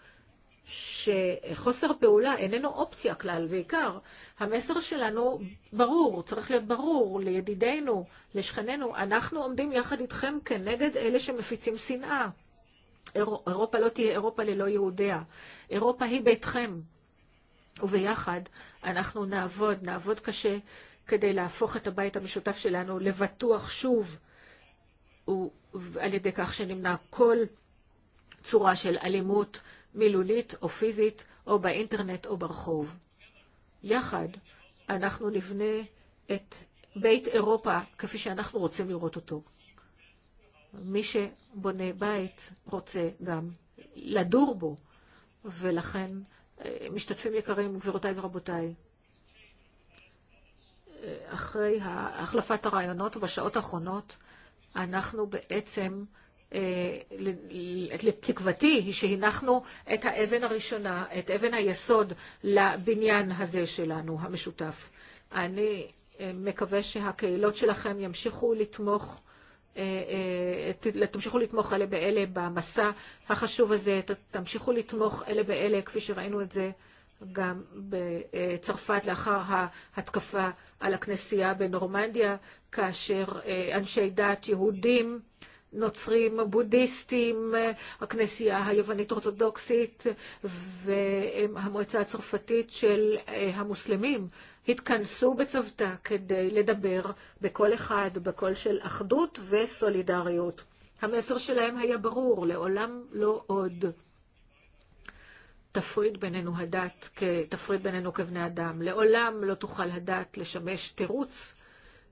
שחוסר פעולה איננו אופציה כלל ועיקר. המסר שלנו ברור, צריך להיות ברור לידידינו, לשכנינו, אנחנו עומדים יחד איתכם כנגד אלה שמפיצים שנאה. אירופה לא תהיה אירופה ללא יהודיה. אירופה היא ביתכם. וביחד אנחנו נעבוד, נעבוד קשה כדי להפוך את הבית המשותף שלנו לבטוח שוב, ועל ידי כך שנמנע כל צורה של אלימות מילולית או פיזית, או באינטרנט או ברחוב. יחד אנחנו נבנה את בית אירופה כפי שאנחנו רוצים לראות אותו. מי שבונה בית רוצה גם לדור בו, ולכן משתתפים יקרים, גבירותיי ורבותיי, אחרי החלפת הרעיונות ובשעות האחרונות אנחנו בעצם, לתקוותי, היא שהנחנו את האבן הראשונה, את אבן היסוד לבניין הזה שלנו, המשותף. אני מקווה שהקהילות שלכם ימשיכו לתמוך תמשיכו לתמוך אלה באלה במסע החשוב הזה, תמשיכו לתמוך אלה באלה, כפי שראינו את זה גם בצרפת לאחר ההתקפה על הכנסייה בנורמנדיה, כאשר אנשי דת יהודים, נוצרים, בודהיסטים, הכנסייה היוונית אורתודוקסית והמועצה הצרפתית של המוסלמים התכנסו בצוותא כדי לדבר בקול אחד, בקול של אחדות וסולידריות. המסר שלהם היה ברור, לעולם לא עוד. תפריד בינינו הדת, תפריד בינינו כבני אדם. לעולם לא תוכל הדת לשמש תירוץ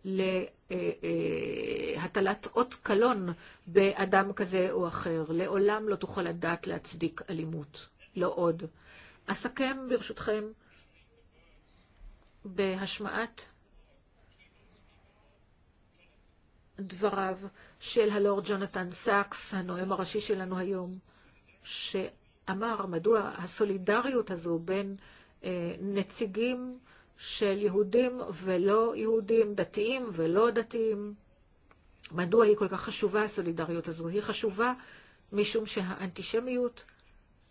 להטלת אות קלון באדם כזה או אחר. לעולם לא תוכל הדת להצדיק אלימות. לא עוד. אסכם, ברשותכם, בהשמעת דבריו של הלורד ג'ונתן סאקס, הנואם הראשי שלנו היום, ש... אמר מדוע הסולידריות הזו בין נציגים של יהודים ולא יהודים, דתיים ולא דתיים, מדוע היא כל כך חשובה הסולידריות הזו? היא חשובה משום שהאנטישמיות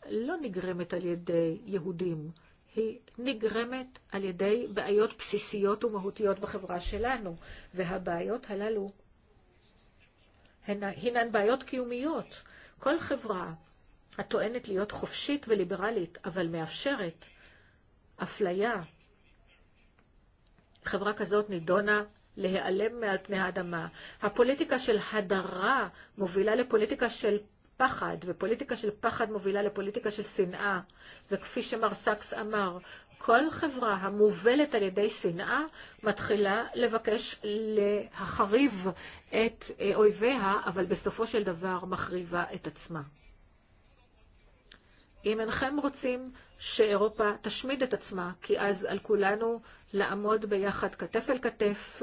לא נגרמת על ידי יהודים, היא נגרמת על ידי בעיות בסיסיות ומהותיות בחברה שלנו, והבעיות הללו הן, הן בעיות קיומיות. כל חברה הטוענת להיות חופשית וליברלית, אבל מאפשרת אפליה. חברה כזאת נידונה להיעלם מעל פני האדמה. הפוליטיקה של הדרה מובילה לפוליטיקה של פחד, ופוליטיקה של פחד מובילה לפוליטיקה של שנאה. וכפי שמר סאקס אמר, כל חברה המובלת על ידי שנאה מתחילה לבקש להחריב את אויביה, אבל בסופו של דבר מחריבה את עצמה. אם אינכם רוצים שאירופה תשמיד את עצמה, כי אז על כולנו לעמוד ביחד כתף אל כתף,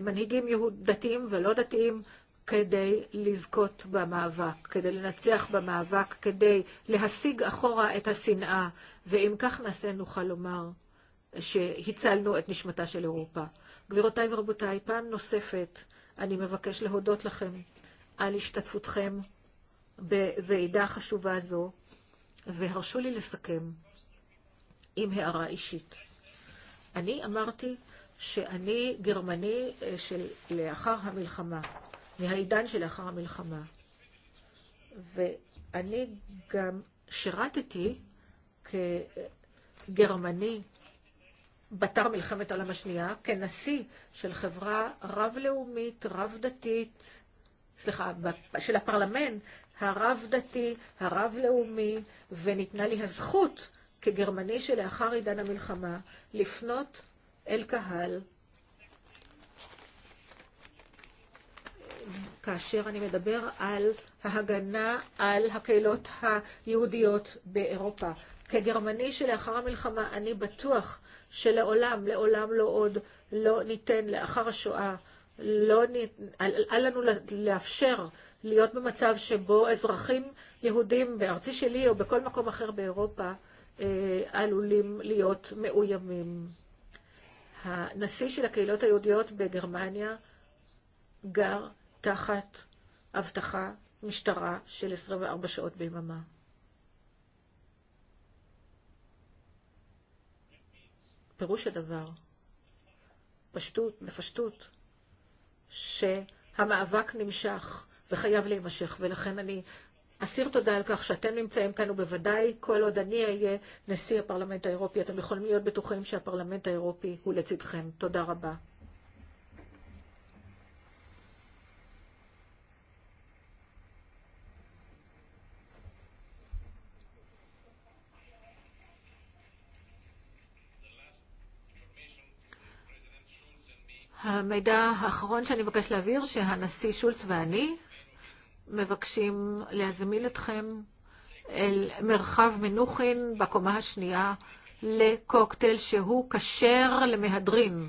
מנהיגים יהוד, דתיים ולא דתיים, כדי לזכות במאבק, כדי לנצח במאבק, כדי להשיג אחורה את השנאה, ואם כך נעשה נוכל לומר שהצלנו את נשמתה של אירופה. גבירותיי ורבותיי, פעם נוספת אני מבקש להודות לכם על השתתפותכם בוועידה חשובה זו. והרשו לי לסכם עם הערה אישית. אני אמרתי שאני גרמני של לאחר המלחמה, מהעידן שלאחר המלחמה. ואני גם שירתתי כגרמני בתר מלחמת העולם השנייה, כנשיא של חברה רב-לאומית, רב-דתית, סליחה, של הפרלמנט הרב-דתי, הרב-לאומי, וניתנה לי הזכות כגרמני שלאחר עידן המלחמה לפנות אל קהל כאשר אני מדבר על ההגנה על הקהילות היהודיות באירופה. כגרמני שלאחר המלחמה אני בטוח שלעולם, לעולם לא עוד, לא ניתן לאחר השואה, לא ניתן, אל, אל לנו לאפשר להיות במצב שבו אזרחים יהודים בארצי שלי או בכל מקום אחר באירופה אה, עלולים להיות מאוימים. הנשיא של הקהילות היהודיות בגרמניה גר תחת אבטחה משטרה של 24 שעות ביממה. פירוש הדבר, פשטות, בפשטות, שהמאבק נמשך וחייב להימשך. ולכן אני אסיר תודה על כך שאתם נמצאים כאן, ובוודאי כל עוד אני אהיה נשיא הפרלמנט האירופי, אתם יכולים להיות בטוחים שהפרלמנט האירופי הוא לצדכם. תודה רבה. המידע האחרון שאני מבקש להעביר, שהנשיא שולץ ואני מבקשים להזמין אתכם אל מרחב מנוחין בקומה השנייה לקוקטייל שהוא כשר למהדרין.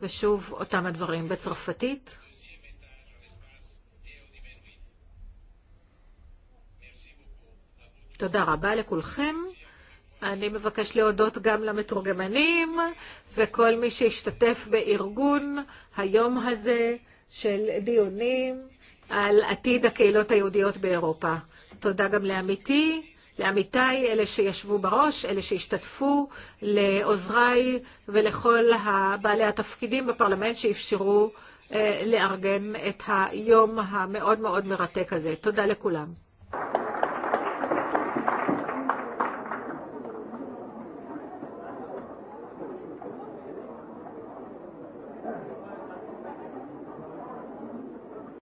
ושוב אותם הדברים בצרפתית. תודה רבה לכולכם. אני מבקש להודות גם למתורגמנים וכל מי שהשתתף בארגון היום הזה. של דיונים על עתיד הקהילות היהודיות באירופה. תודה גם לעמיתי, לעמיתיי, אלה שישבו בראש, אלה שהשתתפו, לעוזריי ולכל בעלי התפקידים בפרלמנט שאפשרו לארגן את היום המאוד מאוד מרתק הזה. תודה לכולם.